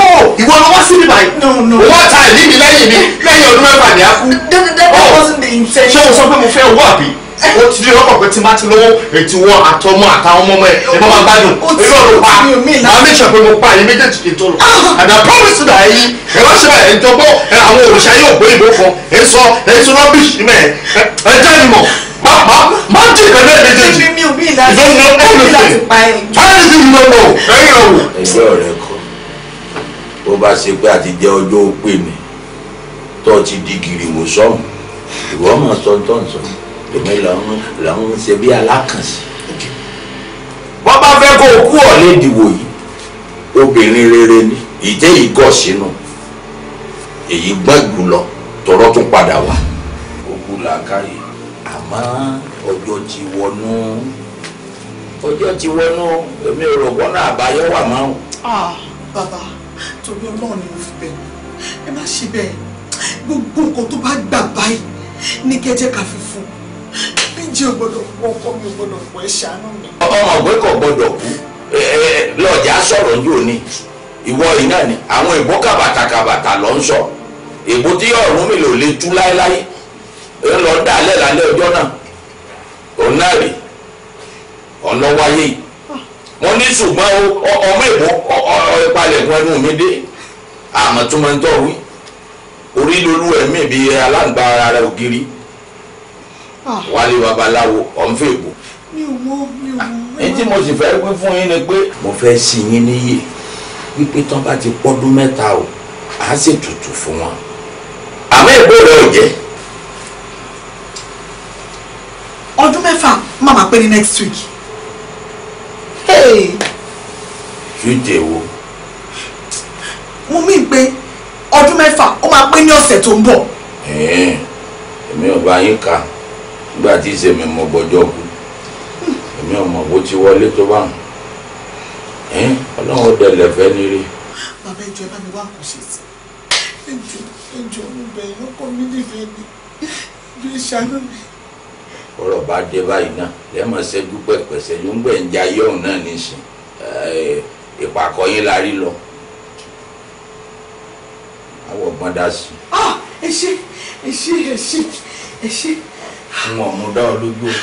ìwọ ló wá sí mi báyìí. no no owó ta ìlí mi lẹ́yìn mi lẹ́yìn ọdún mẹ́fà ni a kú. that oh, that wasn't the intention. ṣé o sọ pé mo fẹ́ owó àbí ó ti di lọ́kàn pé tí má ti lówó ètò wọn àtọmọ àtàwọn ọmọ ọmọ ẹ ẹ bá máa gbádùn irú ọ̀rọ̀ pa máa mí sọ pé mo pa yín méjèèjì kì í tó lọ ah! and I promise you that yín ẹ má ṣe báyìí ẹjọ gbọ́ ẹ àwọn òrìṣà yóò gbé ìbò fún ẹ sọ ẹ sọ rubbish mẹ ẹ ẹ jẹ́ ìmọ̀ má má má jì pẹ̀lú ẹ méjèèjì you don't know anything anything you don't know ẹgbẹ́ ọ̀rẹ́ kọ bó bá ṣe pé àti jẹ́ ọjọ́ ó pè mí tó ti di gìrìwò sọ́ọ̀mù ìwọ máa sọ tó èmi lọ́hún lọ́hún ṣe bí alákànṣe. wọ́n bá fẹ́ kó o kú ọ̀lẹ́ ìdìbò yìí obìnrin rere ni ìjẹ́ ìgọ̀ sínú èyí gbọ́n ìlú lọ tọrọ tún padà wá. òkú làákàyè àmọ́ ọjọ́ ti wọnú ọjọ́ ti wọnú èmi ò rò wọ́n àbáyọ wà máa ah, ń. bàbá torí ọlọ́run ni mo fi bẹ̀ ẹ má ṣe bẹ́ẹ̀ gbogbo nǹkan tó bá gbà báyìí ní kẹ́jẹ́ ká fún un bíjì ò gbọ́dọ̀ kú ọkọ mi ò gbọ́dọ̀ kú ẹ ṣàánú mi. ọmọ ìwé kò gbọ́dọ̀ kú lọjà sọ̀rọ̀ yóò ní ìwọ yìí náà ni àwọn ìbò kàbàtàkàbàtà lọ ń sọ ìbò tí ọrùn mi lò lè tú láéláé ń lọ dálẹ̀ lálẹ́ ọjọ́ náà òun náà rè ọ̀nà wáyé mo ní ṣùgbọ́n ọmọ ìbò ìpalẹ̀kùn ẹnu mi dé àmọ́ tó máa ń tọ́ wí orí lolú ẹ̀mí bíi aláǹgbá ara ògiri Ah. wálé babaláwo ọ̀nfẹ́ ègbò. mi ò mọ mi ò mọ. Ah, ní tí mo sì fẹ́ wí fún yín ni pé. mo fẹ́ sí yín níyì wípé tán bá ti pọ́dún mẹ́ta o à á ṣètùtù fún wọn. àmọ́ ègbò rẹ̀ ò jẹ́. ọdún mẹ́fà máa máa pé ní next week. ṣùjẹ́ wo. mo mí pé ọdún mẹ́fà ó máa pé ní ọ̀sẹ̀ tó ń bọ̀. ẹ̀ẹ́n èmi ò bá yín kà á nígbà tí ìsèmi mọ gbọjọ kú èmi ọmọ wo ti wọlé tó bá ń ọlọ́run ọdẹ lẹ́fẹ́ ní rí. bàbá ìjọ bá mi wá kò ṣe sí ẹjọ ẹjọ mo bẹ̀ lọ́kọ mi nífẹ̀ẹ́ mi bí ìṣàánú mi. ọ̀rọ̀ bá dé báyìí náà lẹ́mọ̀ ṣẹ́jú pẹ̀pẹ̀sẹ̀ ló ń gbẹ̀ ń jayé ọ̀hún náà nísìn ìpàkọ́ yín la rí lọ àwọ̀ gbọ́n dá sí. Ah, ẹ ṣe ẹ ṣe ẹ ṣe ẹ ṣe n ò mú dá ọ lójú o.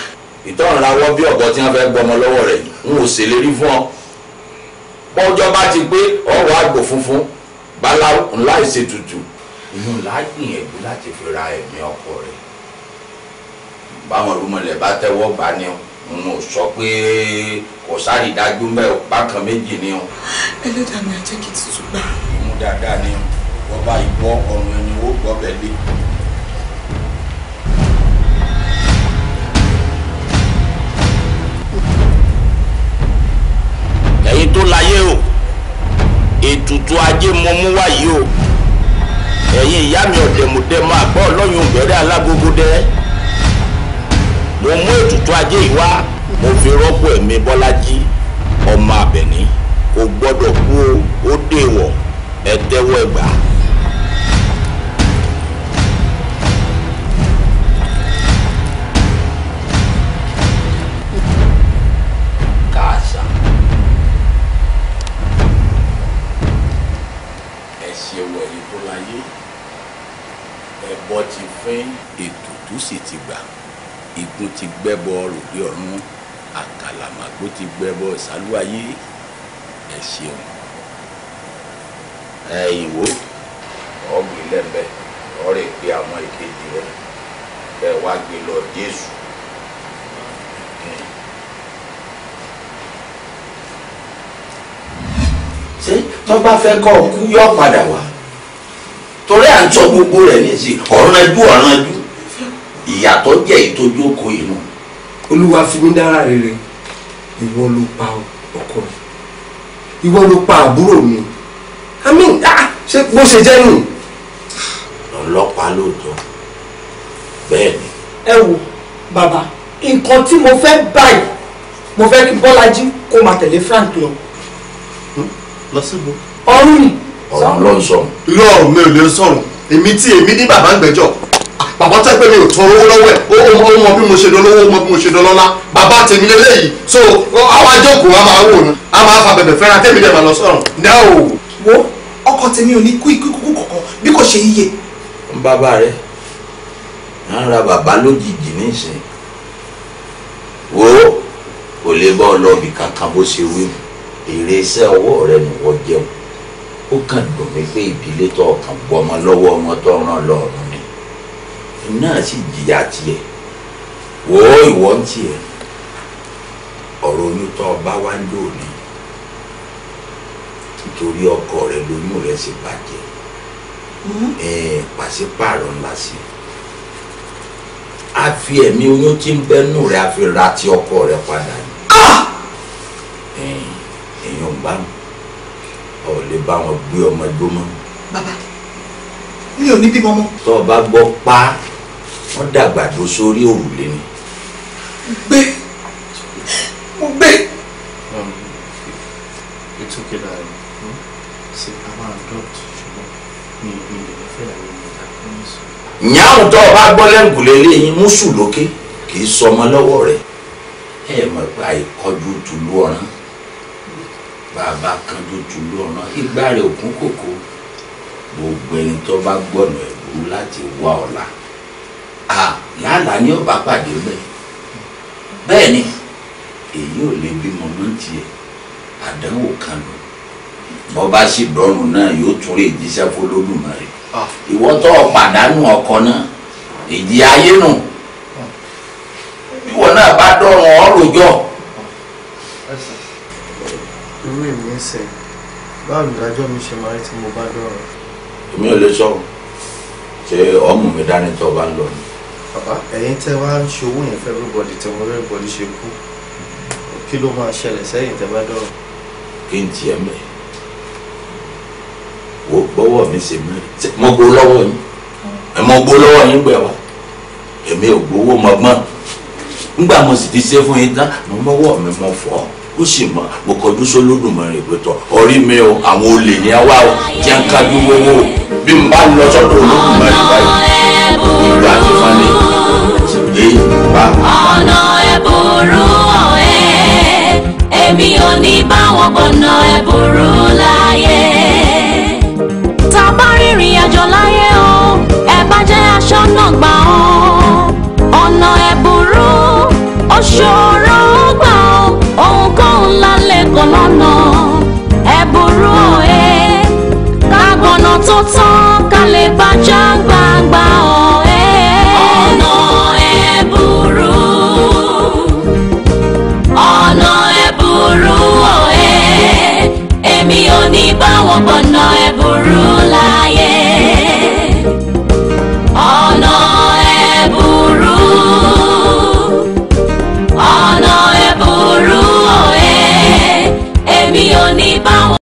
ìtọ́run lawọ́ bí ọ̀gọ́ tí wọ́n fẹ́ gbọmọ lọ́wọ́ rẹ̀ n ò ṣèlérí fún ọ. bọ́jọ́ bá ti pé ọ̀rọ̀ àgbò funfun báláwo ńlá ìṣètùtù inú lágbìyànjú láti fi ra ẹ̀mí ọkọ rẹ̀. báwọn olùmọ̀lẹ̀ bá tẹ́wọ́ bá ní o n ò sọ pé kò sáré dájú mbẹ́ o bákan méjì ní o. ẹlẹ́dàá mi àjẹ́kì ti gbà. ìmú ni wọ́n bá ìbọn ọ̀run ẹni ó gbọ́ bẹ̀ lé. tó láyé o ètùtù ajé mo mú wáyé o ẹ̀yin ìyá mi ọ̀dẹ̀mùdẹ máa gbọ́ ọlọ́yún bẹ̀rẹ̀ alágógódé mo mú ètùtù ajé yìí wá mo fi rọ́pò ẹ̀mí bọ́lájí ọmọ abẹ̀ní kò gbọ́dọ̀ kú o ó dèwọ̀ ẹ̀tẹ́wọ̀ ẹgbàá. ẹbọ ti fín ètùtù sì ti gbà igun ti gbẹ́bọ ròde ọ̀run àkàlàmàgbò ti gbẹ́bọ ìsálúayé ẹ ṣeun ẹ ìwò ọ̀gbìn lẹ́m̀bẹ́ ọ̀rẹ́ pé àwọn èkejì rẹ ẹ wá gbé lọ Jésù. ṣé tó bá fẹ́ kọ́ ọ kú yọ padà wá torí à ń tọ́ gbogbo rẹ̀ nísì ọ̀ràn ẹdú ọ̀ràn ẹdú ìyàtọ̀ jẹ́ ìtọ́jú oko inú. olúwa fi mí dára rere ìwọ ló pa ọkọ mi ìwọ ló pa àbúrò mi àmì ah, ṣé bó ṣe jẹ́ nù. ọlọ́pàá lóòótọ́ bẹ́ẹ̀ ni. ẹ wo bàbá nǹkan tí mo fẹ́ báyìí mo fẹ́ kí bọ́lájí kó máa tẹ̀lé frank lọ. lọ síbo. ọrùn ni ọ̀rọ̀ ló ń sọ. lọ mi ò lè sọ̀rọ̀ èmi tí èmi ní bàbá gbẹ́jọ́ bàbá tẹ pé mi ò tọrọ owó lọ́wọ́ ẹ̀ ó mọ bí mo ṣe dolówó ó mọ bí mo ṣe dọlọ́lá bàbá tèmi lélẹ́yìí so àwọn ajókòó a máa wò ni a máa fa bẹ̀bẹ̀ fẹ́ràn tẹ́mi dẹ̀ máa lọ sọ̀rọ̀ náà o. wo ọkọ tèmi ò ní kú ikú kúkú kankan bí kò ṣe iye. ń bàbá rẹ à ń ra bàbá lójijì ní ìsìn wo kò lè bá ọ lọ bì kankan bó ṣe wí èrè iṣẹ́ ọwọ́ rẹ nìwọ jẹun ó kàn dùn mí pé ìdílé tó ọkàn bu ọmọ lọ́wọ́ ọmọ tó ràn lọ́rùn ni náà sì jìyà tiẹ̀ wò ó ìwọ ń tiẹ̀ ọ̀rọ̀ oyún tó ọba wá ń dò ní nítorí ọkọ rẹ lóyún rẹ sì bàjẹ́ hmm? pàṣípààrọ̀ ńlá sí a fi ẹ̀mí oyún tí ń bẹ́nu rẹ a fi ra ti ọkọ rẹ padà ni ah! èèyàn gbàmù ò lè bá wọn gbé ọmọ igbó mọ́. bàbá mi ò ní bímọ mọ́. tó o bá gbọ́ pa wọ́n dàgbà tó sórí òrùlé ni. gbé mo gbé. ètò kẹlẹ rẹ ṣe àwọn adopt ṣùgbọ́n mi ò ní ìdílé fẹ́ràn mi nígbà tó ń sọ. ìyáàrùn tó o bá gbọ́ lẹ́ǹkùlé lẹ́yìn mú sùn lókè kì í sọ ọmọ lọ́wọ́ rẹ̀ ẹ̀ mọ̀ pé àìkọ́jú tùlú ọ̀ràn bàbá kan lójú lọ́nà ìgbà rẹ̀ òkun kòkó gbogbo ẹni tó bá gbọ̀nà ẹ̀rú láti wá ọ̀la lálàá ni ọba pàdé mẹ́ bẹ́ẹ̀ ni èyí ò lè bímọ mọ́ tiẹ̀ àdánwò kan lọ bọ́ba sì dọ́rùn náà yóò tún lè jíṣẹ́ fọlọ́dúnmarè ah. ìwọ tó pàdánù ọkọ náà èjì ayé nù bí wọn náà bá dọ́rùn ọ̀rọ̀ jọ irú èmi ń sẹ̀ báwo ìdájọ́ mi ṣe máa rí tí mo bá dọ̀rọ̀. èmi ò lè sọ ṣé ọmọ mi dání tó bá ń lọ ni. bàbá ẹ̀yin tẹ́ wá ń ṣe owó yẹn fẹ́ everybody tẹ́ wọ́n everybody ṣe kú kí ló máa ṣẹlẹ̀ sẹ́yìn tẹ́ bá dọ̀rọ̀. kí n tiẹ̀ mẹ́ wo gbọ́wọ́ mi ṣe mẹ́rin mo gbó lọ́wọ́ yín ẹ̀ mo gbó lọ́wọ́ yín gbẹ̀ wá èmi ò gbowó mọ́gbọ́n ńgbà mo sì ti ṣe fún yín tán mo mọ́wọ́ mi mo fọ́ ó sì mọ̀ mo kọjú sólódùmarè ìpẹ́tọ̀ orí mi o àwọn olè ní àwa o jẹ́ ń kájú wọ́wọ́ o bí n bá lọ sọ́dọ̀ olódùmarè báyìí ìlú àti fani èyí bá. ọ̀nà ẹ̀bùrú ọ̀ẹ́ èmi ò ní báwọn gbọ́nà ẹ̀bùrú láyé. tá a bá rìnrìn àjò láyé o ẹ bá jẹ́ aṣọ náà gbà. ní báwọn bọ̀nà.